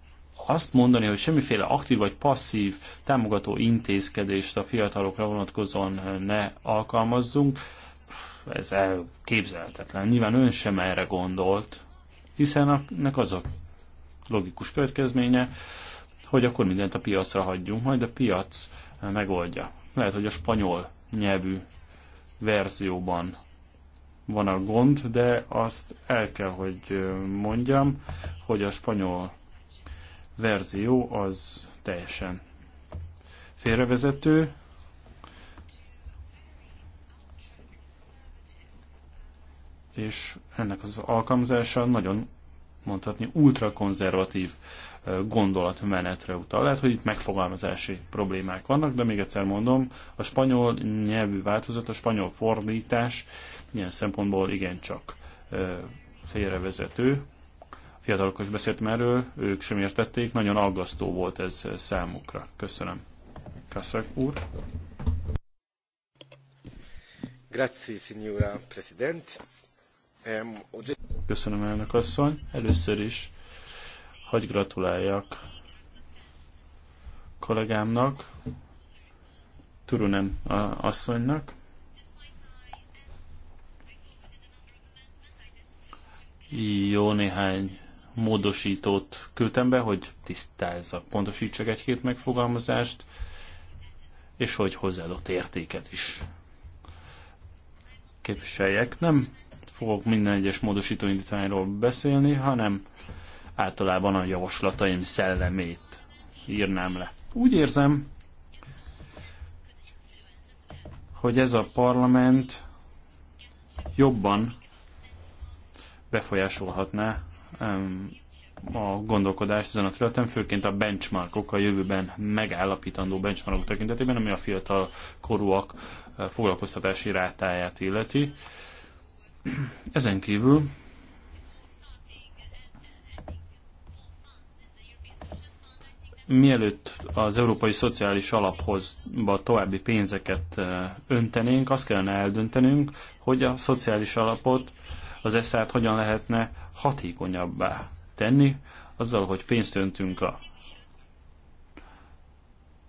azt mondani, hogy semmiféle aktív vagy passzív támogató intézkedést a fiatalokra vonatkozóan eh, ne alkalmazzunk, ez elképzelhetetlen. Nyilván ön sem erre gondolt, hiszen ennek az a logikus következménye, hogy akkor mindent a piacra hagyjunk, majd a piac eh, megoldja. Lehet, hogy a spanyol nyelvű verzióban van a gond, de azt el kell, hogy eh, mondjam, hogy a spanyol verzió az teljesen félrevezető, és ennek az alkalmazása nagyon mondhatni ultrakonzervatív gondolatmenetre utal. Lehet, hogy itt megfogalmazási problémák vannak, de még egyszer mondom, a spanyol nyelvű változat, a spanyol fordítás ilyen szempontból igencsak félrevezető, fiatalok is beszéltem erről, ők sem értették, nagyon aggasztó volt ez számukra. Köszönöm. Kasszak úr. Grazie, signora President. Köszönöm, elnök asszony. Először is hagy gratuláljak kollégámnak, Turunen asszonynak. Jó néhány módosítót küldtem be, hogy tisztázzak, pontosítsak egy-két megfogalmazást, és hogy hozzáadott értéket is képviseljek. Nem fogok minden egyes módosítóindítványról beszélni, hanem általában a javaslataim szellemét írnám le. Úgy érzem, hogy ez a parlament jobban befolyásolhatná a gondolkodás ezen a területen, főként a benchmarkok, a jövőben megállapítandó benchmarkok tekintetében, ami a fiatal korúak eh, foglalkoztatási rátáját illeti. Ezen kívül mielőtt az Európai Szociális Alaphoz további pénzeket eh, öntenénk, azt kellene eldöntenünk, hogy a szociális alapot, az eszát hogyan lehetne hatékonyabbá tenni, azzal, hogy pénzt öntünk a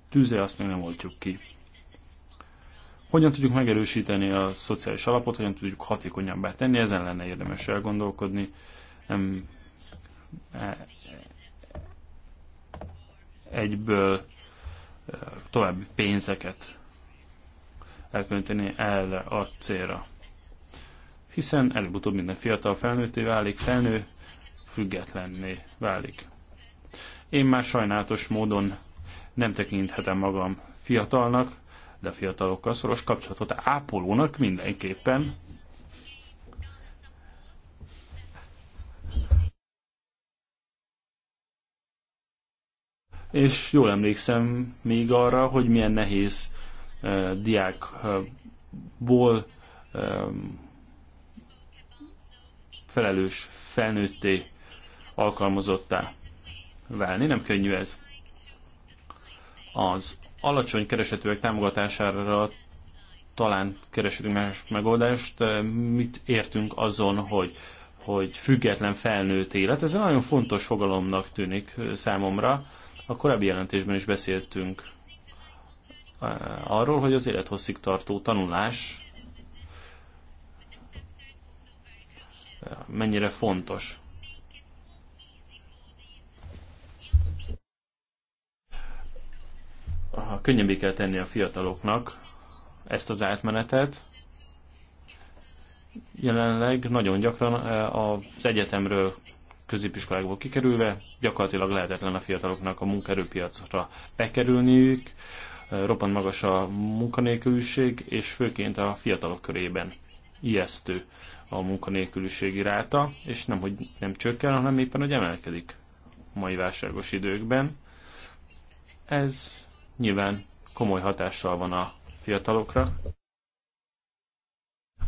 tűzre, azt még nem oltjuk ki. Hogyan tudjuk megerősíteni a szociális alapot, hogyan tudjuk hatékonyabbá tenni, ezen lenne érdemes elgondolkodni. Nem e, egyből e, további pénzeket elkönteni erre a célra hiszen előbb-utóbb minden fiatal felnőtté válik, felnő függetlenné válik. Én már sajnálatos módon nem tekinthetem magam fiatalnak, de a fiatalokkal szoros kapcsolatot ápolónak mindenképpen. És jól emlékszem még arra, hogy milyen nehéz uh, diákból uh, felelős felnőtté alkalmazottá válni. Nem könnyű ez. Az alacsony keresetőek támogatására talán kereshetünk más megoldást. Mit értünk azon, hogy, hogy független felnőtt élet? Ez egy nagyon fontos fogalomnak tűnik számomra. A korábbi jelentésben is beszéltünk eh, arról, hogy az élethosszig tartó tanulás mennyire fontos. Aha, könnyebbé kell tenni a fiataloknak ezt az átmenetet. Jelenleg nagyon gyakran e, az egyetemről középiskolákból kikerülve gyakorlatilag lehetetlen a fiataloknak a munkaerőpiacra bekerülniük, e, roppant magas a munkanélküliség, és főként a fiatalok körében ijesztő a munkanélküliségi ráta, és nem, hogy nem csökken, hanem éppen, hogy emelkedik mai válságos időkben. Ez nyilván komoly hatással van a fiatalokra.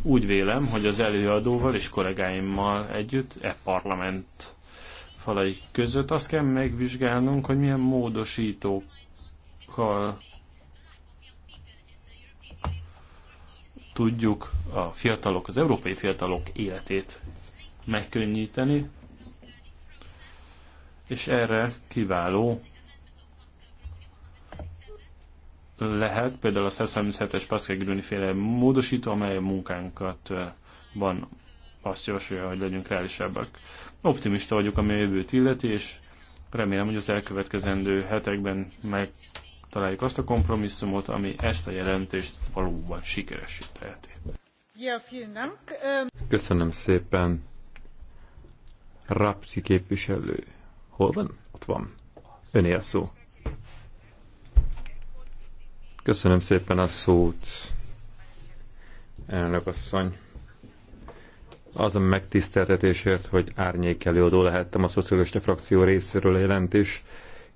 Úgy vélem, hogy az előadóval és kollégáimmal együtt e parlament falai között azt kell megvizsgálnunk, hogy milyen módosítókkal tudjuk a fiatalok, az európai fiatalok életét megkönnyíteni, és erre kiváló lehet például a 137-es Pascal Grüni féle módosító, amely a munkánkat van azt javasolja, hogy legyünk reálisabbak. Optimista vagyok, ami a jövőt illeti, és remélem, hogy az elkövetkezendő hetekben meg találjuk azt a kompromisszumot, ami ezt a jelentést valóban sikeresé teheti. Ähm, Köszönöm szépen. Rapsi képviselő. Hol van? Ott van. Öné a szó. Köszönöm szépen a szót, elnök asszony. Az a megtiszteltetésért, hogy árnyék előadó lehettem a szocialista frakció részéről a jelentés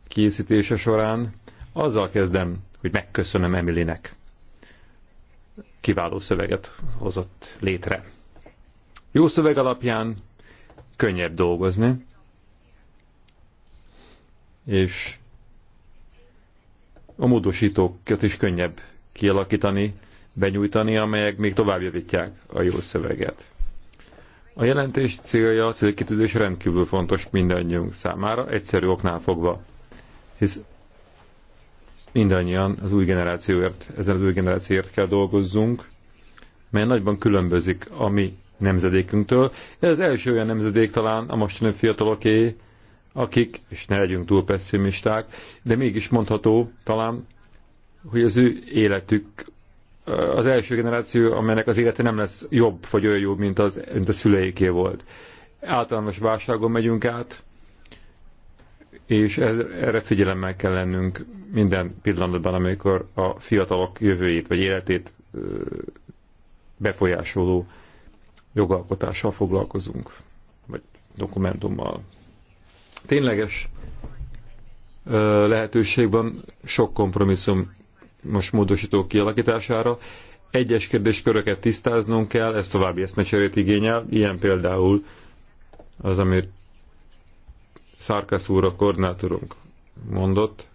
készítése során azzal kezdem, hogy megköszönöm Emilinek. Kiváló szöveget hozott létre. Jó szöveg alapján könnyebb dolgozni, és a módosítókat is könnyebb kialakítani, benyújtani, amelyek még tovább javítják a jó szöveget. A jelentés célja, a célkitűzés rendkívül fontos mindannyiunk számára, egyszerű oknál fogva. Hisz mindannyian az új generációért, ezen az új generációért kell dolgozzunk, mely nagyban különbözik a mi nemzedékünktől. Ez az első olyan nemzedék talán a mostani fiataloké, akik, és ne legyünk túl pessimisták, de mégis mondható talán, hogy az ő életük az első generáció, amelynek az élete nem lesz jobb, vagy olyan jobb, mint, az, mint a szüleiké volt. Általános válságon megyünk át, és ez, erre figyelemmel kell lennünk minden pillanatban, amikor a fiatalok jövőjét vagy életét befolyásoló jogalkotással foglalkozunk, vagy dokumentummal. Tényleges lehetőség van sok kompromisszum most módosító kialakítására. Egyes kérdésköröket tisztáznunk kell, ez további eszmecserét igényel, ilyen például az, amit Szárkász úr, a koordinátorunk mondott,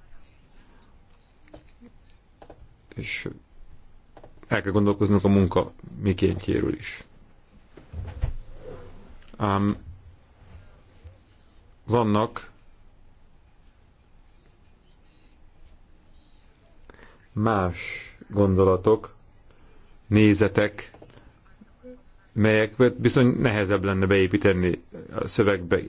és el kell gondolkoznunk a munka mikéntjéről is. Ám vannak más gondolatok, nézetek, melyek bizony nehezebb lenne beépíteni a szövegbe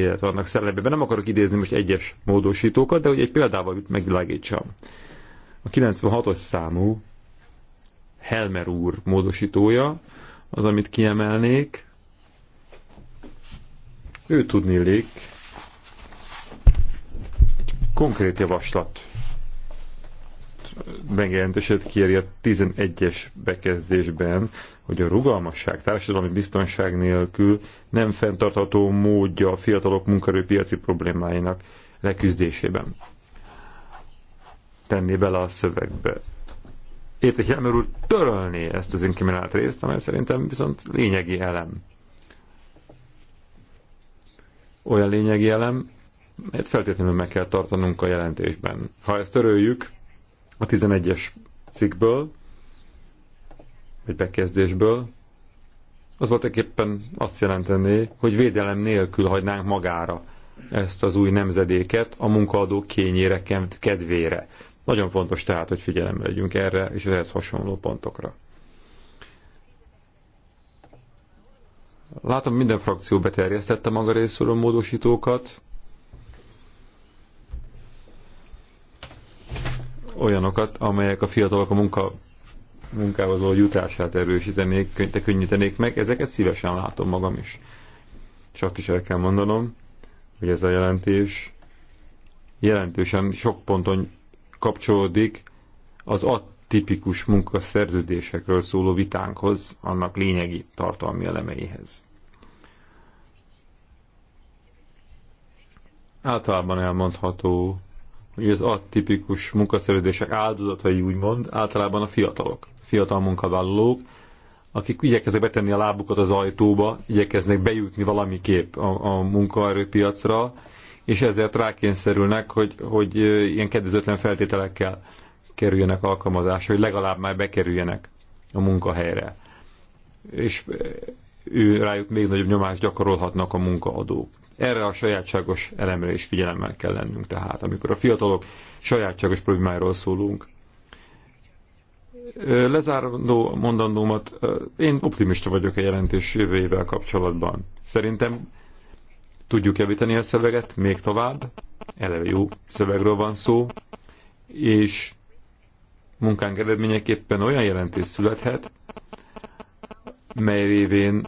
illetve annak szellemében. Nem akarok idézni most egyes módosítókat, de hogy egy példával megvilágítsam. A 96-os számú Helmer úr módosítója, az, amit kiemelnék, ő tudnélik, egy konkrét javaslat megjelentését kéri a 11-es bekezdésben, hogy a rugalmasság társadalmi biztonság nélkül nem fenntartható módja a fiatalok munkerőpiaci problémáinak leküzdésében. Tenni bele a szövegbe. Értek Helmer úr törölni ezt az inkriminált részt, amely szerintem viszont lényegi elem. Olyan lényegi elem, mert feltétlenül meg kell tartanunk a jelentésben. Ha ezt töröljük, a 11-es cikkből, vagy bekezdésből, az volt éppen azt jelenteni, hogy védelem nélkül hagynánk magára ezt az új nemzedéket a munkaadó kényére, kedvére. Nagyon fontos tehát, hogy figyelemre legyünk erre és ehhez hasonló pontokra. Látom, minden frakció beterjesztette maga részéről módosítókat. olyanokat, amelyek a fiatalok a munka, munkához való jutását erősítenék, könnyítenék meg, ezeket szívesen látom magam is. És azt is el kell mondanom, hogy ez a jelentés jelentősen sok ponton kapcsolódik az atipikus munkaszerződésekről szóló vitánkhoz, annak lényegi tartalmi elemeihez. Általában elmondható, hogy az atipikus munkaszerződések áldozatai úgymond általában a fiatalok, fiatal munkavállalók, akik igyekeznek betenni a lábukat az ajtóba, igyekeznek bejutni valamiképp a, a munkaerőpiacra, és ezért rákényszerülnek, hogy, hogy ilyen kedvezőtlen feltételekkel kerüljenek alkalmazásra, hogy legalább már bekerüljenek a munkahelyre. És ő rájuk még nagyobb nyomást gyakorolhatnak a munkaadók. Erre a sajátságos elemre is figyelemmel kell lennünk tehát, amikor a fiatalok sajátságos problémáiról szólunk. Lezárandó mondandómat, én optimista vagyok a jelentés jövőjével kapcsolatban. Szerintem tudjuk javítani a szöveget még tovább, eleve jó szövegről van szó, és munkánk eredményeképpen olyan jelentés születhet, mely révén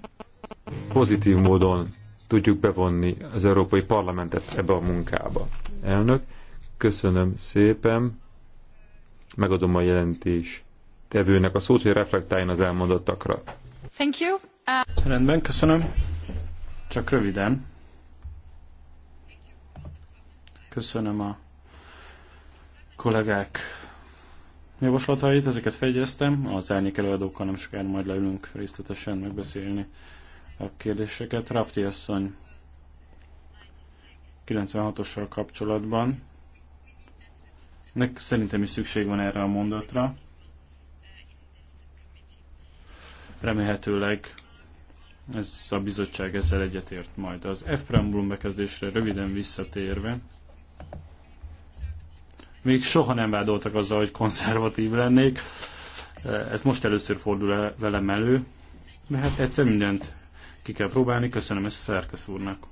pozitív módon tudjuk bevonni az Európai Parlamentet ebbe a munkába. Elnök, köszönöm szépen, megadom a jelentés tevőnek a szót, hogy reflektáljon az elmondottakra. Thank you. Uh... Rendben, köszönöm. Csak röviden. Köszönöm a kollégák javaslatait, ezeket fegyeztem, az elnék előadókkal nem sokára majd leülünk részletesen megbeszélni a kérdéseket. Rapti asszony 96-ossal kapcsolatban. Nek szerintem is szükség van erre a mondatra. Remélhetőleg ez a bizottság ezzel egyetért majd. Az F preambulum bekezdésre röviden visszatérve, még soha nem vádoltak azzal, hogy konzervatív lennék. Ez most először fordul velem elő, mert hát egyszer mindent ki kell próbálni. Köszönöm ezt Szerkesz úrnak.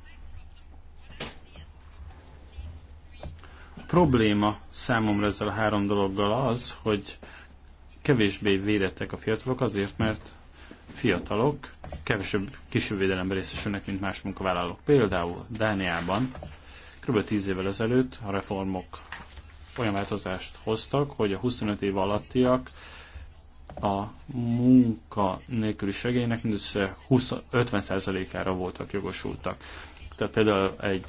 A probléma számomra ezzel a három dologgal az, hogy kevésbé védettek a fiatalok azért, mert fiatalok kevesebb kisebb védelemben részesülnek, mint más munkavállalók. Például Dániában kb. 10 évvel ezelőtt a reformok olyan változást hoztak, hogy a 25 év alattiak a munka nélküli segélynek mindössze 50%-ára voltak jogosultak. Tehát például egy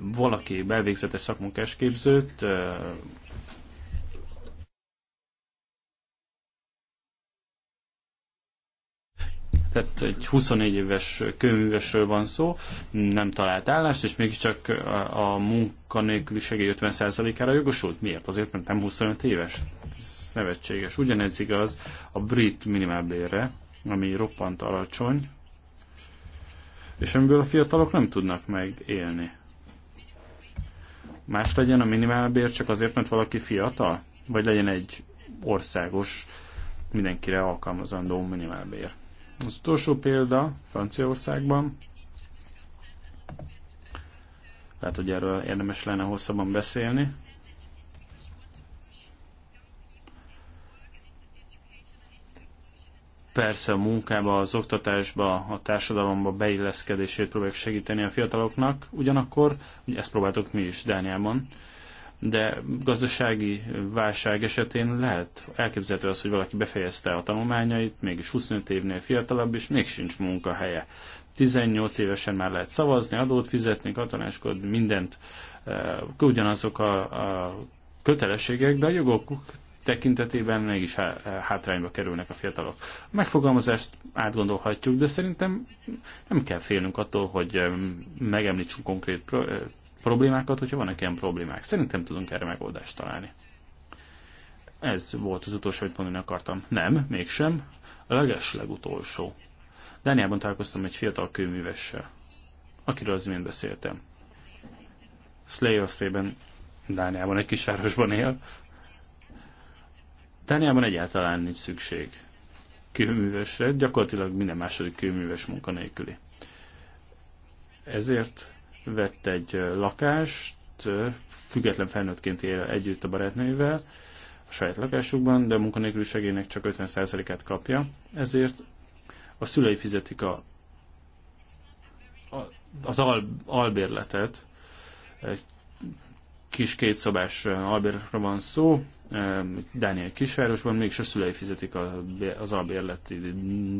valaki bevégzett egy szakmunkás képzőt, tehát egy 24 éves kőművesről van szó, nem talált állást, és mégiscsak a munkanélküli segély 50%-ára jogosult. Miért? Azért, mert nem 25 éves nevetséges. Ugyanez igaz a brit minimálbérre, ami roppant alacsony, és amiből a fiatalok nem tudnak megélni. Más legyen a minimálbér csak azért, mert valaki fiatal? Vagy legyen egy országos, mindenkire alkalmazandó minimálbér? Az utolsó példa Franciaországban. Lehet, hogy erről érdemes lenne hosszabban beszélni. persze a munkába, az oktatásba, a társadalomba beilleszkedését próbáljuk segíteni a fiataloknak, ugyanakkor ugye ezt próbáltuk mi is Dániában, de gazdasági válság esetén lehet elképzelhető az, hogy valaki befejezte a tanulmányait, mégis 25 évnél fiatalabb, és még sincs munkahelye. 18 évesen már lehet szavazni, adót fizetni, katonáskodni, mindent. Ugyanazok a, a kötelességek, de a jogok tekintetében mégis hátrányba kerülnek a fiatalok. A megfogalmazást átgondolhatjuk, de szerintem nem kell félnünk attól, hogy megemlítsünk konkrét eh, problémákat, hogyha vannak ilyen problémák. Szerintem tudunk erre megoldást találni. Ez volt az utolsó, amit mondani akartam. Nem, mégsem. A legeslegutolsó. Dániában találkoztam egy fiatal kőművessel, akiről az imént beszéltem. szében. Dániában egy kisvárosban él, Dániában egyáltalán nincs szükség kőművesre, gyakorlatilag minden második kőműves munkanélküli. Ezért vett egy lakást, független felnőttként él együtt a barátnőivel, a saját lakásukban, de a munkanélküli segélynek csak 50%-át kapja, ezért a szülei fizetik a, a, az al, albérletet, kis kétszobás eh, albérletre van szó, eh, Dániel kisvárosban, mégis a szülei fizetik az albérleti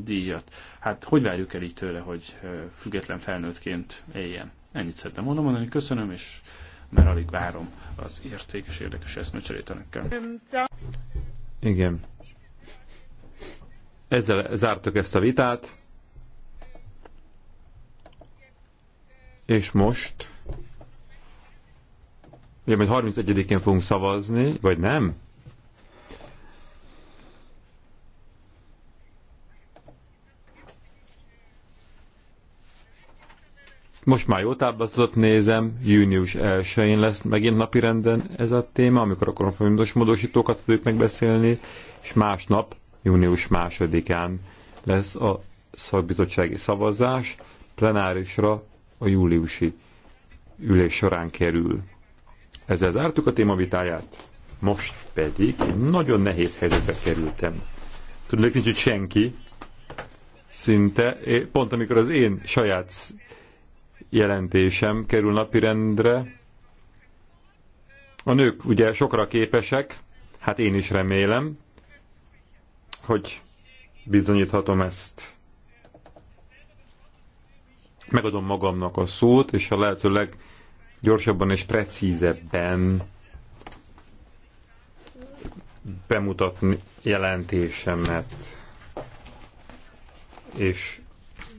díjat. Hát hogy várjuk el így tőle, hogy eh, független felnőttként éljen? Ennyit szeretném mondom, mondani, köszönöm, és már alig várom az értékes, érdekes eszmecserét önökkel. Igen. Ezzel zártuk ezt a vitát. És most Ugye majd 31-én fogunk szavazni, vagy nem? Most már jó táblázatot nézem, június 1-én lesz megint napirenden ez a téma, amikor a koronavírus módosítókat fogjuk megbeszélni, és másnap, június 2-án lesz a szakbizottsági szavazás, plenárisra a júliusi ülés során kerül. Ezzel zártuk a témavitáját. Most pedig egy nagyon nehéz helyzetbe kerültem. Tudnék, nincs itt senki, szinte, pont amikor az én saját jelentésem kerül napirendre, a nők ugye sokra képesek, hát én is remélem, hogy bizonyíthatom ezt. Megadom magamnak a szót, és a lehetőleg gyorsabban és precízebben bemutatni jelentésemet, és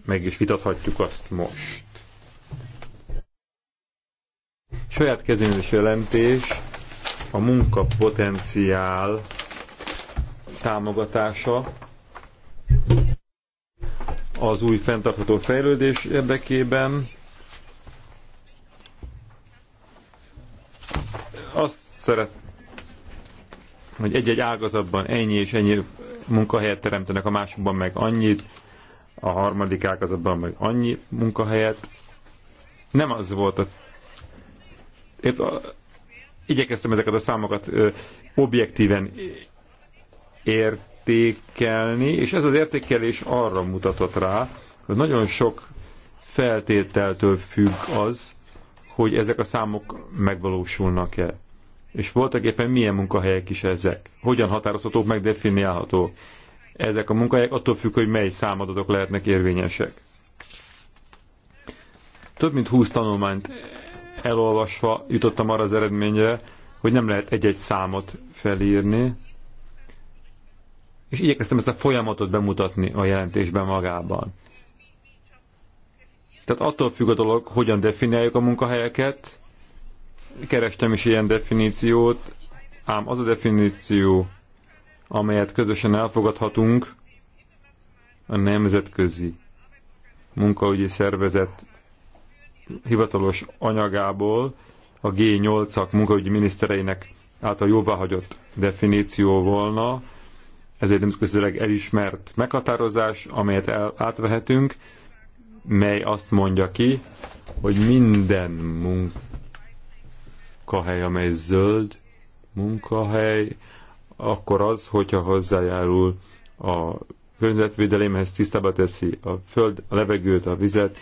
meg is vitathatjuk azt most. Saját kezdeményezés jelentés a munkapotenciál támogatása az új fenntartható fejlődés érdekében azt szeret, hogy egy-egy ágazatban ennyi és ennyi munkahelyet teremtenek, a másikban meg annyit, a harmadik ágazatban meg annyi munkahelyet. Nem az volt a... Én igyekeztem ezeket a számokat ö, objektíven értékelni, és ez az értékelés arra mutatott rá, hogy nagyon sok feltételtől függ az, hogy ezek a számok megvalósulnak-e. És voltak éppen milyen munkahelyek is ezek? Hogyan határozhatók, meg definiálható Ezek a munkahelyek attól függ, hogy mely számadatok lehetnek érvényesek. Több mint 20 tanulmányt elolvasva jutottam arra az eredményre, hogy nem lehet egy-egy számot felírni, és igyekeztem ezt a folyamatot bemutatni a jelentésben magában. Tehát attól függ a dolog, hogyan definiáljuk a munkahelyeket, kerestem is ilyen definíciót, ám az a definíció, amelyet közösen elfogadhatunk, a nemzetközi munkaügyi szervezet hivatalos anyagából, a G8-ak munkaügyi minisztereinek által jóváhagyott definíció volna. Ez egy nemzetközileg elismert meghatározás, amelyet el, átvehetünk, mely azt mondja ki, hogy minden munka munkahely, amely zöld munkahely, akkor az, hogyha hozzájárul a környezetvédelemhez, tisztába teszi a föld, a levegőt, a vizet,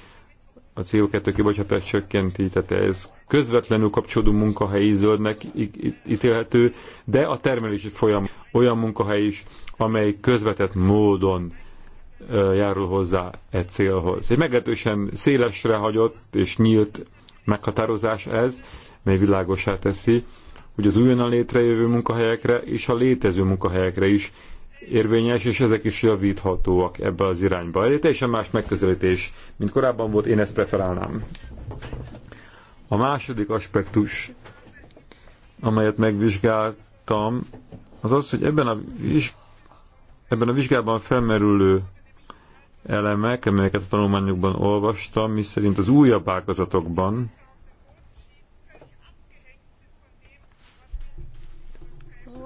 a CO2 kibocsátás csökkenti, tehát ez közvetlenül kapcsolódó munkahelyi zöldnek ítélhető, de a termelési folyam olyan munkahely is, amely közvetett módon járul hozzá egy célhoz. Egy meglehetősen szélesre hagyott és nyílt meghatározás ez, mely világosá teszi, hogy az újonnan létrejövő munkahelyekre és a létező munkahelyekre is érvényes, és ezek is javíthatóak ebbe az irányba. egy teljesen más megközelítés, mint korábban volt, én ezt preferálnám. A második aspektus, amelyet megvizsgáltam, az az, hogy ebben a, vizs... ebben a vizsgában felmerülő elemek, amelyeket a tanulmányokban olvastam, miszerint az újabb ágazatokban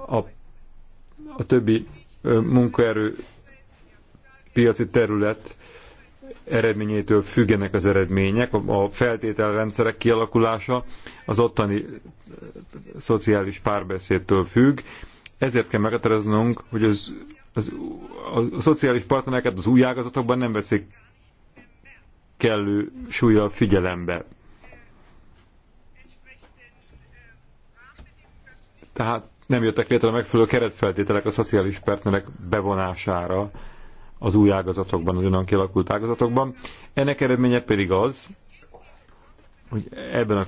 a, a többi munkaerő piaci terület eredményétől függenek az eredmények, a feltételrendszerek kialakulása az ottani szociális párbeszédtől függ. Ezért kell meghatároznunk, hogy az, az, a, a szociális partnereket az új ágazatokban nem veszik kellő a figyelembe. Tehát nem jöttek létre a megfelelő keretfeltételek a szociális partnerek bevonására az új ágazatokban, az olyan kialakult ágazatokban. Ennek eredménye pedig az, hogy ebben a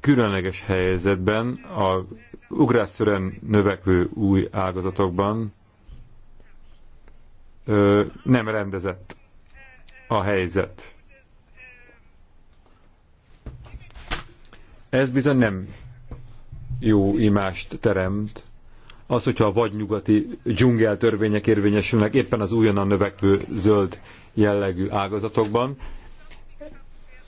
különleges helyzetben, a ugrásszerűen növekvő új ágazatokban ö, nem rendezett a helyzet. Ez bizony nem jó imást teremt. Az, hogyha a vadnyugati dzsungel törvények érvényesülnek éppen az újonnan növekvő zöld jellegű ágazatokban,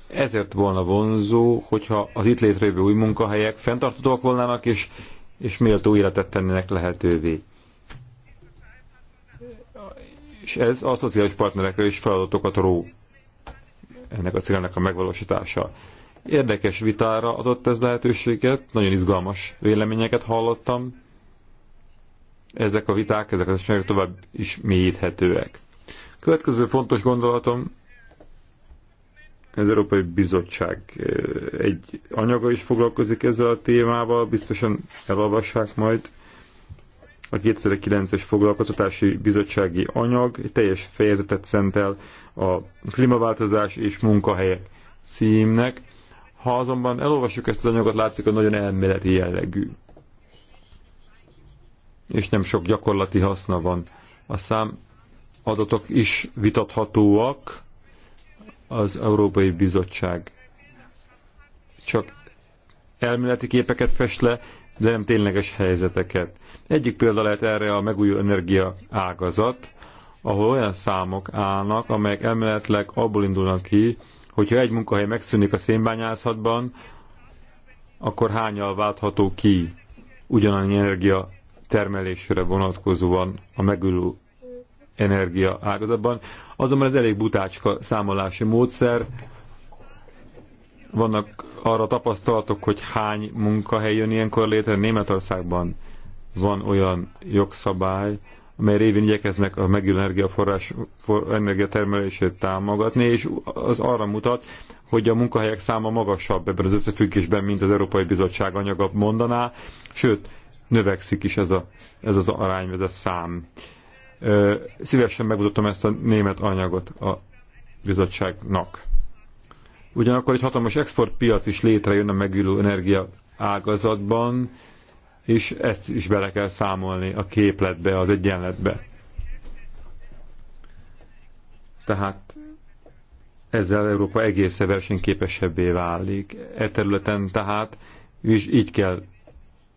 ezért volna vonzó, hogyha az itt létrejövő új munkahelyek fenntartatóak volnának, és, és méltó életet tennének lehetővé. És ez a szociális partnerekre is feladatokat ró ennek a célnak a megvalósítása. Érdekes vitára adott ez lehetőséget, nagyon izgalmas véleményeket hallottam. Ezek a viták, ezek az események tovább is mélyíthetőek. Következő fontos gondolatom, az Európai Bizottság egy anyaga is foglalkozik ezzel a témával, biztosan elolvassák majd. A 2009-es foglalkoztatási bizottsági anyag egy teljes fejezetet szentel a klímaváltozás és munkahelyek címnek. Ha azonban elolvassuk ezt az anyagot, látszik, hogy nagyon elméleti jellegű. És nem sok gyakorlati haszna van. A szám adatok is vitathatóak. Az Európai Bizottság csak elméleti képeket fest le, de nem tényleges helyzeteket. Egyik példa lehet erre a megújuló energia ágazat, ahol olyan számok állnak, amelyek elméletileg abból indulnak ki, hogyha egy munkahely megszűnik a szénbányászatban, akkor hányal váltható ki ugyanannyi energia termelésre vonatkozóan a megülő energia ágazatban. Azonban ez elég butácska számolási módszer. Vannak arra tapasztalatok, hogy hány munkahely jön ilyenkor létre. Németországban van olyan jogszabály, amely révén igyekeznek a megújuló energiaforrás for, energiatermelését támogatni, és az arra mutat, hogy a munkahelyek száma magasabb ebben az összefüggésben, mint az Európai Bizottság anyaga mondaná, sőt, növekszik is ez, a, ez az arány, ez a szám. Szívesen megmutatom ezt a német anyagot a bizottságnak. Ugyanakkor egy hatalmas exportpiac is létrejön a megülő energia ágazatban, és ezt is bele kell számolni a képletbe, az egyenletbe. Tehát ezzel Európa egészen versenyképesebbé válik. E területen tehát így kell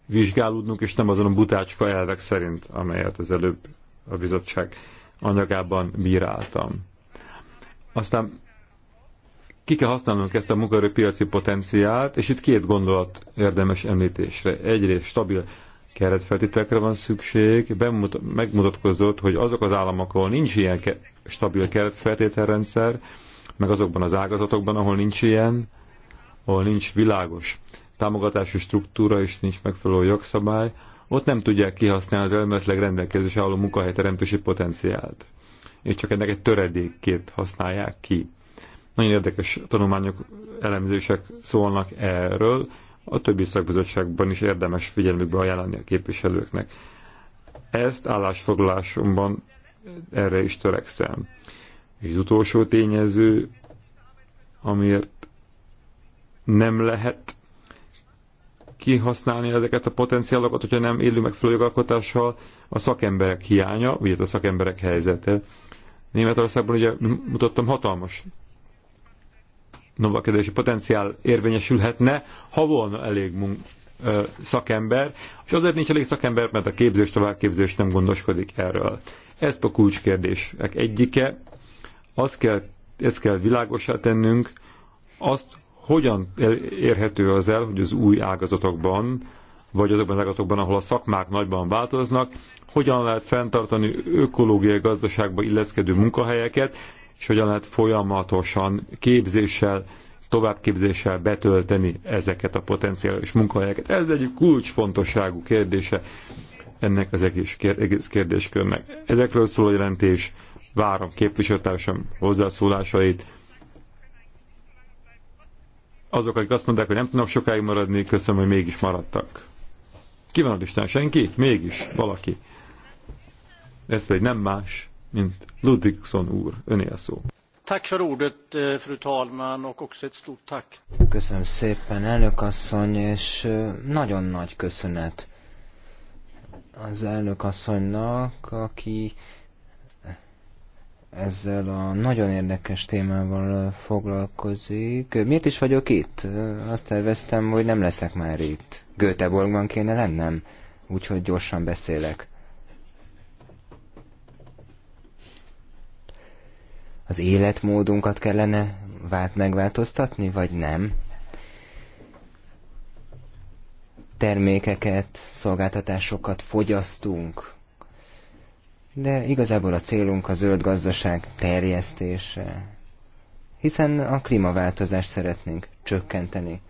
vizsgálódnunk, és nem azon a butácska elvek szerint, amelyet az előbb a bizottság anyagában bíráltam. Aztán ki kell használnunk ezt a munkaerőpiaci potenciált, és itt két gondolat érdemes említésre. Egyrészt stabil keretfeltételekre van szükség, bemut- megmutatkozott, hogy azok az államok, ahol nincs ilyen ke- stabil keretfeltételrendszer, meg azokban az ágazatokban, ahol nincs ilyen, ahol nincs világos támogatási struktúra és nincs megfelelő jogszabály, ott nem tudják kihasználni az elméletileg rendelkezés álló munkahelyteremtési potenciált. És csak ennek egy töredékét használják ki. Nagyon érdekes tanulmányok, elemzések szólnak erről, a többi szakbizottságban is érdemes figyelmükbe ajánlani a képviselőknek. Ezt állásfoglalásomban erre is törekszem. És az utolsó tényező, amiért nem lehet kihasználni ezeket a potenciálokat, hogyha nem élünk meg jogalkotással, a szakemberek hiánya, vagy a szakemberek helyzete. Németországban ugye mutattam hatalmas növekedési potenciál érvényesülhetne, ha volna elég munk szakember, és azért nincs elég szakember, mert a képzés, továbbképzés nem gondoskodik erről. Ez a kulcskérdések egyike. Azt kell, ezt kell világosá tennünk, azt hogyan érhető az el, hogy az új ágazatokban, vagy azokban az ágazatokban, ahol a szakmák nagyban változnak, hogyan lehet fenntartani ökológiai gazdaságba illeszkedő munkahelyeket, és hogyan lehet folyamatosan képzéssel, továbbképzéssel betölteni ezeket a potenciális munkahelyeket. Ez egy kulcsfontosságú kérdése ennek az egész kérdéskörnek. Ezekről szól a jelentés, várom képviselőtársam hozzászólásait. Azok, akik azt mondták, hogy nem tudnak sokáig maradni, köszönöm, hogy mégis maradtak. Ki van a Isten? Senki? Mégis. Valaki. Ez pedig nem más, mint Ludvigson úr. Öné szó. Tack för ordet, eh, fru talman, och också ett stort tack. Köszönöm szépen, elnök asszony, és eh, nagyon nagy köszönet az elnök asszonynak, aki ezzel a nagyon érdekes témával eh, foglalkozik. Miért is vagyok itt? Azt terveztem, hogy nem leszek már itt. Göteborgban kéne lennem, úgyhogy gyorsan beszélek. az életmódunkat kellene vált megváltoztatni, vagy nem? Termékeket, szolgáltatásokat fogyasztunk, de igazából a célunk a zöld gazdaság terjesztése, hiszen a klímaváltozást szeretnénk csökkenteni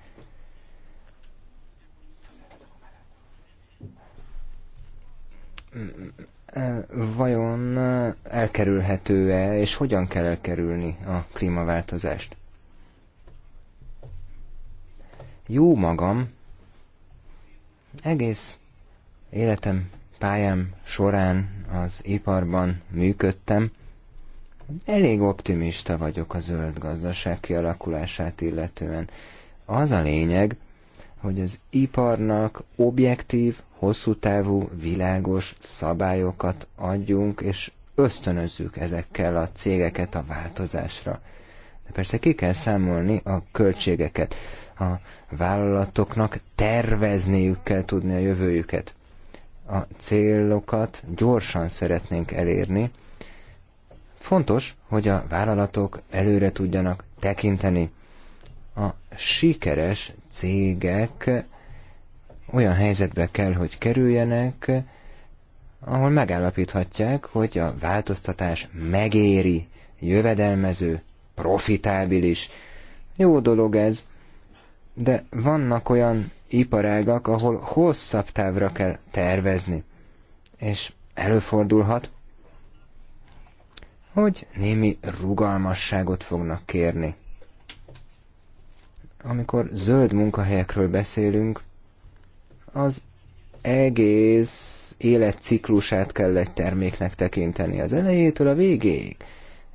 vajon elkerülhető-e, és hogyan kell elkerülni a klímaváltozást? Jó magam, egész életem, pályám során az iparban működtem, elég optimista vagyok a zöld gazdaság kialakulását illetően. Az a lényeg, hogy az iparnak objektív, hosszú távú, világos szabályokat adjunk, és ösztönözzük ezekkel a cégeket a változásra. De persze ki kell számolni a költségeket. A vállalatoknak tervezniük kell tudni a jövőjüket. A célokat gyorsan szeretnénk elérni. Fontos, hogy a vállalatok előre tudjanak tekinteni a sikeres cégek olyan helyzetbe kell, hogy kerüljenek, ahol megállapíthatják, hogy a változtatás megéri, jövedelmező, profitábilis. Jó dolog ez, de vannak olyan iparágak, ahol hosszabb távra kell tervezni. És előfordulhat, hogy némi rugalmasságot fognak kérni amikor zöld munkahelyekről beszélünk, az egész életciklusát kell egy terméknek tekinteni, az elejétől a végéig.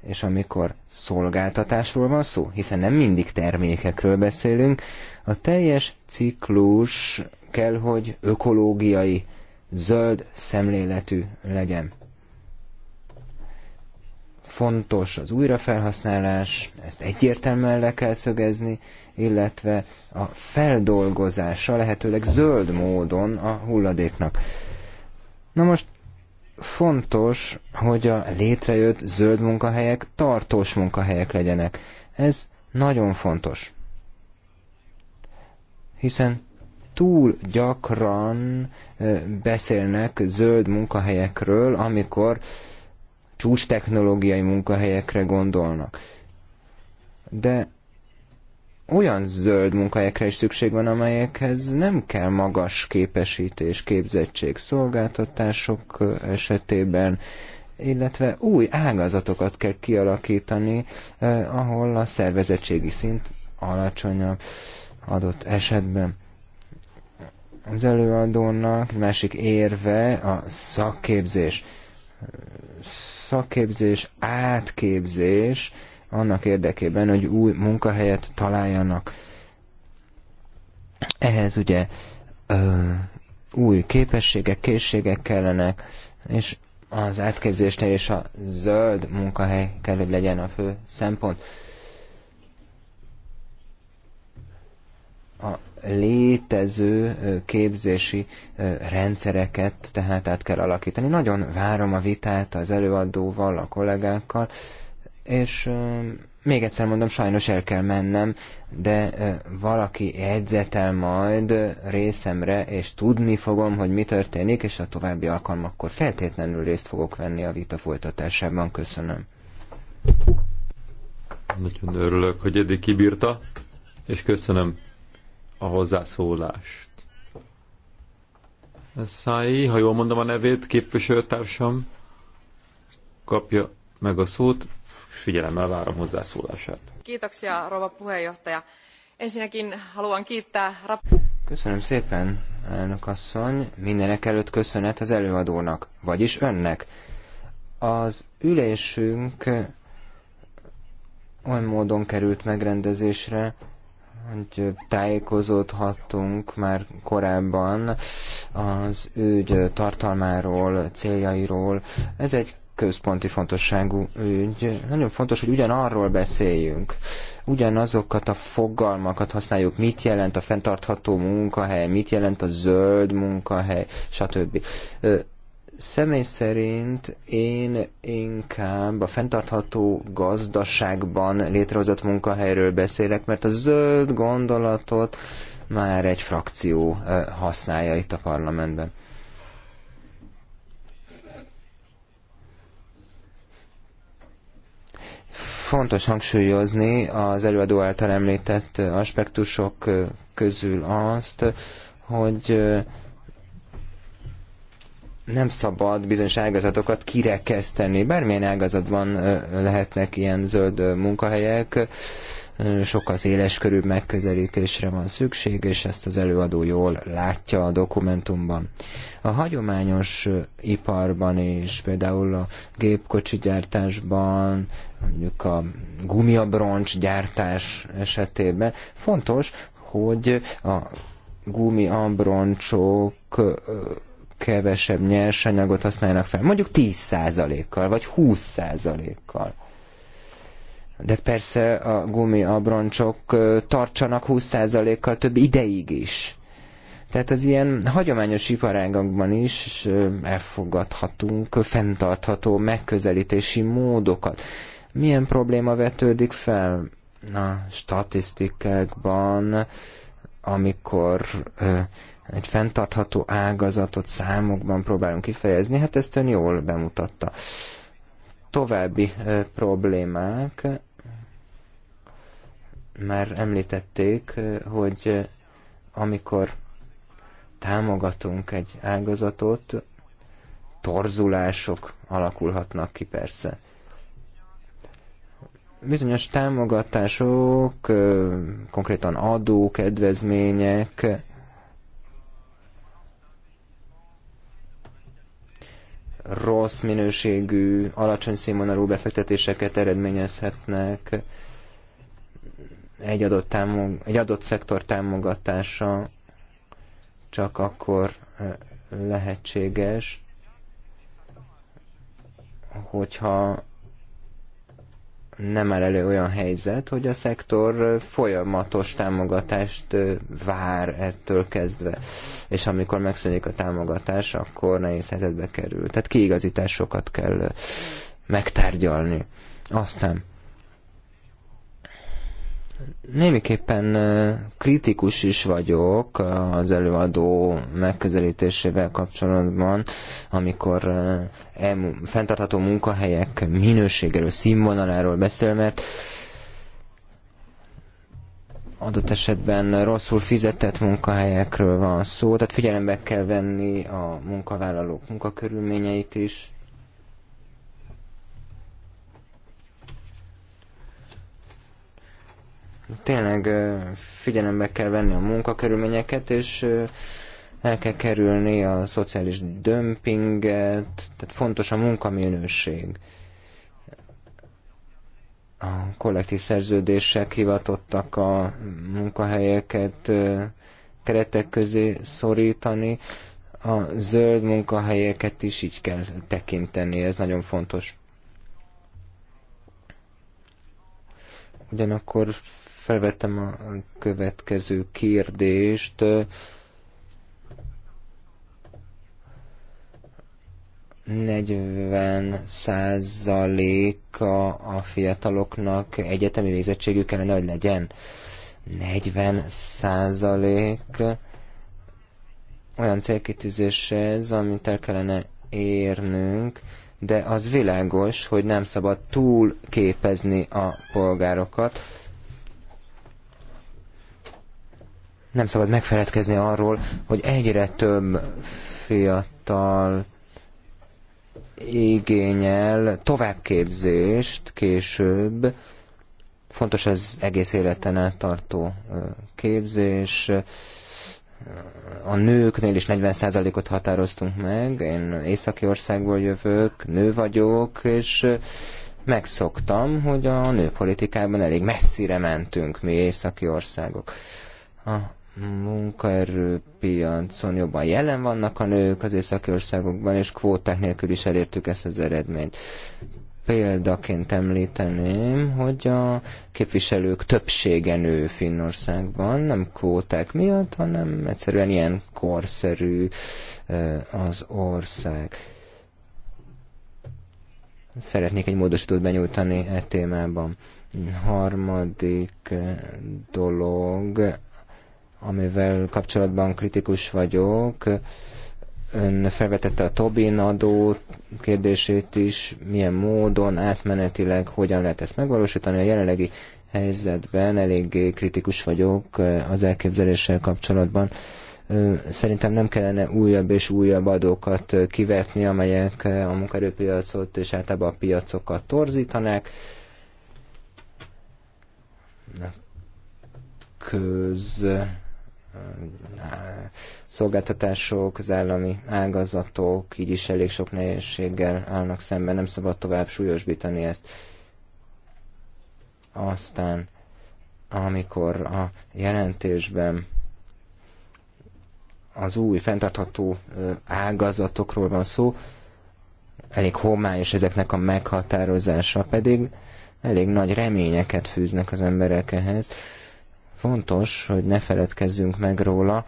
És amikor szolgáltatásról van szó, hiszen nem mindig termékekről beszélünk, a teljes ciklus kell, hogy ökológiai, zöld szemléletű legyen. Fontos az újrafelhasználás, ezt egyértelműen le kell szögezni, illetve a feldolgozása lehetőleg zöld módon a hulladéknak. Na most fontos, hogy a létrejött zöld munkahelyek tartós munkahelyek legyenek. Ez nagyon fontos. Hiszen túl gyakran beszélnek zöld munkahelyekről, amikor csúcs technológiai munkahelyekre gondolnak. De olyan zöld munkahelyekre is szükség van, amelyekhez nem kell magas képesítés, képzettség szolgáltatások esetében, illetve új ágazatokat kell kialakítani, eh, ahol a szervezettségi szint alacsonyabb adott esetben. Az előadónak másik érve a szakképzés. Szakképzés, átképzés, annak érdekében, hogy új munkahelyet találjanak. Ehhez ugye ö, új képességek, készségek kellenek, és az átképzésnél és a zöld munkahely kell, hogy legyen a fő szempont. A létező képzési rendszereket tehát át kell alakítani. Nagyon várom a vitát az előadóval, a kollégákkal, és még egyszer mondom, sajnos el kell mennem, de valaki jegyzetel majd részemre, és tudni fogom, hogy mi történik, és a további alkalmakkor feltétlenül részt fogok venni a vita folytatásában. Köszönöm. Nagyon örülök, hogy eddig kibírta, és köszönöm a hozzászólást. Szái, ha jól mondom a nevét, képviselőtársam kapja meg a szót figyelemmel várom hozzászólását. Kiitoksia, rova puheenjohtaja. Ensinnäkin haluan kiittää... Köszönöm szépen, elnök asszony. Mindenek előtt köszönet az előadónak, vagyis önnek. Az ülésünk olyan módon került megrendezésre, hogy tájékozódhattunk már korábban az ügy tartalmáról, céljairól. Ez egy központi fontosságú ügy. Nagyon fontos, hogy ugyanarról beszéljünk, ugyanazokat a fogalmakat használjuk, mit jelent a fenntartható munkahely, mit jelent a zöld munkahely, stb. Személy szerint én inkább a fenntartható gazdaságban létrehozott munkahelyről beszélek, mert a zöld gondolatot már egy frakció használja itt a parlamentben. Fontos hangsúlyozni az előadó által említett aspektusok közül azt, hogy nem szabad bizonyos ágazatokat kirekeszteni. Bármilyen ágazatban lehetnek ilyen zöld munkahelyek, sokkal széles körűbb megközelítésre van szükség, és ezt az előadó jól látja a dokumentumban. A hagyományos iparban és például a gépkocsi gyártásban, mondjuk a gumiabroncs gyártás esetében fontos, hogy a gumiabroncsok kevesebb nyersanyagot használnak fel, mondjuk 10%-kal, vagy 20%-kal de persze a gumiabroncsok tartsanak 20%-kal több ideig is. Tehát az ilyen hagyományos iparágakban is elfogadhatunk fenntartható megközelítési módokat. Milyen probléma vetődik fel a statisztikákban, amikor egy fenntartható ágazatot számokban próbálunk kifejezni? Hát ezt ön jól bemutatta. További problémák már említették, hogy amikor támogatunk egy ágazatot, torzulások alakulhatnak ki persze. Bizonyos támogatások, konkrétan adó, kedvezmények, rossz minőségű, alacsony színvonalú befektetéseket eredményezhetnek, egy adott, támog, egy adott szektor támogatása csak akkor lehetséges, hogyha nem áll elő olyan helyzet, hogy a szektor folyamatos támogatást vár ettől kezdve. És amikor megszűnik a támogatás, akkor nehéz helyzetbe kerül. Tehát kiigazításokat kell megtárgyalni. Aztán Némiképpen kritikus is vagyok az előadó megközelítésével kapcsolatban, amikor fenntartható munkahelyek minőségéről, színvonaláról beszél, mert adott esetben rosszul fizetett munkahelyekről van szó, tehát figyelembe kell venni a munkavállalók munkakörülményeit is, tényleg figyelembe kell venni a munkakörülményeket, és el kell kerülni a szociális dömpinget, tehát fontos a munkaminőség. A kollektív szerződések hivatottak a munkahelyeket keretek közé szorítani, a zöld munkahelyeket is így kell tekinteni, ez nagyon fontos. Ugyanakkor Felvettem a következő kérdést. Negyven százaléka a fiataloknak egyetemi végzettségük kellene, hogy legyen. 40 százalék olyan célkitűzés ez, amit el kellene érnünk, de az világos, hogy nem szabad túl képezni a polgárokat, nem szabad megfeledkezni arról, hogy egyre több fiatal igényel továbbképzést később, fontos az egész életen át tartó képzés, a nőknél is 40%-ot határoztunk meg, én északi országból jövök, nő vagyok, és megszoktam, hogy a nőpolitikában elég messzire mentünk mi északi országok. A munkaerőpiacon jobban jelen vannak a nők az északi országokban, és kvóták nélkül is elértük ezt az eredményt. Példaként említeném, hogy a képviselők többsége nő Finnországban, nem kvóták miatt, hanem egyszerűen ilyen korszerű az ország. Szeretnék egy módosítót benyújtani e témában harmadik dolog amivel kapcsolatban kritikus vagyok. Ön felvetette a Tobin adó kérdését is, milyen módon, átmenetileg, hogyan lehet ezt megvalósítani. A jelenlegi helyzetben elég kritikus vagyok az elképzeléssel kapcsolatban. Szerintem nem kellene újabb és újabb adókat kivetni, amelyek a munkaerőpiacot és általában a piacokat torzítanák. Köz szolgáltatások, az állami ágazatok így is elég sok nehézséggel állnak szemben, nem szabad tovább súlyosbítani ezt. Aztán, amikor a jelentésben az új fenntartható ágazatokról van szó, elég homályos ezeknek a meghatározása, pedig elég nagy reményeket fűznek az emberek ehhez. Fontos, hogy ne feledkezzünk meg róla,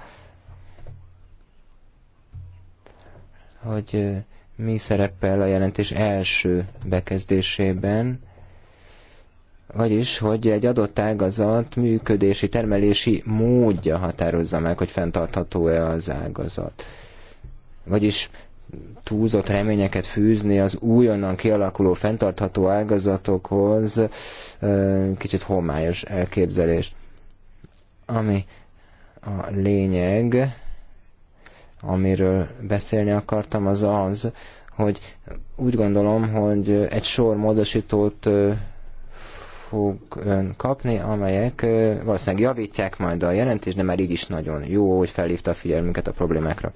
hogy mi szerepel a jelentés első bekezdésében, vagyis, hogy egy adott ágazat működési, termelési módja határozza meg, hogy fenntartható-e az ágazat. Vagyis túlzott reményeket fűzni az újonnan kialakuló fenntartható ágazatokhoz kicsit homályos elképzelést. Ami a lényeg, amiről beszélni akartam, az az, hogy úgy gondolom, hogy egy sor módosítót fog ön kapni, amelyek valószínűleg javítják majd a jelentést, de már így is nagyon jó, hogy felhívta a figyelmünket a problémákra.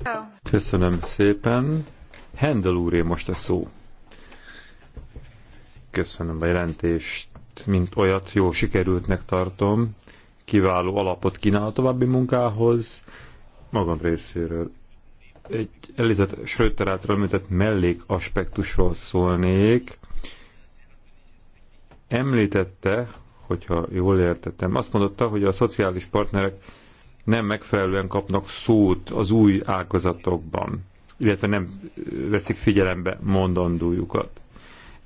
Köszönöm szépen. Hendel úré most a szó. Köszönöm a jelentést, mint olyat jó sikerültnek tartom kiváló alapot kínál a további munkához. Magam részéről egy Elizabeth Schröter által említett aspektusról szólnék. Említette, hogyha jól értettem, azt mondotta, hogy a szociális partnerek nem megfelelően kapnak szót az új ágazatokban, illetve nem veszik figyelembe mondandójukat.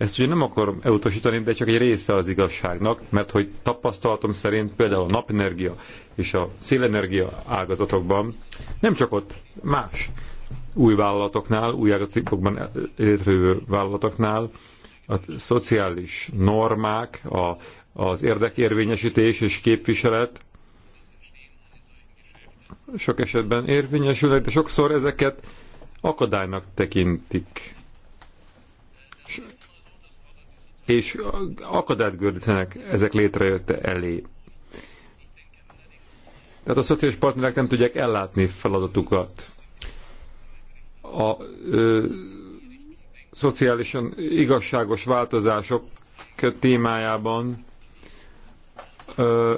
Ezt ugye nem akarom elutasítani, de csak egy része az igazságnak, mert hogy tapasztalatom szerint például a napenergia és a szélenergia ágazatokban nem csak ott más új vállalatoknál, új ágazatokban létrejövő vállalatoknál a szociális normák, a, az érdekérvényesítés és képviselet sok esetben érvényesülnek, de sokszor ezeket akadálynak tekintik és akadályt gördítenek ezek létrejötte elé. Tehát a szociális partnerek nem tudják ellátni feladatukat. A ö, szociálisan igazságos változások témájában ö,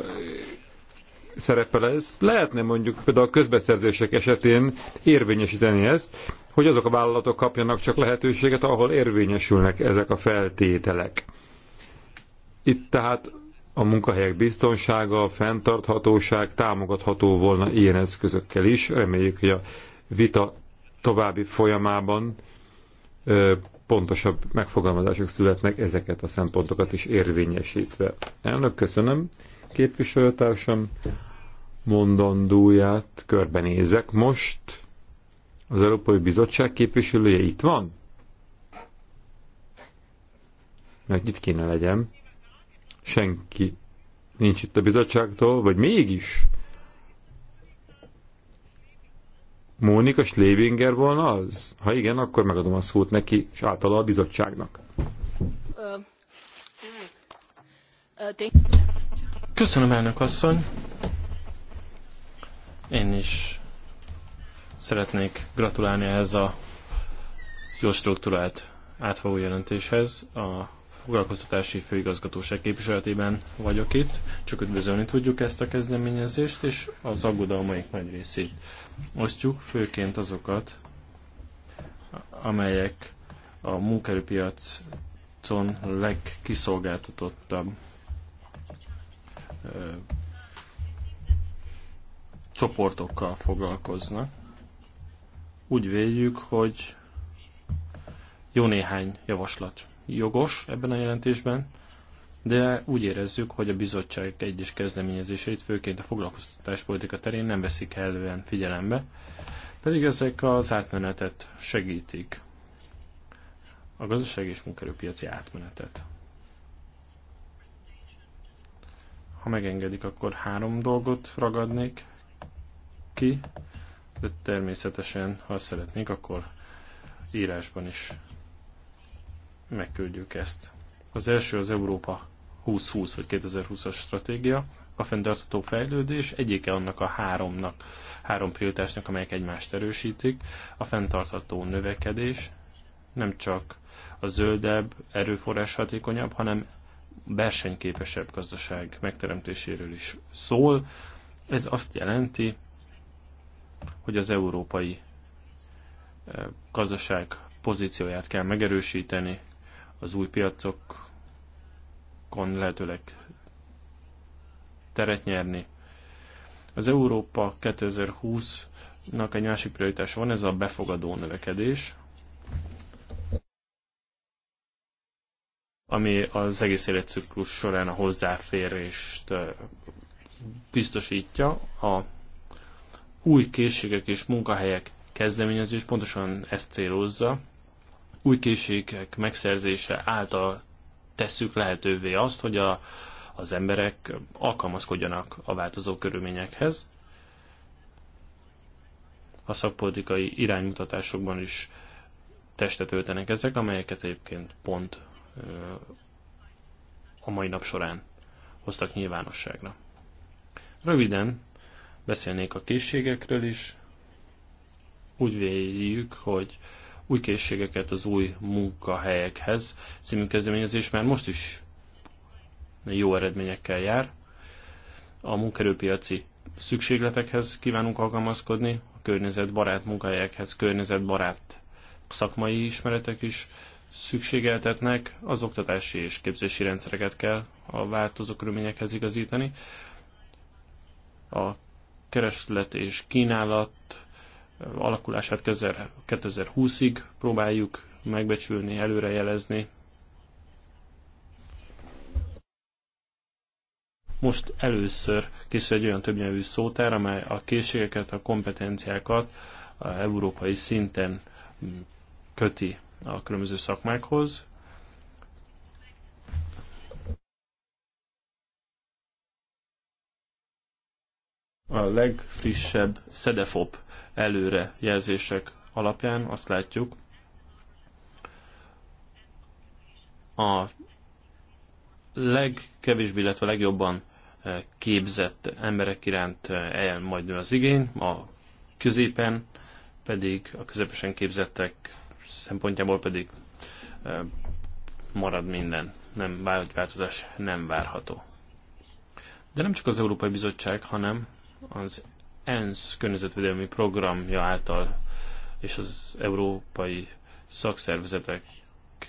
szerepel ez. Lehetne mondjuk például a közbeszerzések esetén érvényesíteni ezt, hogy azok a vállalatok kapjanak csak lehetőséget, ahol érvényesülnek ezek a feltételek. Itt tehát a munkahelyek biztonsága, a fenntarthatóság támogatható volna ilyen eszközökkel is. Reméljük, hogy a vita további folyamában ö, pontosabb megfogalmazások születnek ezeket a szempontokat is érvényesítve. Elnök, köszönöm képviselőtársam mondandóját körbenézek most. Az Európai Bizottság képviselője itt van? Mert itt kéne legyen. Senki nincs itt a bizottságtól, vagy mégis? Mónika Schlevinger volna az? Ha igen, akkor megadom a szót neki, és általa a bizottságnak. Köszönöm, elnök asszony. Én is Szeretnék gratulálni ehhez a jó struktúrált átfogó jelentéshez. A foglalkoztatási főigazgatóság képviseletében vagyok itt. Csak üdvözölni tudjuk ezt a kezdeményezést, és az aggodalmaik nagy részét osztjuk, főként azokat, amelyek a munkerőpiacon legkiszolgáltatottabb ö, csoportokkal foglalkoznak úgy véljük, hogy jó néhány javaslat jogos ebben a jelentésben, de úgy érezzük, hogy a bizottság egyes kezdeményezéseit, főként a foglalkoztatáspolitika terén nem veszik elően figyelembe, pedig ezek az átmenetet segítik, a gazdaság és munkerőpiaci átmenetet. Ha megengedik, akkor három dolgot ragadnék ki de természetesen, ha szeretnénk, akkor írásban is megküldjük ezt. Az első az Európa 2020 vagy 2020-as stratégia, a fenntartható fejlődés egyike annak a háromnak, három prioritásnak, amelyek egymást erősítik. A fenntartható növekedés nem csak a zöldebb, erőforrás hatékonyabb, hanem versenyképesebb gazdaság megteremtéséről is szól. Ez azt jelenti, hogy az európai gazdaság pozícióját kell megerősíteni, az új piacokon lehetőleg teret nyerni. Az Európa 2020-nak egy másik prioritása van, ez a befogadó növekedés, ami az egész életciklus során a hozzáférést biztosítja a új készségek és munkahelyek kezdeményezés pontosan ezt célozza. Új készségek megszerzése által tesszük lehetővé azt, hogy a, az emberek alkalmazkodjanak a változó körülményekhez. A szakpolitikai iránymutatásokban is testet öltenek ezek, amelyeket egyébként pont a mai nap során hoztak nyilvánosságra. Röviden Beszélnék a készségekről is. Úgy véljük, hogy új készségeket az új munkahelyekhez című kezdeményezés már most is jó eredményekkel jár. A munkerőpiaci szükségletekhez kívánunk alkalmazkodni, a környezetbarát munkahelyekhez környezetbarát szakmai ismeretek is szükségeltetnek, az oktatási és képzési rendszereket kell a változó körülményekhez igazítani. A kereslet és kínálat alakulását 2020-ig próbáljuk megbecsülni, előrejelezni. Most először készül egy olyan többnyelvű szótár, amely a készségeket, a kompetenciákat a európai szinten köti a különböző szakmákhoz. a legfrissebb SZEDEFOP előre jelzések alapján azt látjuk, a legkevésbé, illetve legjobban eh, képzett emberek iránt eh, el majd nő az igény, a középen pedig a közepesen képzettek szempontjából pedig eh, marad minden. Nem változás nem várható. De nem csak az Európai Bizottság, hanem az ENSZ környezetvédelmi programja által és az európai szakszervezetek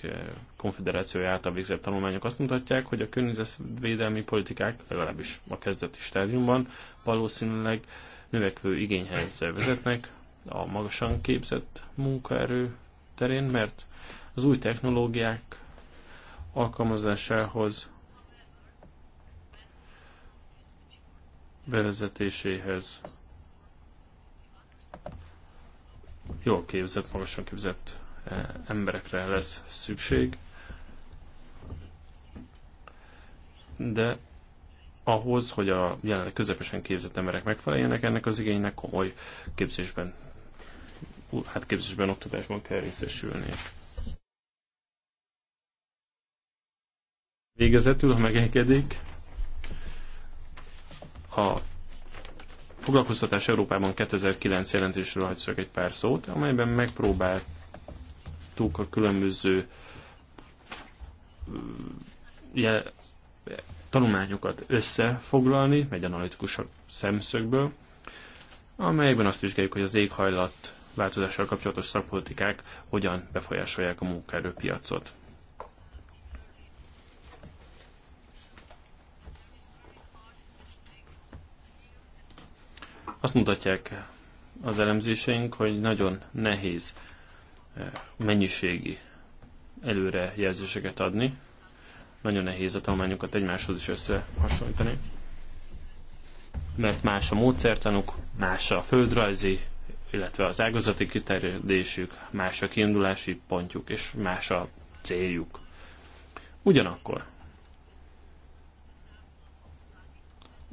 eh, konfederációja által végzett tanulmányok azt mutatják, hogy a környezetvédelmi politikák, legalábbis a kezdeti stádiumban, valószínűleg növekvő igényhez vezetnek a magasan képzett munkaerő terén, mert az új technológiák alkalmazásához bevezetéséhez jól képzett, magasan képzett eh, emberekre lesz szükség, de ahhoz, hogy a jelenleg közepesen képzett emberek megfeleljenek ennek az igénynek, komoly képzésben, hát képzésben, oktatásban kell részesülni. Végezetül, ha megengedik, a Foglalkoztatás Európában 2009 jelentésről hagyszak egy pár szót, amelyben megpróbáltuk a különböző tanulmányokat összefoglalni, egy analitikus szemszögből, amelyben azt vizsgáljuk, hogy az éghajlat változással kapcsolatos szakpolitikák hogyan befolyásolják a munkaerőpiacot. Azt mutatják az elemzéseink, hogy nagyon nehéz eh, mennyiségi előrejelzéseket adni. Nagyon nehéz a tanulmányokat egymáshoz is összehasonlítani, mert más a módszertanuk, más a földrajzi, illetve az ágazati kiterjedésük, más a kiindulási pontjuk és más a céljuk. Ugyanakkor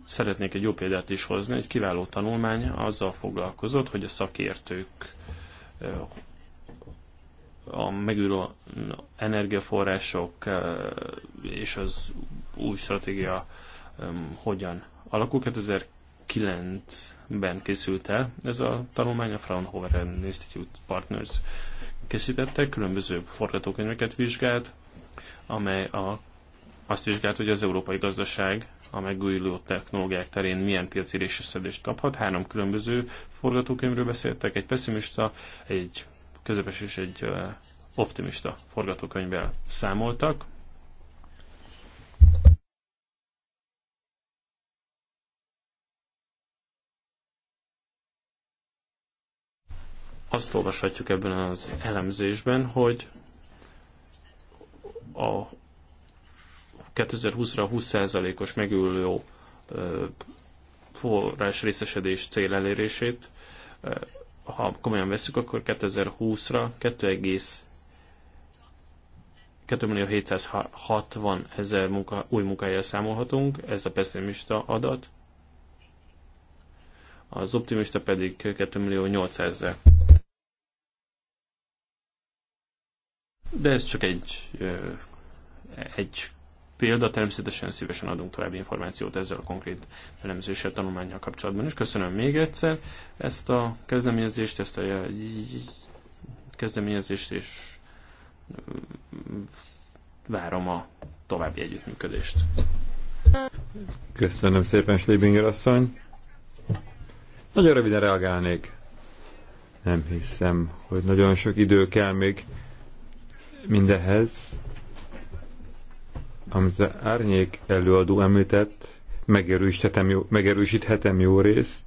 szeretnék egy jó példát is hozni, egy kiváló tanulmány azzal foglalkozott, hogy a szakértők a megülő energiaforrások és az új stratégia hogyan alakul. 2009-ben készült el ez a tanulmány, a Fraunhofer Institute Partners készítette, különböző forgatókönyveket vizsgált, amely a, azt vizsgált, hogy az európai gazdaság a megújuló technológiák terén milyen piaci részesedést kaphat. Három különböző forgatókönyvről beszéltek, egy pessimista, egy közepes és egy optimista forgatókönyvvel számoltak. azt olvashatjuk ebben az elemzésben, hogy a 2020-ra 20%-os megülő forrás részesedés cél elérését, ha komolyan veszük, akkor 2020-ra 2 ezer munka, új munkahelyel számolhatunk, ez a pessimista adat, az optimista pedig 2 millió 800 ezer. De ez csak egy, egy példa, természetesen szívesen adunk további információt ezzel a konkrét elemzéssel, tanulmányjal kapcsolatban is. Köszönöm még egyszer ezt a kezdeményezést, ezt a kezdeményezést, és várom a további együttműködést. Köszönöm szépen, Schlebinger asszony. Nagyon röviden reagálnék. Nem hiszem, hogy nagyon sok idő kell még mindehez amit az árnyék előadó említett, megerősíthetem jó, megerősíthetem jó részt,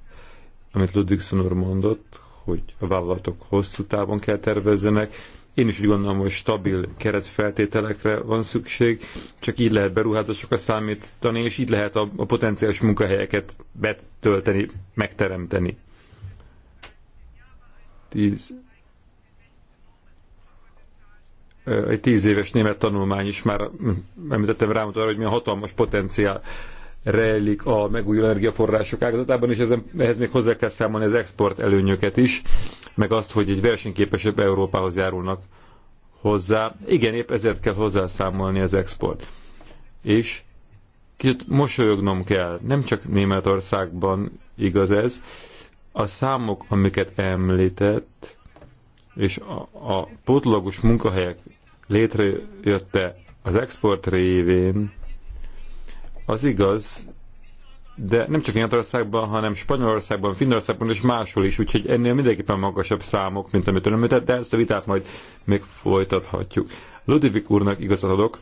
amit Ludvigson úr mondott, hogy a vállalatok hosszú távon kell tervezzenek. Én is úgy gondolom, hogy stabil keretfeltételekre van szükség, csak így lehet beruházásokat számítani, és így lehet a, a potenciális munkahelyeket betölteni, megteremteni egy tíz éves német tanulmány is már hm, említettem rám arra, hogy milyen hatalmas potenciál rejlik a megújuló energiaforrások ágazatában, és ezen, ehhez még hozzá kell számolni az export előnyöket is, meg azt, hogy egy versenyképesebb Európához járulnak hozzá. Igen, épp ezért kell hozzászámolni az export. És kicsit mosolyognom kell, nem csak Németországban igaz ez, a számok, amiket említett, és a, a pótlagos munkahelyek létrejötte az export révén, az igaz, de nem csak Németországban, hanem Spanyolországban, Finnországban és máshol is, úgyhogy ennél mindenképpen magasabb számok, mint amit ön de ezt a vitát majd még folytathatjuk. Ludovik úrnak igazat adok,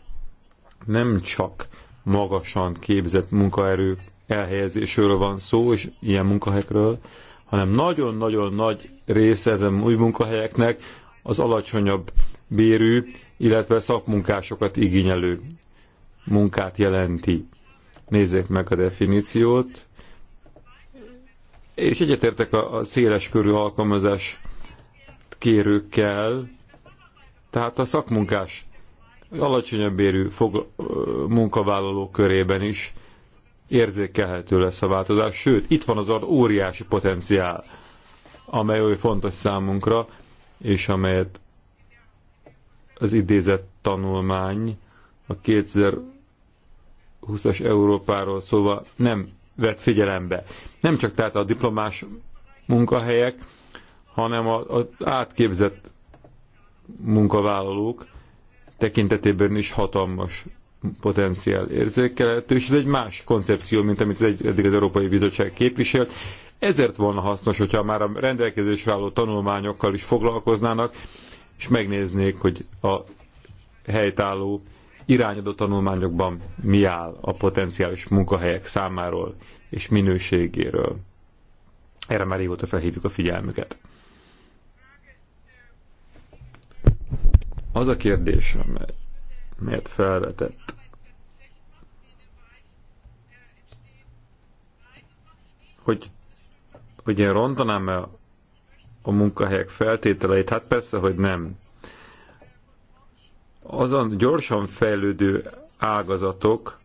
nem csak magasan képzett munkaerő elhelyezésről van szó, és ilyen munkahelyekről, hanem nagyon-nagyon nagy része ezen új munkahelyeknek az alacsonyabb bérű, illetve szakmunkásokat igényelő munkát jelenti. Nézzék meg a definíciót. És egyetértek a, a széles körű alkalmazás kérőkkel, tehát a szakmunkás alacsonyabb bérű fog, munkavállalók körében is érzékelhető lesz a változás. Sőt, itt van az óriási potenciál, amely oly fontos számunkra, és amelyet az idézett tanulmány a 2020-as Európáról szóval nem vett figyelembe. Nem csak tehát a diplomás munkahelyek, hanem az átképzett munkavállalók tekintetében is hatalmas potenciál érzékelhető, és ez egy más koncepció, mint amit eddig az Európai Bizottság képviselt. Ezért volna hasznos, hogyha már a rendelkezésre álló tanulmányokkal is foglalkoznának, és megnéznék, hogy a helytálló irányadó tanulmányokban mi áll a potenciális munkahelyek számáról és minőségéről. Erre már régóta felhívjuk a figyelmüket. Az a kérdés, amelyet felvetett, hogy, hogy én rontanám el a munkahelyek feltételeit? Hát persze, hogy nem. Azon gyorsan fejlődő ágazatok,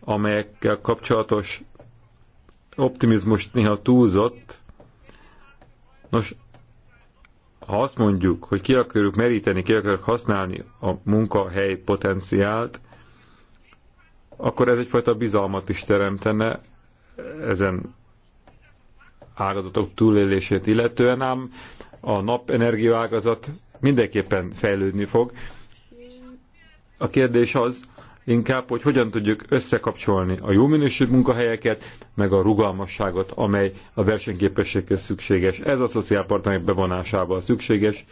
amelyekkel kapcsolatos optimizmus néha túlzott. Nos, ha azt mondjuk, hogy ki akarjuk meríteni, ki akarjuk használni a munkahely potenciált, akkor ez egyfajta bizalmat is teremtene ezen ágazatok túlélését illetően, ám a napenergia ágazat mindenképpen fejlődni fog. A kérdés az inkább, hogy hogyan tudjuk összekapcsolni a jó minőségű munkahelyeket, meg a rugalmasságot, amely a versenyképességhez szükséges. Ez a szociálpartnerek bevonásával szükséges.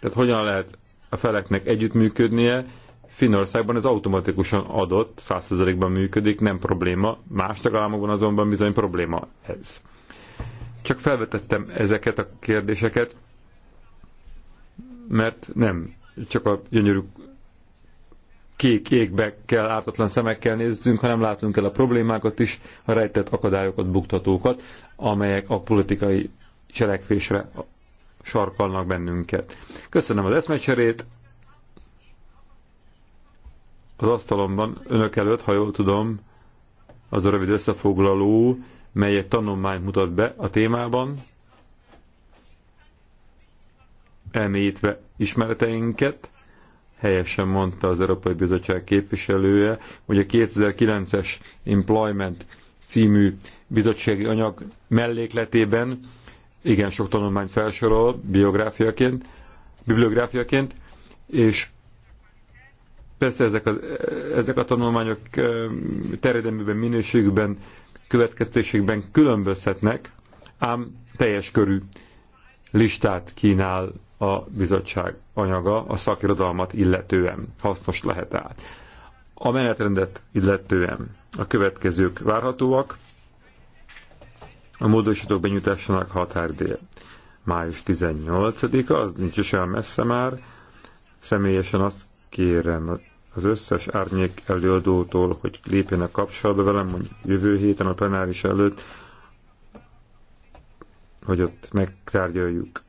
Tehát hogyan lehet a feleknek együttműködnie, Finnországban ez automatikusan adott, 100%-ban működik, nem probléma, más tagállamokban azonban bizony probléma ez. Csak felvetettem ezeket a kérdéseket, mert nem csak a gyönyörű kék égbe kell ártatlan szemekkel nézzünk, hanem látunk el a problémákat is, a rejtett akadályokat, buktatókat, amelyek a politikai cselekvésre sarkalnak bennünket. Köszönöm az eszmecserét, az asztalomban önök előtt, ha jól tudom, az a rövid összefoglaló, mely egy tanulmányt mutat be a témában, elmélyítve ismereteinket, helyesen mondta az Európai Bizottság képviselője, hogy a 2009-es Employment című bizottsági anyag mellékletében igen sok tanulmányt felsorol biográfiaként, bibliográfiaként, és Persze ezek a, ezek a tanulmányok terjedelmében, minőségükben, következtéségben különbözhetnek, ám teljes körű listát kínál a bizottság anyaga a szakirodalmat illetően. Hasznos lehet át. A menetrendet illetően a következők várhatóak. A módosítók benyújtásának határdél május 18-a, az nincs is olyan messze már. Személyesen azt kérem az összes árnyék előadótól, hogy lépjenek kapcsolatba velem, mondjuk jövő héten a plenáris előtt, hogy ott megtárgyaljuk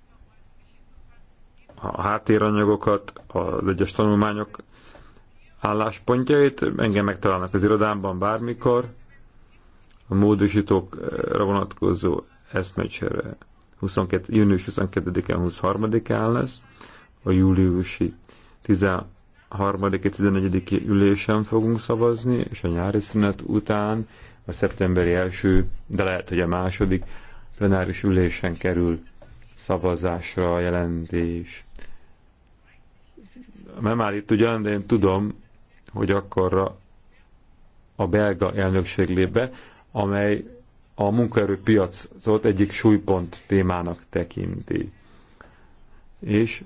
a háttéranyagokat, az egyes tanulmányok álláspontjait. Engem megtalálnak az irodámban bármikor. A módosítókra vonatkozó eszmecsere 22, június 22-en 23-án lesz, a júliusi harmadiki, tizenegyediki ülésen fogunk szavazni, és a nyári szünet után a szeptemberi első, de lehet, hogy a második plenáris ülésen kerül szavazásra a jelentés. Mert már itt ugyan, de én tudom, hogy akkor a belga elnökség lép be, amely a munkaerőpiacot egyik súlypont témának tekinti. És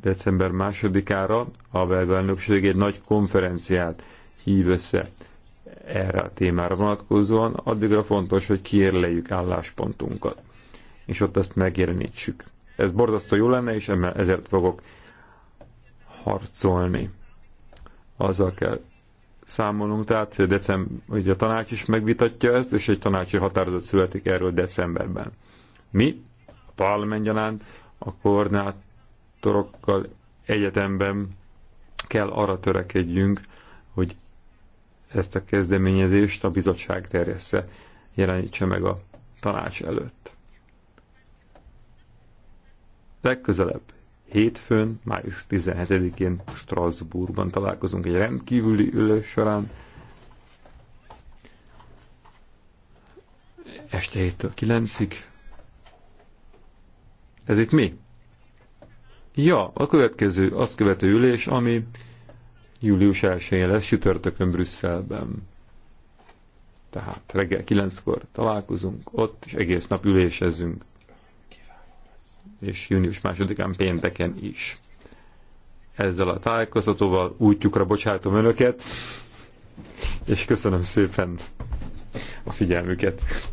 december másodikára a belga elnökség egy nagy konferenciát hív össze erre a témára vonatkozóan, addigra fontos, hogy kiérleljük álláspontunkat, és ott ezt megjelenítsük. Ez borzasztó jó lenne, és ezért fogok harcolni. Azzal kell számolunk, tehát december, ugye a tanács is megvitatja ezt, és egy tanácsi határozat születik erről decemberben. Mi, a parlament gyanánt, a koordinát faktorokkal egyetemben kell arra törekedjünk, hogy ezt a kezdeményezést a bizottság terjessze, jelenítse meg a tanács előtt. Legközelebb hétfőn, május 17-én Strasbourgban találkozunk egy rendkívüli ülés során. Este 7-től 9-ig. Ez itt mi? Ja, a következő, azt követő ülés, ami július 1-én lesz sütörtökön Brüsszelben. Tehát reggel 9-kor találkozunk ott, és egész nap ülésezünk. És június 2-án pénteken is. Ezzel a találkozatóval útjukra bocsátom önöket, és köszönöm szépen a figyelmüket.